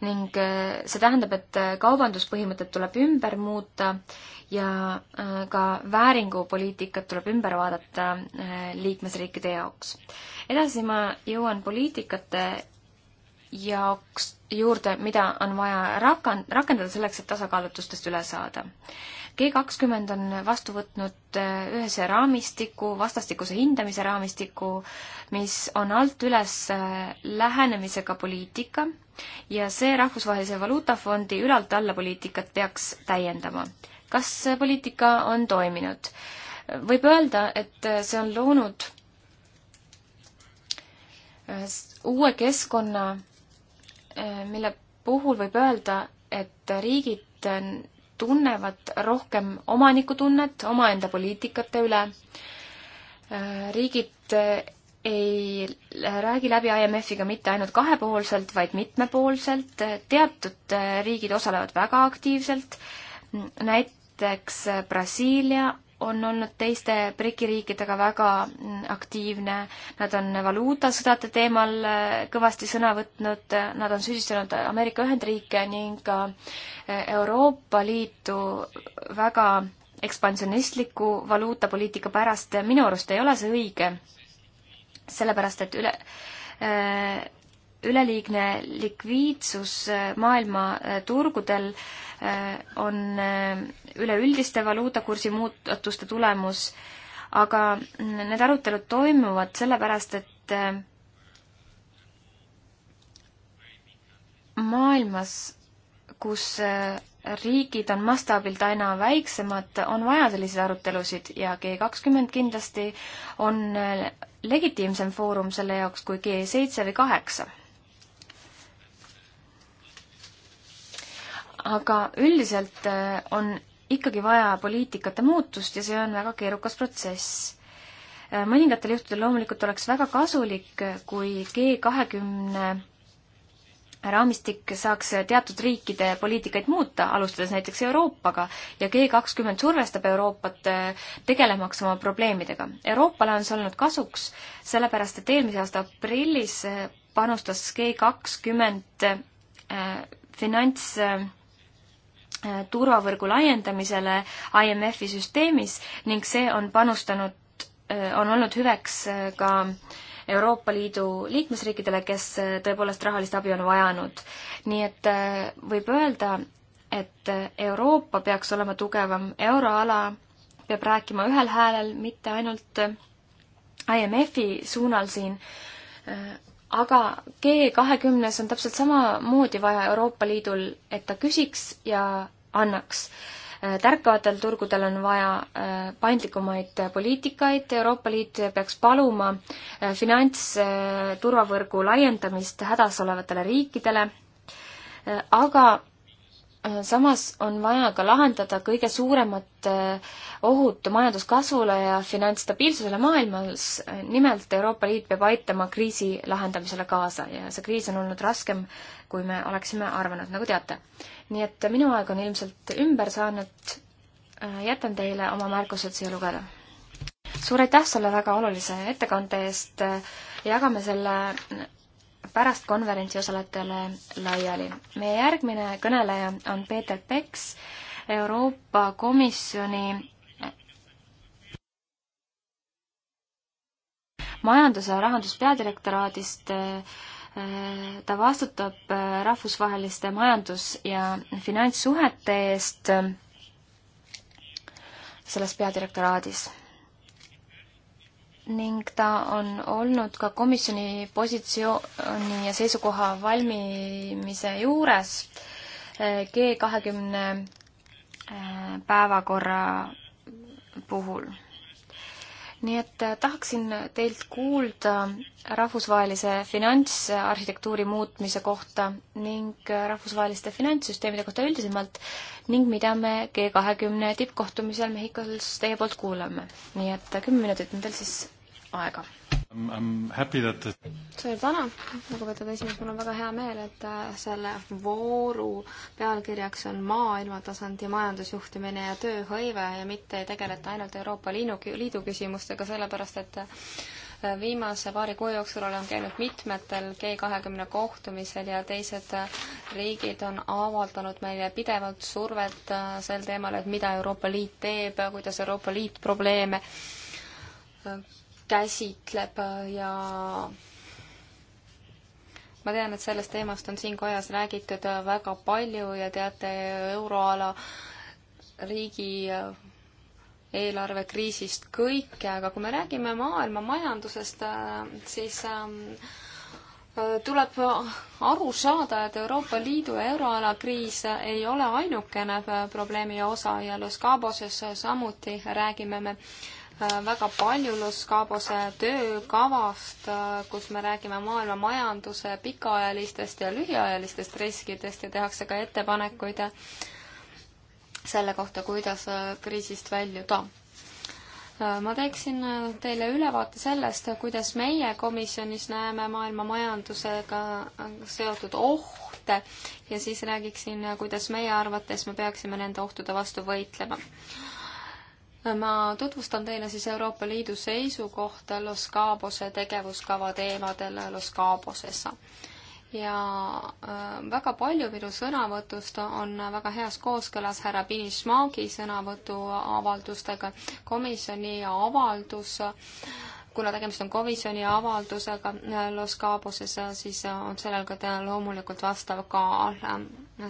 ning äh, see tähendab, et äh, kaubanduspõhimõtted tuleb ümber muuta ja äh, ka vääringupoliitikat tuleb ümber vaadata liikmesriikide jaoks. edasi ma jõuan poliitikate jaoks juurde, mida on vaja rakan-, rakendada selleks, et tasakaalutustest üle saada. G kakskümmend on vastu võtnud eh, ühese raamistiku, vastastikuse hindamise raamistiku, mis on alt üles eh, lähenemisega poliitika ja see Rahvusvahelise Valuutafondi ülalt alla poliitikat peaks täiendama. kas poliitika on toiminud? võib öelda, et eh, see on loonud uue keskkonna, mille puhul võib öelda, et riigid tunnevad rohkem omanikutunnet omaenda poliitikate üle. Äh, riigid äh, ei räägi läbi IMF-iga mitte ainult kahepoolselt, vaid mitmepoolselt, äh, teatud riigid osalevad väga aktiivselt, näiteks Brasiilia on olnud teiste BRICS-i riikidega väga mm, aktiivne, nad on valuutasõdade teemal äh, kõvasti sõna võtnud, äh, nad on süüdistanud Ameerika Ühendriike ning ka äh, Euroopa Liitu väga ekspansionistliku valuutapoliitika pärast, minu arust ei ole see õige. sellepärast, et üle, üleliigne likviidsus maailma turgudel on üleüldiste valuutakursi muudatuste tulemus, aga need arutelud toimuvad sellepärast, et äh, maailmas, kus äh, riigid on mastaabilt aina väiksemad, on vaja selliseid arutelusid ja G kakskümmend kindlasti on äh, legitiimsem foorum selle jaoks kui G seitse või kaheksa aga üldiselt on ikkagi vaja poliitikate muutust ja see on väga keerukas protsess. mõningatel juhtudel loomulikult oleks väga kasulik, kui G kahekümne raamistik saaks teatud riikide poliitikaid muuta, alustades näiteks Euroopaga ja G kakskümmend survestab Euroopat äh, tegelemaks oma probleemidega. Euroopale on see olnud kasuks, sellepärast et eelmise aasta aprillis äh, panustas G kakskümmend äh, finants äh, turvavõrgu laiendamisele IMF-i süsteemis ning see on panustanud, äh, on olnud hüveks äh, ka Euroopa Liidu liikmesriikidele, kes äh, tõepoolest rahalist abi on vajanud. nii et võib öelda, et Euroopa peaks olema tugevam, euroala peab rääkima ühel häälel, mitte ainult IMF-i suunal siin, aga G kahekümnes on täpselt samamoodi vaja Euroopa Liidul, et ta küsiks ja annaks. Äh, tärkavatel turgudel on vaja äh, paindlikumaid poliitikaid, Euroopa Liit peaks paluma äh, finantsturvavõrgu laiendamist hädas olevatele riikidele, aga samas on vaja ka lahendada kõige suuremat ohut majanduskasvule ja finantsstabiilsusele maailmas. nimelt Euroopa Liit peab aitama kriisi lahendamisele kaasa ja see kriis on olnud raskem, kui me oleksime arvanud, nagu teate nii et minu aeg on ilmselt ümber saanud. Äh, jätan teile oma märkused siia lugeda. suur aitäh sulle väga olulise ettekande eest. Äh, jagame selle pärast konverentsi osalejatele laiali. meie järgmine kõneleja on Peeter Peks, Euroopa Komisjoni majandus- ja rahanduspeadirektoraadist äh, Äh, ta vastutab äh, rahvusvaheliste majandus- ja finantssuhete eest äh, selles peadirektoraadis. ning ta on olnud ka komisjoni positsiooni ja seisukoha valmimise juures G kahekümne päevakorra puhul nii et äh, tahaksin teilt kuulda rahvusvahelise finantsarhitektuuri muutmise kohta ning äh, rahvusvaheliste finantssüsteemide kohta üldisemalt ning mida me G kahekümne tippkohtumisel Mehhikos teie poolt kuuleme. nii et äh, kümme minutit on teil siis aega suur tänu, lugupeetud esimees, mul on väga hea meel, et äh, selle vooru pealkirjaks on maailmatasandi majandusjuhtimine ja tööhõive ja mitte ei tegeleta ainult Euroopa Liidu, Liidu küsimustega, sellepärast et äh, viimase paari kuu jooksul olen käinud mitmetel G kahekümne kohtumisel ja teised äh, riigid on avaldanud meile pidevalt survet sel teemal, et mida Euroopa Liit teeb, kuidas Euroopa Liit probleeme käsitleb ja ma tean, et sellest teemast on siin kojas räägitud väga palju ja teate, euroala riigi eelarvekriisist kõike, aga kui me räägime maailma majandusest, siis ähm, tuleb aru saada, et Euroopa Liidu ja euroala kriis ei ole ainukene probleemi osa ja Los Caboses samuti räägime me Äh, väga palju Los Cabose töökavast, äh, kus me räägime maailma majanduse pikaajalistest ja lühiajalistest riskidest ja tehakse ka ettepanekuid selle kohta, kuidas äh, kriisist väljuda ma teeksin teile ülevaate sellest, kuidas meie komisjonis näeme maailma majandusega seotud ohte ja siis räägiksin, kuidas meie arvates me peaksime nende ohtude vastu võitlema ma tutvustan teile siis Euroopa Liidu seisukohta Los Cabose tegevuskava teemadel Los Caboses. ja äh, väga palju minu sõnavõtust on väga heas kooskõlas härra Pinishmagi sõnavõtu avaldustega. komisjoni avaldus kuna tegemist on komisjoni avaldusega äh, Los Caboses, siis äh, on sellel ka loomulikult vastav kaal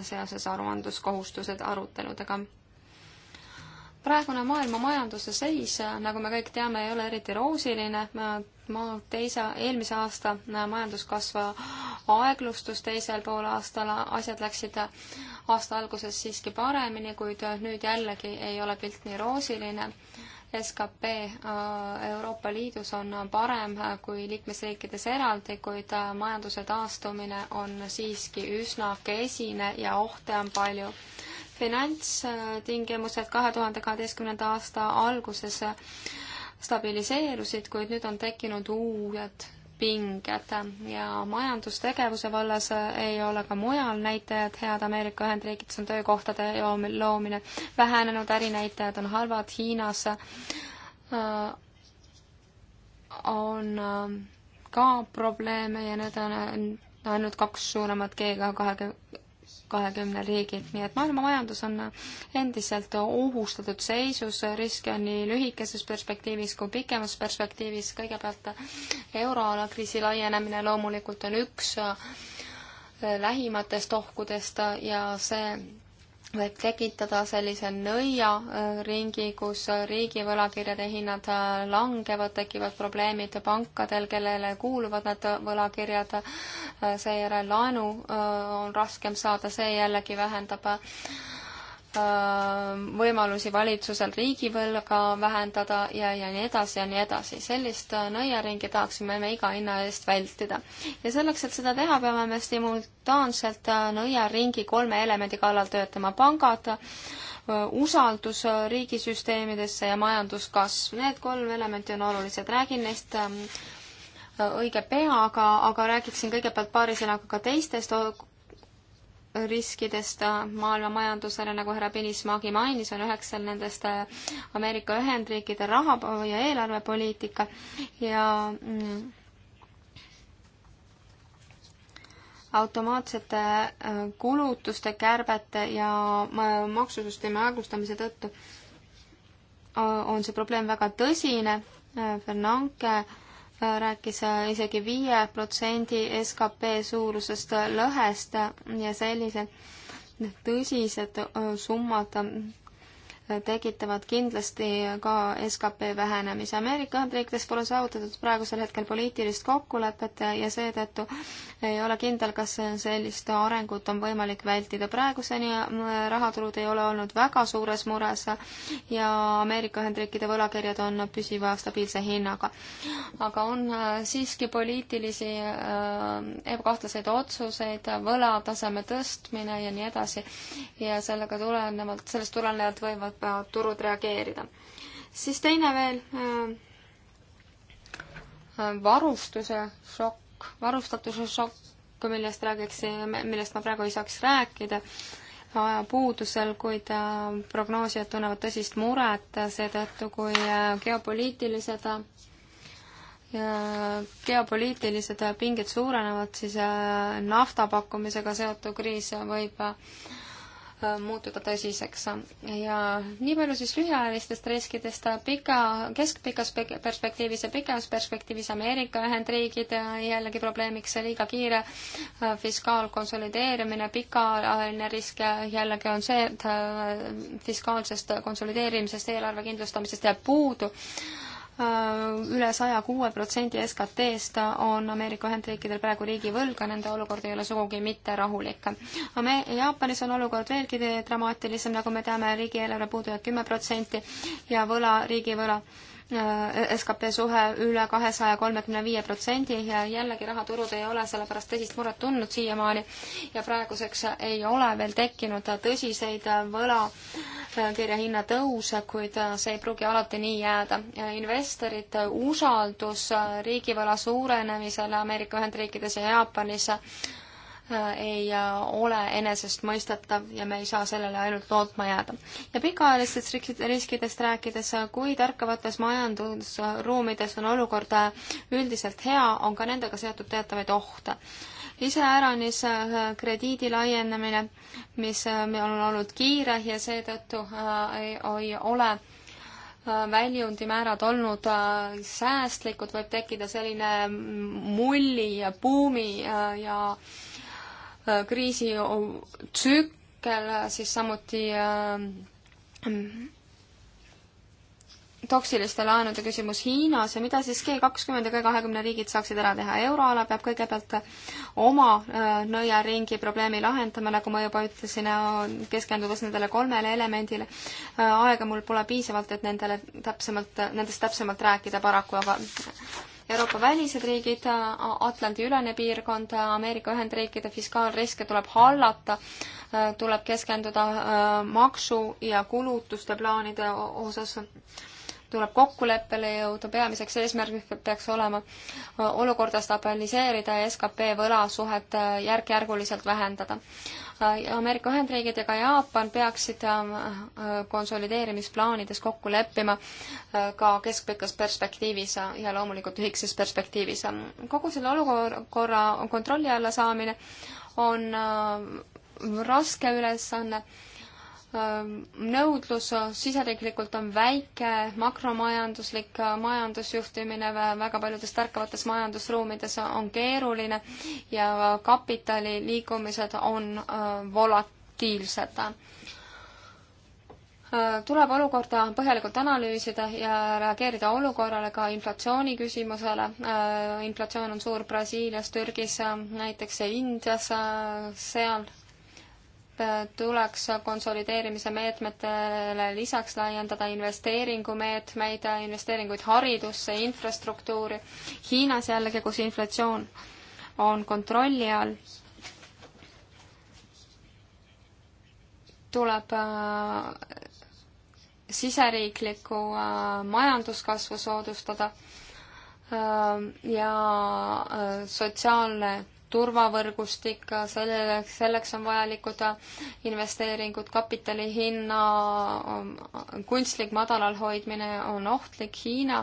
seoses aruandluskohustused aruteludega praegune maailma majanduse seis, nagu me kõik teame, ei ole eriti roosiline, ma teise, eelmise aasta majanduskasv aeglustus teisel poolaastal, asjad läksid aasta alguses siiski paremini, kuid nüüd jällegi ei ole pilt nii roosiline. skp äh, Euroopa Liidus on parem kui liikmesriikides eraldi, kuid äh, majanduse taastumine on siiski üsna kesine ja ohte on palju finantstingimused kahe tuhande kaheteistkümnenda aasta alguses stabiliseerusid, kuid nüüd on tekkinud uued pinged ja majandustegevuse vallas ei ole ka mujal näitajad head, Ameerika Ühendriikides on töökohtade loomine vähenenud, ärinäitajad on halvad, Hiinas äh, on äh, ka probleeme ja need on ainult kaks suuremat G-ga kahekümne kahekümne riigi, nii et maailma majandus on endiselt ohustatud seisus, riske on nii lühikeses perspektiivis kui pikemas perspektiivis, kõigepealt euroala kriisi laienemine loomulikult on üks äh, lähimatest ohkudest ja see võib tekitada sellise nõiaringi, äh, kus äh, riigi võlakirjade hinnad äh, langevad, tekivad probleemid pankadel, kellele kuuluvad need võlakirjad, seejärel laenu on raskem saada, see jällegi vähendab Äh, võimalusi valitsusel riigivõlga vähendada ja, ja nii edasi ja nii edasi. sellist äh, nõiaringi tahaksime me iga hinna eest vältida. ja selleks, et seda teha, peame me simultaanselt äh, nõiaringi kolme elemendi kallal töötama. pangad, usaldus riigisüsteemidesse ja majanduskasv. Need kolm elementi on olulised. räägin neist ähm, õige pea, aga, aga räägiksin kõigepealt paari sõnaga ka teistest riskidest maailma majandusele, nagu härra Pinismaagi mainis, on üheksal nendest äh, Ameerika Ühendriikide raha- ja eelarvepoliitika ja mm, automaatsete äh, kulutuste kärbete ja maksusüsteemi aeglustamise tõttu äh, on see probleem väga tõsine. Fernanke rääkis äh, isegi viie protsendi skp suurusest lõhest ja sellised tõsised äh, summad tekitavad kindlasti ka skp vähenemise. Ameerika Ühendriikides pole saavutatud praegusel hetkel poliitilist kokkulepet ja seetõttu ei ole kindel, kas sellist arengut on võimalik vältida. praeguseni mm, rahaturud ei ole olnud väga suures mures ja Ameerika Ühendriikide võlakirjad on püsiva stabiilse hinnaga. aga on äh, siiski poliitilisi äh, ebakahtlaseid otsuseid, võlataseme tõstmine ja nii edasi ja sellega tulenevalt, sellest tulenevalt võivad suudab äh, turud reageerida. siis teine veel, äh, äh, varustuse šokk, varustatuse šokk, millest räägiksin, millest ma praegu ei saaks rääkida ajapuudusel, kuid prognoosijad tunnevad tõsist muret seetõttu, kui geopoliitilised geopoliitilised pinged suurenevad, siis nafta pakkumisega seotud kriis võib Äh, muutuda tõsiseks. ja nii palju siis lühiajalistest riskidest, pika, keskpikas perspektiivis ja pikas perspektiivis Ameerika Ühendriigid äh, jällegi probleemiks, liiga kiire äh, fiskaalkonsolideerimine, pikaajaline risk jällegi on see, et fiskaalsest konsolideerimisest, eelarve kindlustamisest jääb puudu Äh, üle saja kuue protsendi SKT-st on Ameerika Ühendriikidel praegu riigivõlga, nende olukord ei ole sugugi mitte rahulik. Ame-, Jaapanis on olukord veelgi dramaatilisem, nagu me teame, riigieelarve puudujääk kümme protsenti ja võla, riigivõla Äh, skp suhe üle kahesaja kolmekümne viie protsendi ja jällegi rahaturud ei ole selle pärast tõsist muret tundnud siiamaani ja praeguseks ei ole veel tekkinud tõsiseid võlakirjahinna tõuse, kuid see ei pruugi alati nii jääda. investorite usaldus riigivõla suurenemisele Ameerika Ühendriikides ja Jaapanis Äh, ei äh, ole enesestmõistetav ja me ei saa sellele ainult lootma jääda. ja pikaajalistest riskidest rääkides, äh, kui tärkavates majandusruumides on olukord üldiselt hea, on ka nendega seotud teatavaid ohte iseäranis krediidi laienemine, mis on olnud kiire ja seetõttu ei, ei ole väljundimäärad olnud säästlikud, võib tekkida selline mulli ja buumi ja, ja kriisitsükkel, siis samuti äh, toksiliste laenude küsimus Hiinas ja mida siis G kakskümmend ja G kahekümne riigid saaksid ära teha. euroala peab kõigepealt oma äh, nõiaringi probleemi lahendama, nagu ma juba ütlesin, keskendudes nendele kolmele elemendile. Äh, aega mul pole piisavalt, et nendele täpsemalt, nendest täpsemalt rääkida paraku, aga Euroopa välised riigid, Atlandi ülene piirkond, Ameerika Ühendriikide fiskaalriske tuleb hallata, äh, tuleb keskenduda äh, maksu ja kulutuste plaanide osas tuleb kokkuleppele jõuda, peamiseks eesmärgiks peaks olema äh, olukorda stabiliseerida ja SKP võlasuhet järk-järguliselt vähendada. Ameerika Ühendriigid ja ka Jaapan peaksid ähm, äh, konsolideerimisplaanides kokku leppima äh, ka keskpikas perspektiivis ja loomulikult lühikeses perspektiivis. kogu selle olukorra kontrolli alla saamine on äh, raske ülesanne nõudlus siseriiklikult on väike, makromajanduslik äh, majandusjuhtimine väga paljudes tärkavates majandusruumides on keeruline ja kapitali liikumised on äh, volatiilsed. Äh, tuleb olukorda põhjalikult analüüsida ja reageerida olukorrale ka inflatsiooni küsimusele. inflatsioon on suur Brasiilias, Türgis, näiteks Indias, seal Äh, tuleks konsolideerimise meetmetele lisaks laiendada investeeringumeetmeid, investeeringuid haridusse, infrastruktuuri. Hiinas jällegi, kus inflatsioon on kontrolli all, tuleb äh, siseriiklikku äh, majanduskasvu soodustada ja sotsiaalne turvavõrgustik, sellele, selleks on vajalikud investeeringud, kapitali hinna kunstlik madalal hoidmine on ohtlik. Hiina,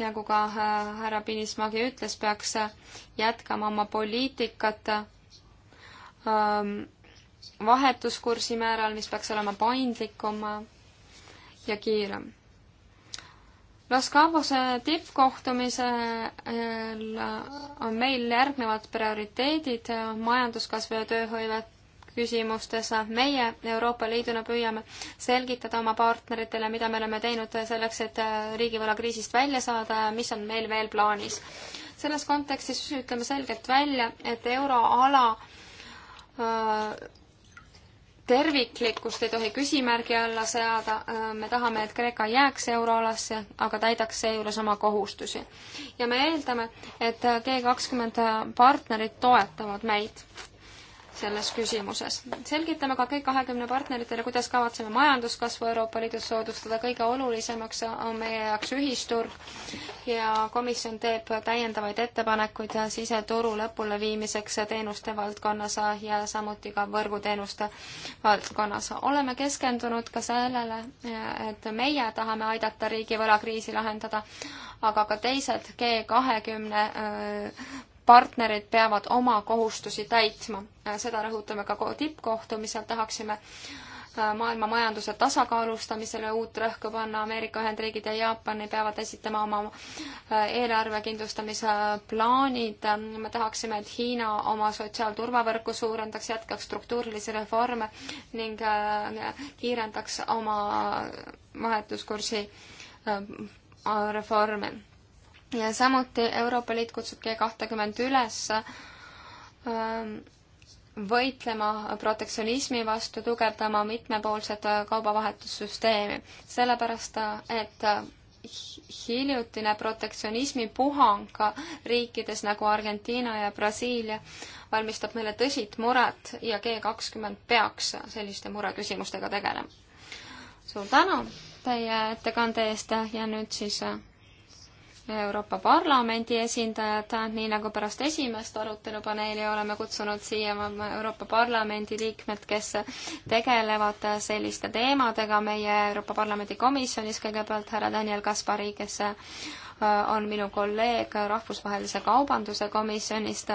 nagu ka äh, härra Pinismagi ütles, peaks jätkama oma poliitikat ähm, vahetuskursi määral, mis peaks olema paindlikum ja kiirem Las Cabose tippkohtumisel on meil järgnevad prioriteedid majanduskasvu ja tööhõive küsimustes. meie Euroopa Liiduna püüame selgitada oma partneritele, mida me oleme teinud selleks, et riigivõlakriisist välja saada ja mis on meil veel plaanis. selles kontekstis ütleme selgelt välja, et euroala terviklikkust ei tohi küsimärgi alla seada, me tahame, et Kreeka jääks euroalasse, aga täidaks seejuures oma kohustusi. ja me eeldame, et G kakskümmend partnerid toetavad meid selles küsimuses. selgitame ka kõik kahekümne partneritele, kuidas kavatseme majanduskasvu Euroopa Liidus soodustada, kõige olulisemaks on meie jaoks ühisturg ja komisjon teeb täiendavaid ettepanekuid siseturu lõpuleviimiseks teenuste valdkonnas ja samuti ka võrguteenuste valdkonnas. oleme keskendunud ka sellele, et meie tahame aidata riigi võlakriisi lahendada, aga ka teised G kahekümne partnerid peavad oma kohustusi täitma. Äh, seda rõhutame ka tippkohtumisel, tahaksime äh, maailma majanduse tasakaalustamisele uut rõhku panna, Ameerika Ühendriigid ja Jaapani peavad esitama oma äh, eelarve kindlustamise plaanid, me tahaksime, et Hiina oma sotsiaalturvavõrku suurendaks, jätkaks struktuurilisi reforme ning kiirendaks oma vahetuskursi reforme ja samuti Euroopa Liit kutsub G kahtekümmend üles ähm, võitlema protektsionismi vastu, tugevdama mitmepoolset kaubavahetussüsteemi, sellepärast et hiljutine protektsionismi puhang riikides nagu Argentiina ja Brasiilia valmistab meile tõsit muret ja G kakskümmend peaks selliste mureküsimustega tegelema. suur tänu teie ettekande eest ja nüüd siis Euroopa Parlamendi esindajad, nii nagu pärast esimest arutelupaneeli oleme kutsunud siia Euroopa Parlamendi liikmed, kes tegelevad selliste teemadega meie Euroopa Parlamendi komisjonis, kõigepealt härra Daniel Kaspari, kes äh, on minu kolleeg Rahvusvahelise Kaubanduse Komisjonist.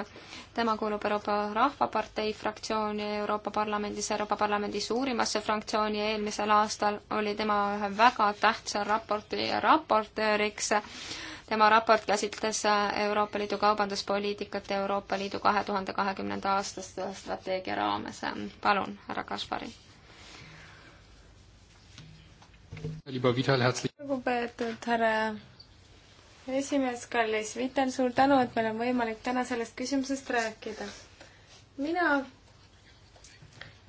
tema kuulub Euroopa Rahvapartei fraktsiooni Euroopa Parlamendis, Euroopa Parlamendi suurimasse fraktsiooni. eelmisel aastal oli tema ühe väga tähtsa raporti raportööriks tema raport käsitles äh, Euroopa Liidu kaubanduspoliitikat Euroopa Liidu kahe tuhande kahekümnenda aasta strateegia raames. palun, härra Kaspari. lugupeetud härra esimees, kallis Vitel, suur tänu, et meil on võimalik täna sellest küsimusest rääkida. mina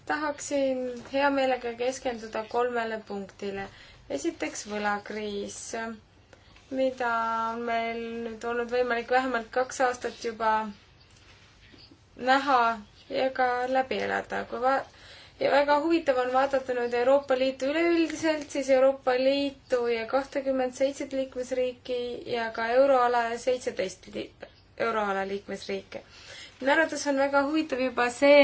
tahaksin hea meelega keskenduda kolmele punktile. esiteks võlakriis mida on meil nüüd olnud võimalik vähemalt kaks aastat juba näha ja ka läbi elada. kui va-, ja väga huvitav on vaadata nüüd Euroopa Liitu üleüldiselt, siis Euroopa Liitu ja kahtekümmet seitset liikmesriiki ja ka euroala ja seitseteist euroala liikmesriike. Euro minu arvates on väga huvitav juba see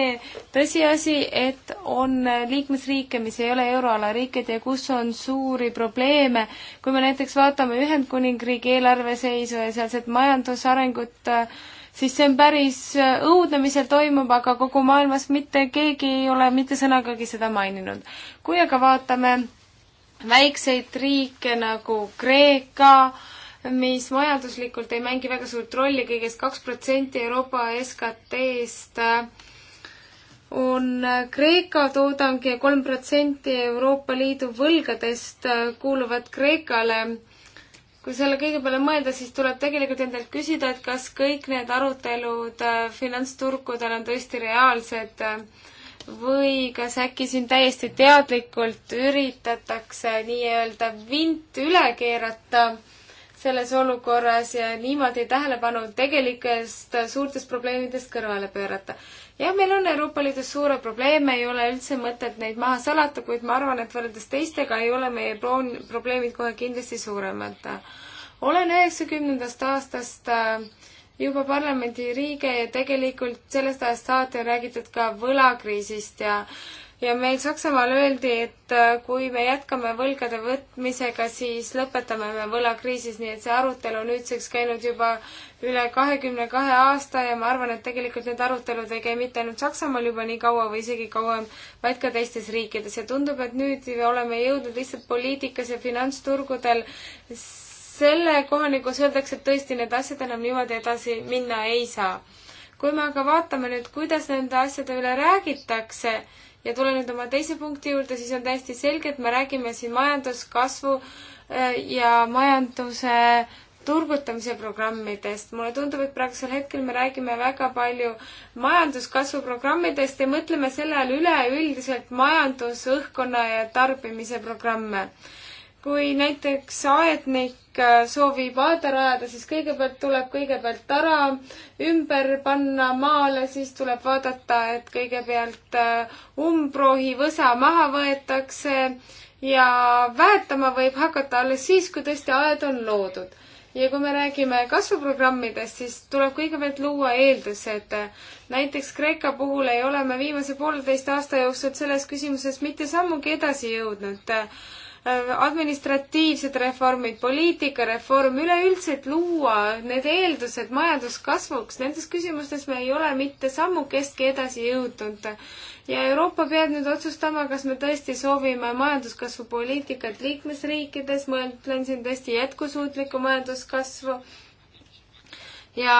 tõsiasi, et on liikmesriike, mis ei ole euroala riikid ja kus on suuri probleeme. kui me näiteks vaatame Ühendkuningriigi eelarve seisu ja sealset majandusarengut, siis see on päris õudne, mis seal toimub, aga kogu maailmas mitte keegi ei ole mitte sõnagagi seda maininud. kui aga vaatame väikseid riike nagu Kreeka, mis majanduslikult ei mängi väga suurt rolli kõigest, kõigest kaks protsenti Euroopa SKT-st äh, on äh, Kreeka toodang ja kolm protsenti Euroopa Liidu võlgadest äh, kuuluvad Kreekale. kui selle kõige peale mõelda, siis tuleb tegelikult endalt küsida, et kas kõik need arutelud finantsturgudel on tõesti reaalsed või kas äkki siin täiesti teadlikult üritatakse nii-öelda vint üle keerata selles olukorras ja niimoodi tähelepanu tegelikest suurtest probleemidest kõrvale pöörata. jah, meil on Euroopa Liidus suure probleeme, ei ole üldse mõtet neid maha salata, kuid ma arvan, et võrreldes teistega ei ole meie proon-, probleemid kohe kindlasti suuremad. olen üheksakümnendast aastast äh, juba parlamendi liige ja tegelikult sellest ajast saati on räägitud ka võlakriisist ja ja meil Saksamaal öeldi, et äh, kui me jätkame võlgade võtmisega, siis lõpetame me võlakriisis, nii et see arutelu on nüüdseks käinud juba üle kahekümne kahe aasta ja ma arvan, et tegelikult need arutelud ei käi mitte ainult Saksamaal juba nii kaua või isegi kauem, vaid ka teistes riikides ja tundub, et nüüd oleme jõudnud lihtsalt poliitikas ja finantsturgudel selle kohani, kus öeldakse, et tõesti need asjad enam niimoodi edasi minna ei saa. kui me aga vaatame nüüd, kuidas nende asjade üle räägitakse, ja tulen nüüd oma teise punkti juurde, siis on täiesti selge, et me räägime siin majanduskasvu äh, ja majanduse turgutamise programmidest. mulle tundub, et praegusel hetkel me räägime väga palju majanduskasvu programmidest ja mõtleme selle all üleüldiselt majandusõhkkonna ja tarbimise programme kui näiteks aednik äh, soovib aeda rajada, siis kõigepealt tuleb kõigepealt tara ümber panna maale, siis tuleb vaadata, et kõigepealt äh, umbrohi võsa maha võetakse ja väetama võib hakata alles siis, kui tõesti aed on loodud. ja kui me räägime kasvuprogrammidest, siis tuleb kõigepealt luua eeldused. näiteks Kreeka puhul ei ole me viimase pooleteist aasta jooksul selles küsimuses mitte sammugi edasi jõudnud Äh, administratiivsed reformid, poliitikareform, üleüldse, et luua need eeldused majanduskasvuks, nendes küsimustes me ei ole mitte sammukestki edasi jõudnud. ja Euroopa peab nüüd otsustama, kas me tõesti soovime majanduskasvupoliitikat liikmesriikides, mõtlen siin tõesti jätkusuutlikku majanduskasvu ja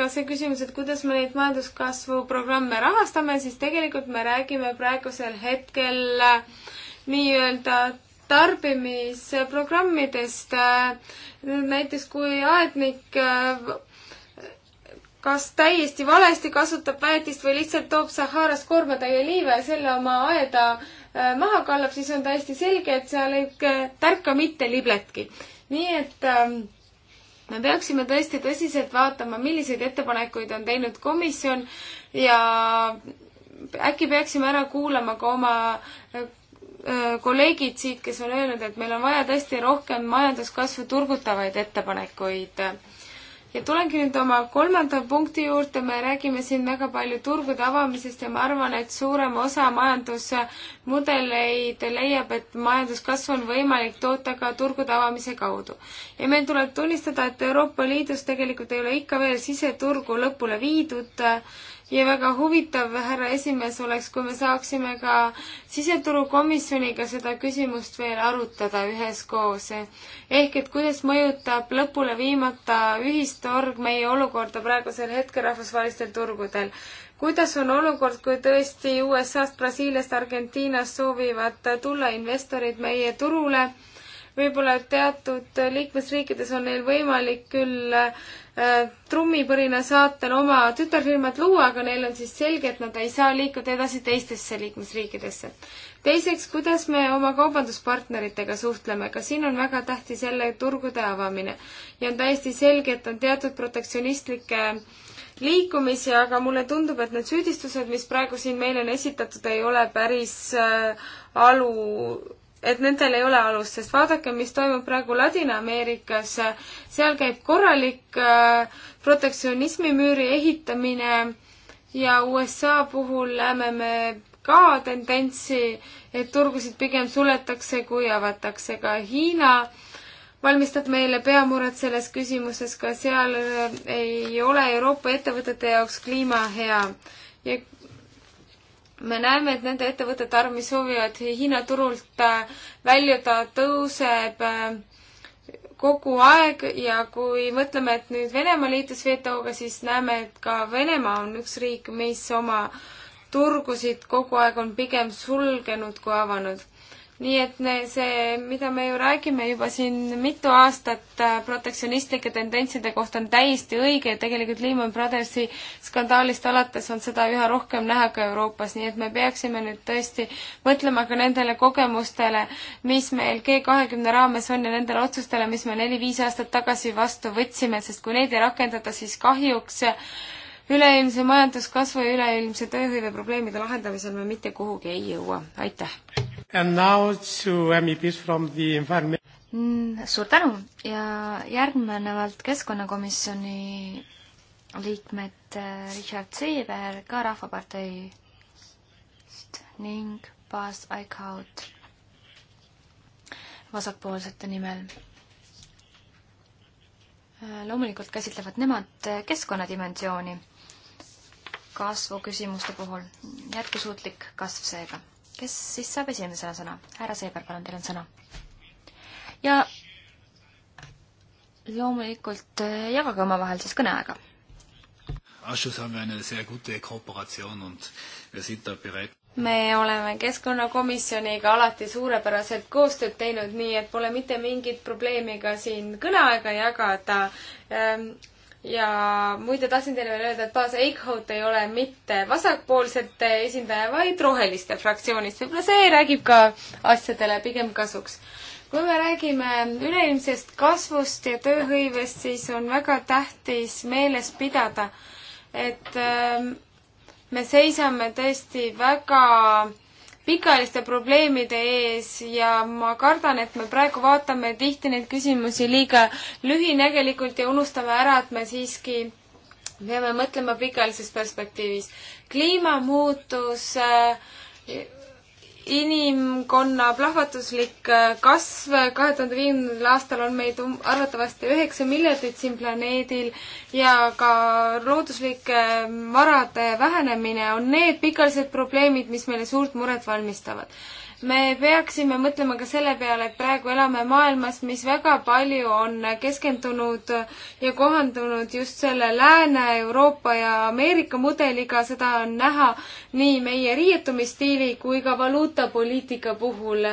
ka see küsimus, et kuidas me neid majanduskasvu programme rahastame, siis tegelikult me räägime praegusel hetkel äh, nii-öelda tarbimisprogrammidest. näiteks kui aednik kas täiesti valesti kasutab väetist või lihtsalt toob Saharas koormatäie liive ja selle oma aeda äh, maha kallab, siis on täiesti selge, et seal ei tärka mitte libletki. nii et ähm, me peaksime tõesti tõsiselt vaatama, milliseid ettepanekuid on teinud komisjon ja äkki peaksime ära kuulama ka oma Äh, kolleegid siit, kes on öelnud, et meil on vaja tõesti rohkem majanduskasvu turgutavaid ettepanekuid. ja tulengi nüüd oma kolmanda punkti juurde, me räägime siin väga palju turgude avamisest ja ma arvan, et suurem osa majandusmudeleid leiab, et majanduskasvu on võimalik toota ka turgude avamise kaudu. ja meil tuleb tunnistada, et Euroopa Liidus tegelikult ei ole ikka veel siseturgu lõpule viidud ja väga huvitav, härra esimees, oleks, kui me saaksime ka siseturukomisjoniga seda küsimust veel arutada üheskoos. ehk et kuidas mõjutab lõpule viimata ühistorg meie olukorda praegusel hetkel rahvusvahelistel turgudel kuidas on olukord, kui tõesti USA-st, Brasiiliast, Argentiinast soovivad tulla investorid meie turule võib-olla teatud liikmesriikides on neil võimalik küll äh, trummipõrina saatel oma tütarfirmad luua, aga neil on siis selge, et nad ei saa liikuda edasi teistesse liikmesriikidesse. teiseks, kuidas me oma kaubanduspartneritega suhtleme, ka siin on väga tähtis jälle turgude avamine ja on täiesti selge, et on teatud protektsionistlikke liikumisi, aga mulle tundub, et need süüdistused, mis praegu siin meile on esitatud, ei ole päris äh, alu et nendel ei ole alust, sest vaadake, mis toimub praegu Ladina-Ameerikas, seal käib korralik äh, protektsionismi müüri ehitamine ja USA puhul näeme me ka tendentsi, et turgusid pigem suletakse kui avatakse, ka Hiina valmistab meile peamuret selles küsimuses, ka seal äh, ei ole Euroopa ettevõtete jaoks kliima hea. ja me näeme, et nende ettevõtete arv, mis soovivad Hiina turult äh, väljuda, tõuseb äh, kogu aeg ja kui mõtleme, et nüüd Venemaa liitus WTO-ga, siis näeme, et ka Venemaa on üks riik, mis oma turgusid kogu aeg on pigem sulgenud kui avanud nii et see, mida me ju räägime juba siin mitu aastat äh, protektsionistlike tendentside kohta, on täiesti õige ja tegelikult Lehman Brothersi skandaalist alates on seda üha rohkem näha ka Euroopas, nii et me peaksime nüüd tõesti mõtlema ka nendele kogemustele, mis meil G kahekümne raames on ja nendele otsustele, mis me neli-viis aastat tagasi vastu võtsime, sest kui neid ei rakendata, siis kahjuks üleilmse majanduskasvu ja üleilmse tööhõive probleemide lahendamisel me mitte kuhugi ei jõua. aitäh! The... Mm, suur tänu ja järgnevalt Keskkonnakomisjoni liikmed eh, Richard Seeber ka Rahvaparteist ning Bas Aikaut vasakpoolsete nimel eh, loomulikult käsitlevad nemad eh, keskkonnadimensiooni kasvuküsimuste puhul, jätkusuutlik kasv seega kes siis saab esimesena sõna? härra Seeber, palun, teil on sõna. ja loomulikult äh, jagage omavahel siis kõneaega. me oleme Keskkonnakomisjoniga alati suurepäraselt koostööd teinud, nii et pole mitte mingit probleemi ka siin kõneaega jagada ähm, ja muide, tahtsin teile veel öelda, et Baas Eichhout ei ole mitte vasakpoolsete esindaja, vaid roheliste fraktsioonist. võib-olla see räägib ka asjadele pigem kasuks. kui me räägime üleilmsest kasvust ja tööhõivest, siis on väga tähtis meeles pidada, et ähm, me seisame tõesti väga pikaajaliste probleemide ees ja ma kardan, et me praegu vaatame tihti neid küsimusi liiga lühinägelikult ja unustame ära, et me siiski peame mõtlema pikaajalises perspektiivis. kliimamuutus äh, inimkonna plahvatuslik äh, kasv kahe tuhande viiendal aastal on meid um-, arvatavasti üheksa miljardit siin planeedil ja ka looduslike äh, varade vähenemine on need pikaajalised probleemid, mis meile suurt muret valmistavad me peaksime mõtlema ka selle peale, et praegu elame maailmas, mis väga palju on keskendunud ja kohandunud just selle Lääne-Euroopa ja Ameerika mudeliga, seda on näha nii meie riietumisstiili kui ka valuutapoliitika puhul.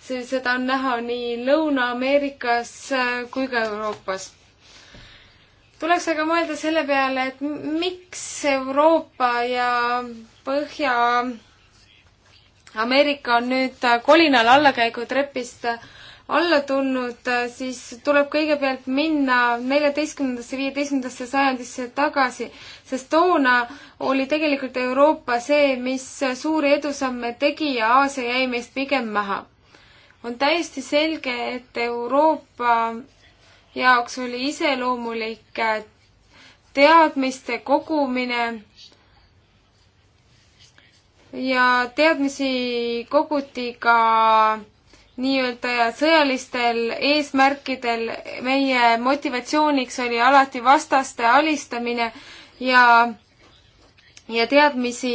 seda on näha nii Lõuna-Ameerikas äh, kui ka Euroopas tuleks aga mõelda selle peale, et miks Euroopa ja Põhja Ameerika on nüüd äh, kolinal allakäigutrepist äh, alla tulnud, äh, siis tuleb kõigepealt minna neljateistkümnendasse, viieteistkümnendasse sajandisse tagasi, sest toona oli tegelikult Euroopa see, mis suuri edusamme tegi ja Aasia jäi meist pigem maha. on täiesti selge, et Euroopa jaoks oli iseloomulik teadmiste kogumine ja teadmisi koguti ka nii-öelda sõjalistel eesmärkidel. meie motivatsiooniks oli alati vastaste alistamine ja ja teadmisi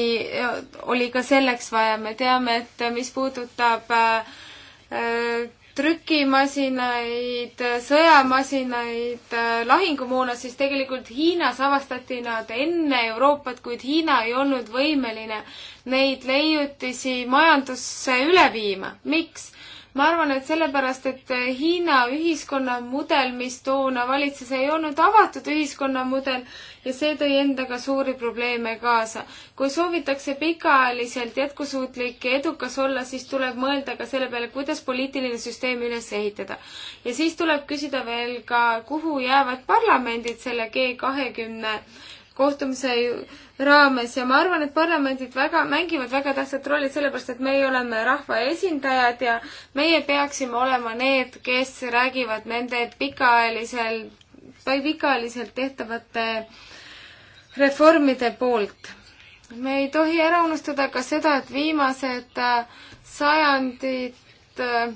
oli ka selleks vaja, me teame, et mis puudutab äh, trükimasinaid, sõjamasinaid, äh, lahingumoona, siis tegelikult Hiinas avastati nad enne Euroopat, kuid Hiina ei olnud võimeline neid leiutisi majandusse üle viima. miks? ma arvan, et sellepärast, et Hiina ühiskonnamudel, mis toona valitses, ei olnud avatud ühiskonnamudel ja see tõi endaga suuri probleeme kaasa. kui soovitakse pikaajaliselt jätkusuutlik ja edukas olla, siis tuleb mõelda ka selle peale, kuidas poliitiline süsteem üles ehitada. ja siis tuleb küsida veel ka, kuhu jäävad parlamendid selle G kahekümne kohtumise raames ja ma arvan, et parlamendid väga, mängivad väga tähtsat rolli, sellepärast et meie oleme rahvaesindajad ja meie peaksime olema need, kes räägivad nende pikaajalisel, pikaajaliselt tehtavate reformide poolt. me ei tohi ära unustada ka seda, et viimased äh, sajandid äh,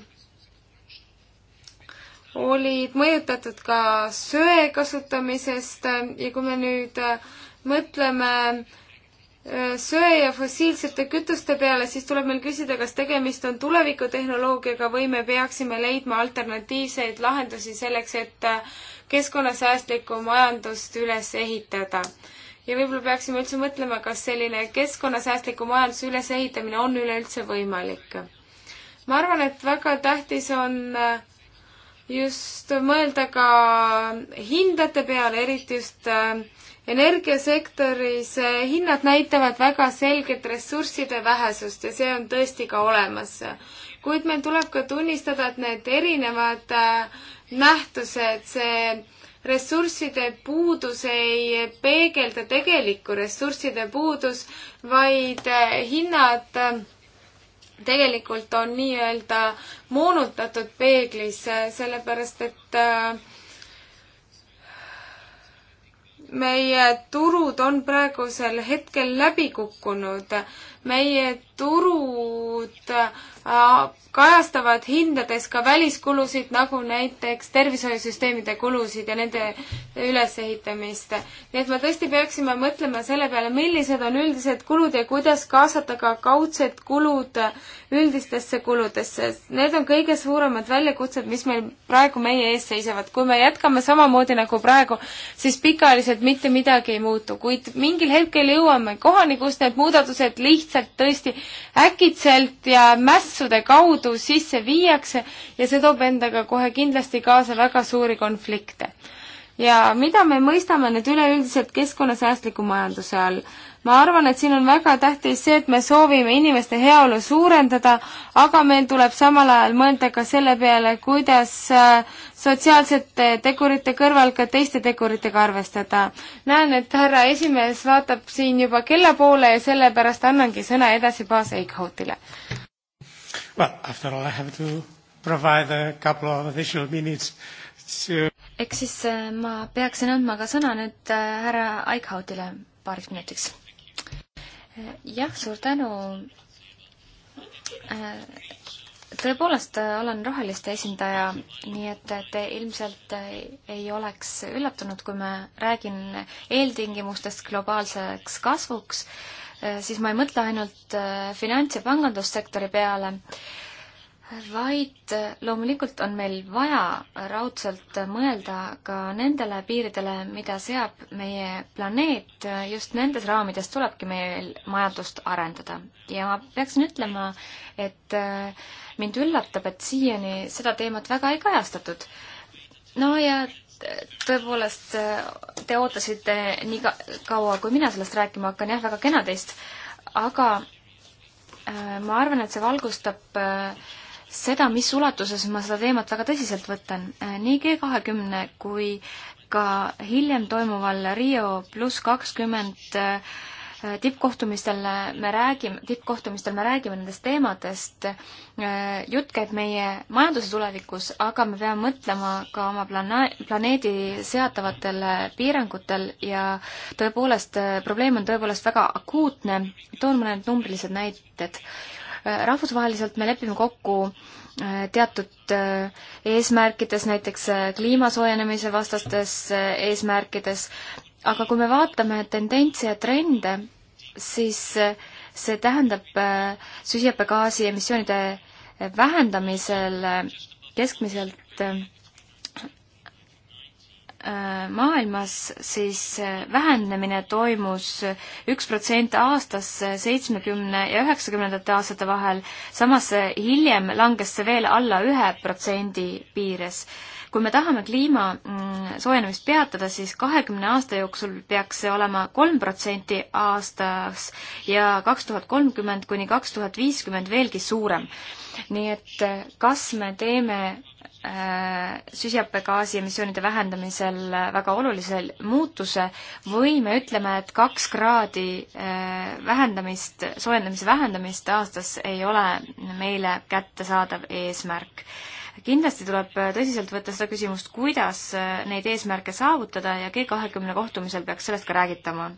olid mõjutatud ka söe kasutamisest ja kui me nüüd äh, mõtleme äh, söe ja fossiilsete kütuste peale, siis tuleb meil küsida, kas tegemist on tulevikutehnoloogiaga või me peaksime leidma alternatiivseid lahendusi selleks, et äh, keskkonnasäästlikku majandust üles ehitada ja võib-olla peaksime üldse mõtlema, kas selline keskkonnasäästliku majanduse ülesehitamine on üleüldse võimalik. ma arvan, et väga tähtis on äh, just mõelda ka hindade peale, eriti just äh, energiasektoris. Äh, hinnad näitavad väga selget ressursside vähesust ja see on tõesti ka olemas. kuid meil tuleb ka tunnistada, et need erinevad äh, nähtused, see ressursside puudus ei peegelda tegelikku ressursside puudus, vaid hinnad tegelikult on nii-öelda moonutatud peeglis, sellepärast et äh, meie turud on praegusel hetkel läbi kukkunud. meie turud äh, kajastavad hindades ka väliskulusid, nagu näiteks tervishoiusüsteemide kulusid ja nende ülesehitamist. nii et me tõesti peaksime mõtlema selle peale, millised on üldised kulud ja kuidas kaasata ka kaudsed kulud üldistesse kuludesse. Need on kõige suuremad väljakutsed, mis meil praegu meie ees seisavad. kui me jätkame samamoodi nagu praegu, siis pikaajaliselt mitte midagi ei muutu, kuid mingil hetkel jõuame kohani, kus need muudatused lihtsalt tõesti äkitselt ja mäss maksude kaudu sisse viiakse ja see toob endaga kohe kindlasti kaasa väga suuri konflikte. ja mida me mõistame nüüd üleüldiselt keskkonnasäästliku majanduse all? ma arvan, et siin on väga tähtis see, et me soovime inimeste heaolu suurendada, aga meil tuleb samal ajal mõelda ka selle peale, kuidas äh, sotsiaalsete tegurite kõrval ka teiste teguritega arvestada. näen, et härra esimees vaatab siin juba kella poole ja sellepärast annangi sõna edasi baas Eichhautile. Well, after all I have to provide a couple of additional minutes to ehk siis äh, ma peaksin andma ka sõna nüüd äh, härra Aikhautile paariks minutiks. Äh, jah, suur tänu. tõepoolest olen roheliste esindaja, nii et te ilmselt ei oleks üllatunud, kui ma räägin eeltingimustest globaalseks kasvuks Äh, siis ma ei mõtle ainult äh, finants- ja pangandussektori peale, vaid äh, loomulikult on meil vaja raudselt mõelda ka nendele piiridele, mida seab meie planeet, just nendes raamides tulebki meil majandust arendada. ja ma peaksin ütlema, et mind üllatab, et siiani seda teemat väga ei kajastatud. no ja tõepoolest te ootasite nii ka kaua, kui mina sellest rääkima hakkan, jah, väga kena teist, aga äh, ma arvan, et see valgustab äh, seda, mis ulatuses ma seda teemat väga tõsiselt võtan äh,. nii G kahekümne kui ka hiljem toimuval Rio pluss kakskümmend 20 äh, tippkohtumistel me räägime, tippkohtumistel me räägime nendest teemadest, jutt käib meie majanduse tulevikus, aga me peame mõtlema ka oma plana-, planeedi seatavatel piirangutel ja tõepoolest, probleem on tõepoolest väga akuutne, toon mõned numbrilised näited. rahvusvaheliselt me lepime kokku äh, teatud äh, eesmärkides, näiteks äh, kliima soojenemise vastastes eesmärkides, aga kui me vaatame tendentse ja trende, siis eh, see tähendab eh, süsihappegaasi emissioonide eh, vähendamisel keskmiselt maailmas siis vähenemine toimus üks protsent aastas seitsmekümne ja üheksakümnendate aastate vahel, samas hiljem langes see veel alla ühe protsendi piires kui me tahame kliima mm, soojenemist peatada, siis kahekümne aasta jooksul peaks see olema kolm protsenti aastas ja kaks tuhat kolmkümmend kuni kaks tuhat viiskümmend veelgi suurem. nii et eh, kas me teeme eh, süsihappegaasi emissioonide vähendamisel eh, väga olulise muutuse või me ütleme, et kaks kraadi vähendamist, soojendamise vähendamist aastas ei ole meile kättesaadav eesmärk kindlasti tuleb tõsiselt võtta seda küsimust, kuidas neid eesmärke saavutada ja G kahekümne kohtumisel peaks sellest ka räägitama.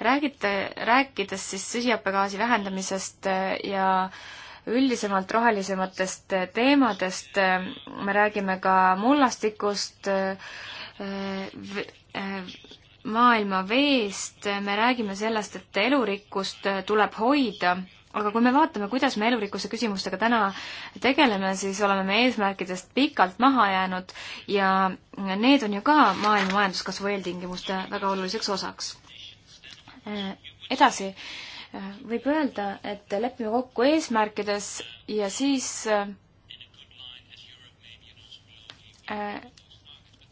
räägite, rääkides siis süsihappegaasi vähendamisest ja üldisemalt rohelisematest teemadest, me räägime ka mullastikust, maailma veest, me räägime sellest, et elurikkust tuleb hoida aga kui me vaatame, kuidas me elurikkuse küsimustega täna tegeleme, siis oleme me eesmärkidest pikalt maha jäänud ja need on ju ka maailma majanduskasvu eeltingimuste väga oluliseks osaks. Edasi, võib öelda, et lepime kokku eesmärkides ja siis äh,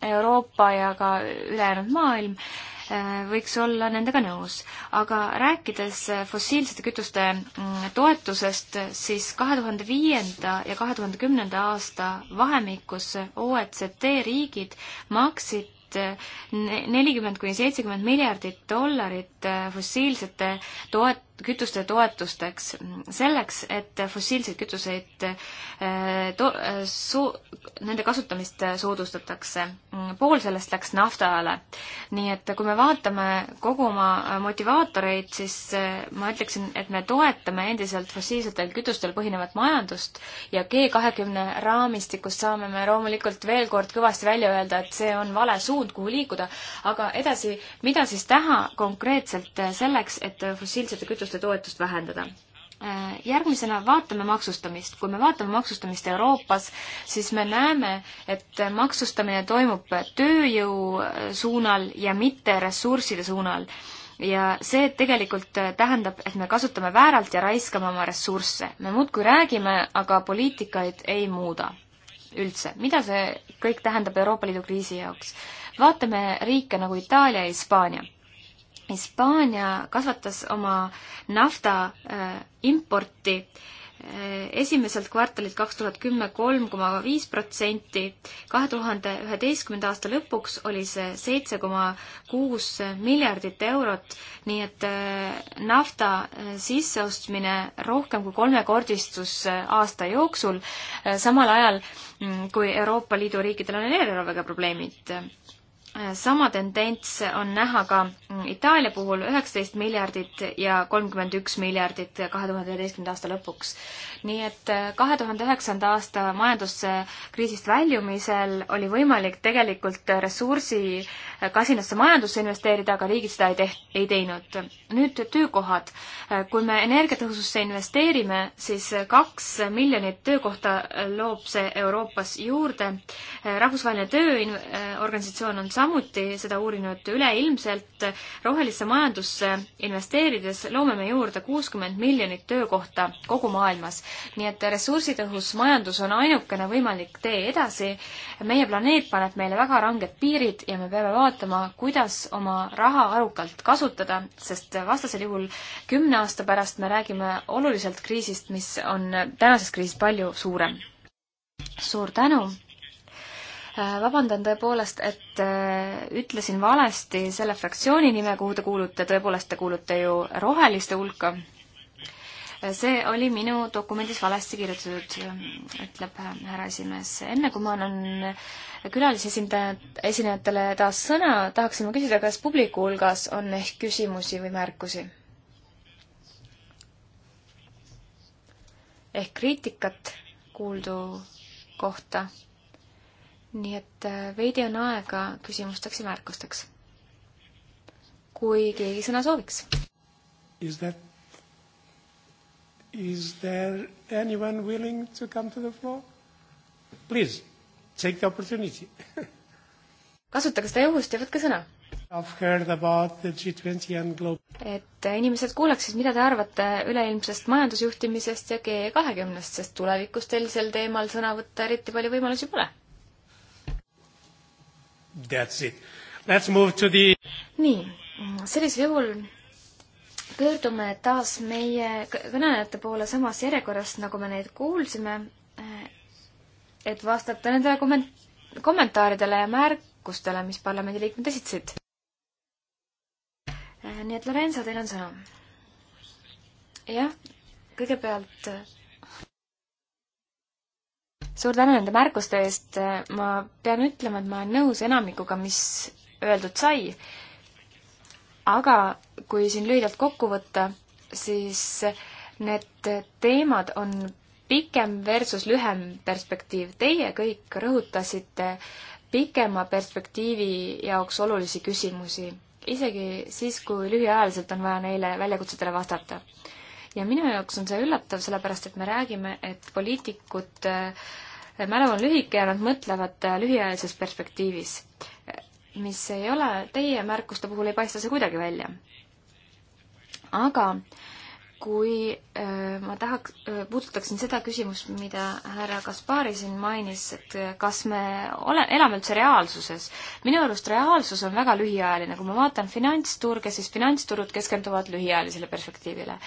Euroopa ja ka ülejäänud maailm Äh, võiks olla nendega nõus. aga rääkides äh, fossiilsete kütuste mm, toetusest, siis kahe tuhande viienda ja kahe tuhande kümnenda aasta vahemikus OECD riigid maksid äh, nelikümmend kuni seitsekümmend miljardit dollarit fossiilsete toet-, kütuste toetusteks, selleks, et fossiilseid kütuseid eh, to-, eh, su-, nende kasutamist soodustatakse. pool sellest läks naftale. nii et kui me vaatame kogu oma motivaatoreid, siis eh, ma ütleksin, et me toetame endiselt fossiilsetel kütustel põhinevat majandust ja G kahekümne raamistikust saame me loomulikult veel kord kõvasti välja öelda, et see on vale suund, kuhu liikuda, aga edasi, mida siis teha konkreetselt selleks, et fossiilsete kütuste ürituste toetust vähendada järgmisena vaatame maksustamist. kui me vaatame maksustamist Euroopas, siis me näeme, et maksustamine toimub tööjõu suunal ja mitte ressursside suunal. ja see tegelikult tähendab, et me kasutame vääralt ja raiskame oma ressursse. me muudkui räägime, aga poliitikaid ei muuda üldse. mida see kõik tähendab Euroopa Liidu kriisi jaoks? vaatame riike nagu Itaalia ja Hispaania Hispaania kasvatas oma nafta äh, importi äh, esimeselt kvartalilt kaks tuhat kümme kolm koma viis protsenti, kahe tuhande üheteistkümnenda aasta lõpuks oli see seitse koma kuus miljardit eurot, nii et äh, nafta äh, sisseostmine rohkem kui kolmekordistus äh, aasta jooksul äh,, samal ajal mm, kui Euroopa Liidu riikidel on eelarvega probleemid äh, sama tendents on näha ka Itaalia puhul üheksateist miljardit ja kolmkümmend üks miljardit kahe tuhande üheteistkümnenda aasta lõpuks. nii et äh, kahe tuhande üheksanda aasta majanduskriisist väljumisel oli võimalik tegelikult ressursi äh, kasinasse majandusse investeerida, aga riigid seda ei teht-, ei teinud. nüüd töökohad. Äh, kui me energiatõhususse investeerime, siis kaks miljonit töökohta loob see Euroopas juurde. rahvusvaheline Tööorganisatsioon on sama, samuti seda uurinud üleilmselt. rohelisse majandusse investeerides loome me juurde kuuskümmend miljonit töökohta kogu maailmas. nii et ressursitõhus majandus on ainukene võimalik tee edasi. meie planeet paneb meile väga ranged piirid ja me peame vaatama, kuidas oma raha arukalt kasutada, sest vastasel juhul kümne aasta pärast me räägime oluliselt kriisist, mis on tänasest kriisist palju suurem. suur tänu Äh, vabandan tõepoolest, et äh, ütlesin valesti selle fraktsiooni nime, kuhu te kuulute, tõepoolest te kuulute ju roheliste hulka. Äh, see oli minu dokumendis valesti kirjutatud, ütleb härra esimees. enne kui ma annan külalisesindajad, esinejatele taas sõna, tahaksin ma küsida, kas publiku hulgas on ehk küsimusi või märkusi? ehk kriitikat kuuldu kohta nii et äh, veidi on aega küsimusteks ja märkusteks. kui keegi sõna sooviks. Is that, is there anyone willing to come to the floor? Please, take the opportunity kasutage seda juhust ja võtke sõna. et äh, inimesed kuuleksid, mida te arvate üleilmsest majandusjuhtimisest ja G kahekümnest, sest tulevikus teil sel teemal sõna võtta eriti palju võimalusi pole That's it. Let's move to the nii, sellisel juhul pöördume taas meie kõnelejate poole samas järjekorras, nagu me neid kuulsime, et vastata nendele komment-, kommentaaridele ja märkustele, mis parlamendiliikmed esitasid. nii et Lorenzo, teil on sõna. jah, kõigepealt suur tänu nende märkuste eest, ma pean ütlema, et ma olen nõus enamikuga, mis öeldud sai, aga kui siin lühidalt kokku võtta, siis need teemad on pikem versus lühem perspektiiv. Teie kõik rõhutasite pikema perspektiivi jaoks olulisi küsimusi, isegi siis, kui lühiajaliselt on vaja neile väljakutsetele vastata. ja minu jaoks on see üllatav, sellepärast et me räägime, et poliitikud äh, Äh, mälu on lühike ja nad mõtlevad äh, lühiajalises perspektiivis, äh, mis ei ole, teie märkuste puhul ei paista see kuidagi välja. aga kui äh, ma tahaks, äh, puudutaksin seda küsimust, mida härra Kaspari siin mainis, et äh, kas me ole, elame üldse reaalsuses. minu arust reaalsus on väga lühiajaline, kui ma vaatan finantsturge, siis finantsturud keskenduvad lühiajalisele perspektiivile.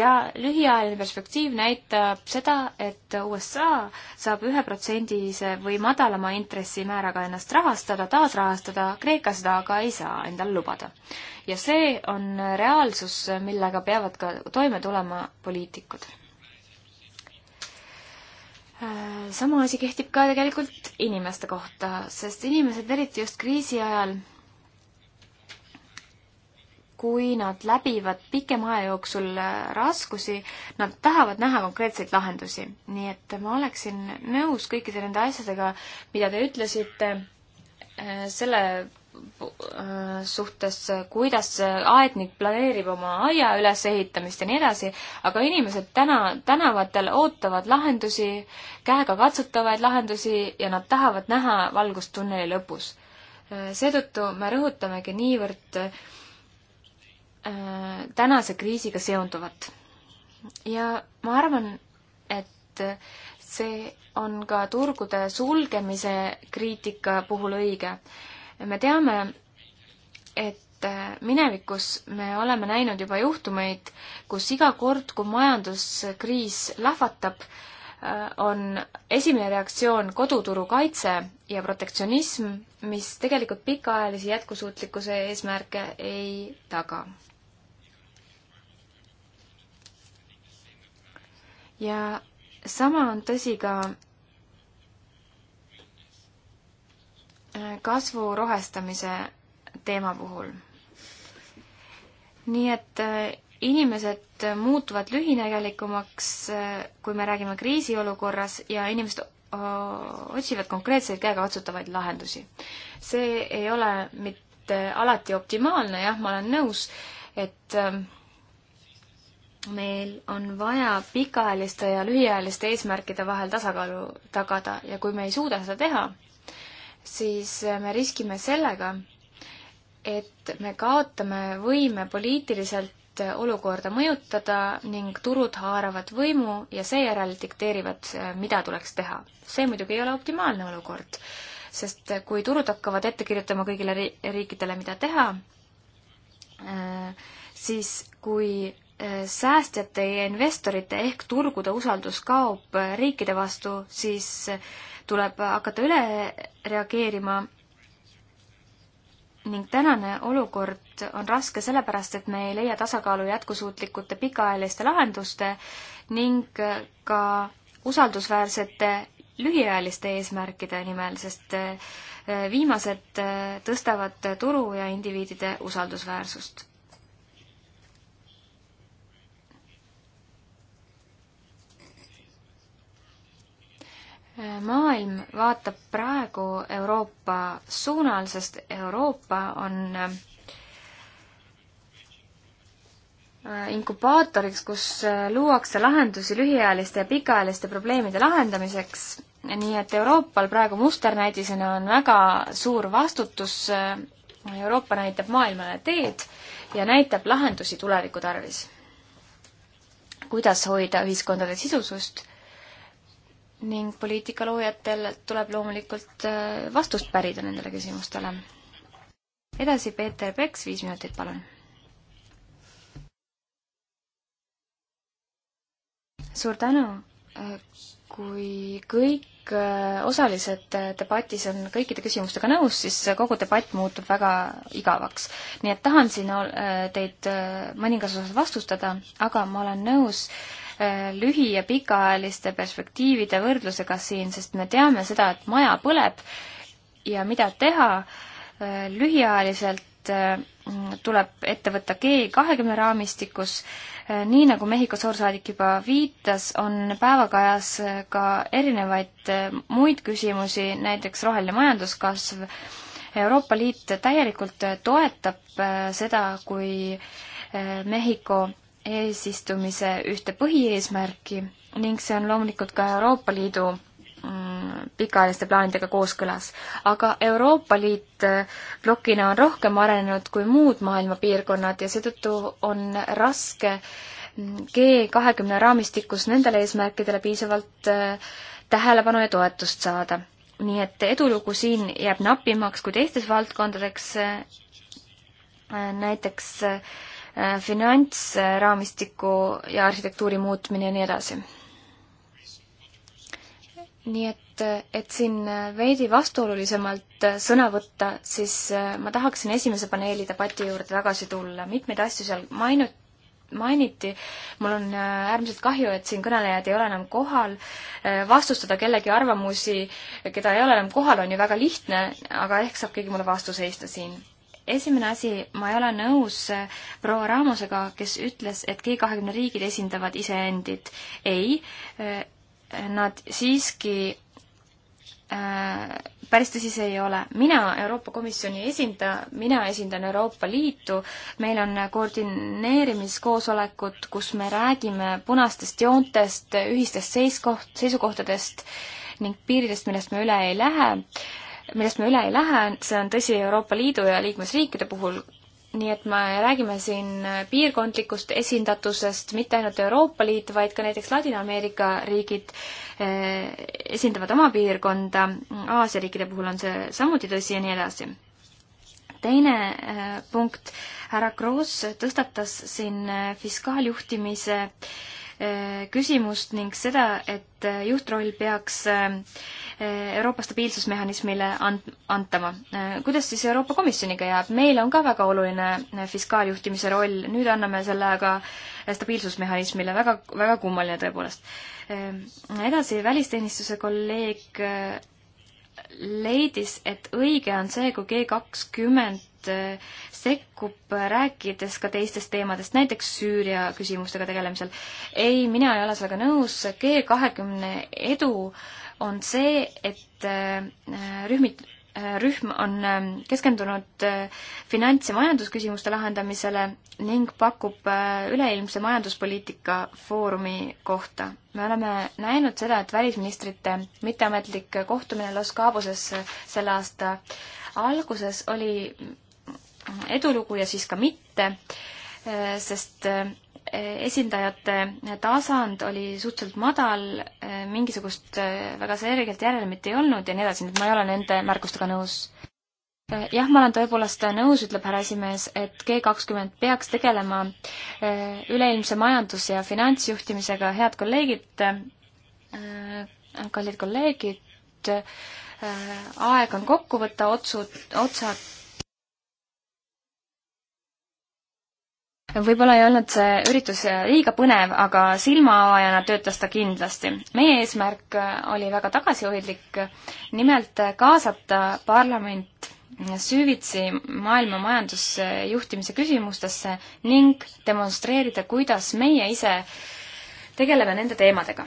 ja lühiajaline perspektiiv näitab seda, et USA saab üheprotsendise või madalama intressimääraga ennast rahastada, taasrahastada, Kreeka seda aga ei saa endale lubada ja see on reaalsus, millega peavad ka toime tulema poliitikud. Äh, sama asi kehtib ka tegelikult inimeste kohta, sest inimesed, eriti just kriisi ajal, kui nad läbivad pikema aja jooksul äh, raskusi, nad tahavad näha konkreetseid lahendusi. nii et ma oleksin nõus kõikide nende asjadega, mida te ütlesite, äh, selle Äh, suhtes, kuidas aednik planeerib oma aia ülesehitamist ja nii edasi, aga inimesed täna, tänavatel ootavad lahendusi, käegakatsutavaid lahendusi ja nad tahavad näha valgust tunneli lõpus. Äh, seetõttu me rõhutamegi niivõrd äh, tänase kriisiga seonduvat. ja ma arvan, et see on ka turgude sulgemise kriitika puhul õige me teame, et äh, minevikus me oleme näinud juba juhtumeid, kus iga kord, kui majanduskriis lahvatab, äh, on esimene reaktsioon koduturu kaitse ja protektsionism, mis tegelikult pikaajalisi jätkusuutlikkuse eesmärke ei taga. ja sama on tõsi ka kasvu rohestamise teema puhul. nii et äh, inimesed muutuvad lühinägelikumaks, äh, kui me räägime kriisiolukorras ja inimesed äh, otsivad konkreetseid käegaotsutavaid lahendusi. see ei ole mitte alati optimaalne, jah, ma olen nõus, et ähm, meil on vaja pikaajaliste ja lühiajaliste eesmärkide vahel tasakaalu tagada ja kui me ei suuda seda teha, siis me riskime sellega, et me kaotame võime poliitiliselt olukorda mõjutada ning turud haaravad võimu ja seejärel dikteerivad, mida tuleks teha. see muidugi ei ole optimaalne olukord, sest kui turud hakkavad ette kirjutama kõigile riikidele, mida teha, siis kui eh, säästjate ja investorite ehk turgude usaldus kaob riikide vastu, siis tuleb hakata üle reageerima ning tänane olukord on raske sellepärast, et me ei leia tasakaalu jätkusuutlikute pikaajaliste lahenduste ning ka usaldusväärsete lühiajaliste eesmärkide nimel, sest eh, viimased eh, tõstavad turu ja indiviidide usaldusväärsust maailm vaatab praegu Euroopa suunal, sest Euroopa on äh, inkubaatoriks, kus äh, luuakse lahendusi lühiajaliste ja pikaajaliste probleemide lahendamiseks, nii et Euroopal praegu musternäidisena on väga suur vastutus, äh, Euroopa näitab maailmale teed ja näitab lahendusi tuleviku tarvis. kuidas hoida ühiskondade sisusust ning poliitikaloojatel tuleb loomulikult äh, vastust pärida nendele küsimustele. edasi Peeter Peks, viis minutit, palun. suur tänu, äh, kui kõik äh, osalised debatis on kõikide küsimustega nõus, siis kogu debatt muutub väga igavaks. nii et tahan siin teid mõningas osas vastustada, aga ma olen nõus äh, Äh, lühi- ja pikaajaliste perspektiivide võrdlusega siin, sest me teame seda, et maja põleb ja mida teha äh, lühiajaliselt äh, tuleb ette võtta G kahekümne raamistikus. nii nagu Mehhiko suursaadik juba viitas, on päevakajas ka erinevaid muid küsimusi, näiteks roheline majanduskasv. Euroopa Liit täielikult toetab seda, kui Mehhiko eesistumise ühte põhieesmärki ning see on loomulikult ka Euroopa Liidu mm, pikaajaliste plaanidega kooskõlas. aga Euroopa Liit äh, plokina on rohkem arenenud kui muud maailma piirkonnad ja seetõttu on raske mm, G kahekümne raamistikus nendele eesmärkidele piisavalt äh, tähelepanu ja toetust saada. nii et edulugu siin jääb napimaks kui teistes valdkondadeks, äh, näiteks äh, Äh, finantsraamistiku ja arhitektuuri muutmine ja nii edasi. nii et, et siin veidi vastuolulisemalt sõna võtta, siis äh, ma tahaksin esimese paneeli debati juurde tagasi tulla, mitmeid asju seal mainu-, mainiti, mul on äh, äärmiselt kahju, et siin kõnelejad ei ole enam kohal, vastustada kellegi arvamusi, keda ei ole enam kohal, on ju väga lihtne, aga ehk saab keegi mulle vastu seista siin esimene asi, ma ei ole nõus äh, proua Raamusega, kes ütles, et G kahekümne riigid esindavad iseendid. ei, äh, nad siiski äh, päris tõsi see ei ole. mina Euroopa Komisjoni ei esinda, mina esindan Euroopa Liitu, meil on koordineerimiskoosolekud, kus me räägime punastest joontest, ühistest seiskoht, seisukohtadest ning piiridest, millest me üle ei lähe äh, millest me üle ei lähe, see on tõsi Euroopa Liidu ja liikmesriikide puhul, nii et me räägime siin piirkondlikust esindatusest, mitte ainult Euroopa Liit, vaid ka näiteks Ladina-Ameerika riigid eh, esindavad oma piirkonda, Aasia riikide puhul on see samuti tõsi ja nii edasi. teine eh, punkt, härra Kross tõstatas siin eh, fiskaaljuhtimise Eh, küsimust ning seda, et eh, juhtroll peaks eh, Euroopa stabiilsusmehhanismile ant-, antama. kuidas siis Euroopa Komisjoniga jääb? meile on ka väga oluline fiskaaljuhtimise roll, nüüd anname selle aga stabiilsusmehhanismile, väga, väga kummaline tõepoolest. Edasi, välisteenistuse kolleeg leidis, et õige on see, kui G kakskümmend Äh, sekkub, äh, rääkides ka teistest teemadest, näiteks Süüria küsimustega tegelemisel. ei, mina ei ole sellega nõus, G kahekümne edu on see, et äh, rühmid, rühm on keskendunud finants- ja majandusküsimuste lahendamisele ning pakub üleilmse majanduspoliitika foorumi kohta. me oleme näinud seda, et välisministrite mitteametlik kohtumine Los Caboses selle aasta alguses oli edulugu ja siis ka mitte, sest eh, esindajate tasand oli suhteliselt madal, eh, mingisugust eh, väga selgelt järelmit ei olnud ja nii edasi, nii et ma ei ole nende märkustega nõus. jah, ma olen tõepoolest nõus, ütleb härra esimees, et G kakskümmend peaks tegelema üleilmse majandus- ja finantsjuhtimisega, head kolleegid, kallid kolleegid, aeg on kokku võtta otsud, otsad võib-olla ei olnud see üritus liiga põnev, aga silmaavajana töötas ta kindlasti. meie eesmärk oli väga tagasihoidlik, nimelt kaasata parlament süvitsi maailma majandusjuhtimise küsimustesse ning demonstreerida, kuidas meie ise tegeleme nende teemadega.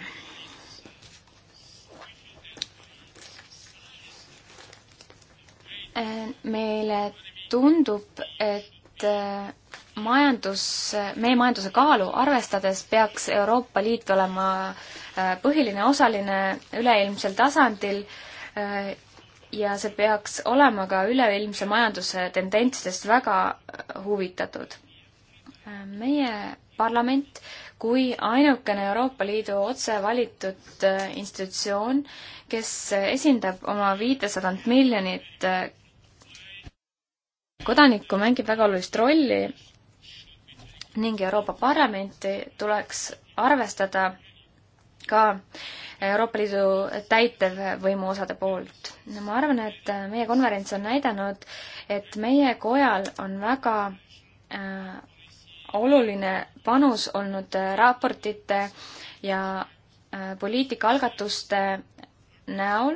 meile tundub, et majandus, meie majanduse kaalu arvestades peaks Euroopa Liit olema äh, põhiline osaline üleilmsel tasandil äh, ja see peaks olema ka üleilmse majanduse tendentsidest väga äh, huvitatud. meie parlament kui ainukene Euroopa Liidu otse valitud institutsioon, kes esindab oma viitesadat miljonit kodanikku, mängib väga olulist rolli ning Euroopa Parlamenti tuleks arvestada ka Euroopa Liidu täitevvõimu osade poolt. no ma arvan, et meie konverents on näidanud, et meie kojal on väga äh, oluline panus olnud äh, raportite ja äh, poliitikaalgatuste näol.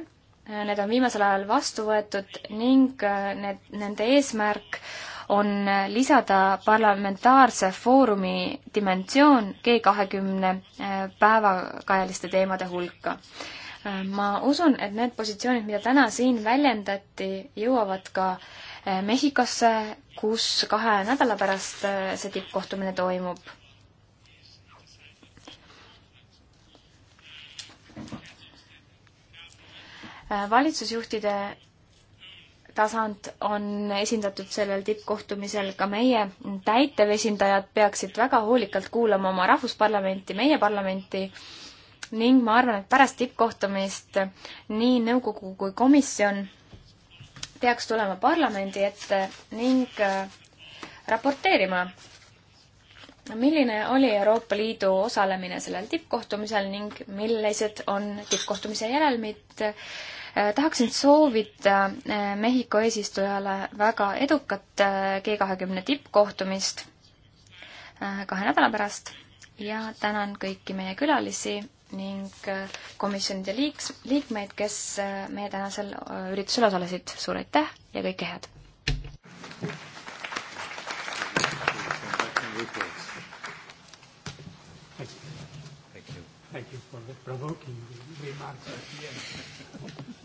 Äh, need on viimasel ajal vastu võetud ning äh, need, nende eesmärk äh, on lisada parlamentaarse foorumi dimensioon G kahekümne äh, päevakajaliste teemade hulka. Äh, ma usun, et need positsioonid, mida täna siin väljendati, jõuavad ka äh, Mehhikosse, kus kahe nädala pärast see tippkohtumine toimub valitsusjuhtide tasand on esindatud sellel tippkohtumisel, ka meie täitevesindajad peaksid väga hoolikalt kuulama oma rahvusparlamenti, meie parlamenti ning ma arvan, et pärast tippkohtumist nii nõukogu kui komisjon peaks tulema parlamendi ette ning äh, raporteerima, milline oli Euroopa Liidu osalemine sellel tippkohtumisel ning millised on tippkohtumise järelmid Äh, tahaksin soovida äh, Mehhiko eesistujale väga edukat äh, G kahekümne tippkohtumist kahe nädala pärast ja tänan kõiki meie külalisi ning komisjonide liiks, liikmeid, kes meie tänasel üritusel osalesid. suur aitäh ja kõike head! Thank you for the provoking remarks at the end.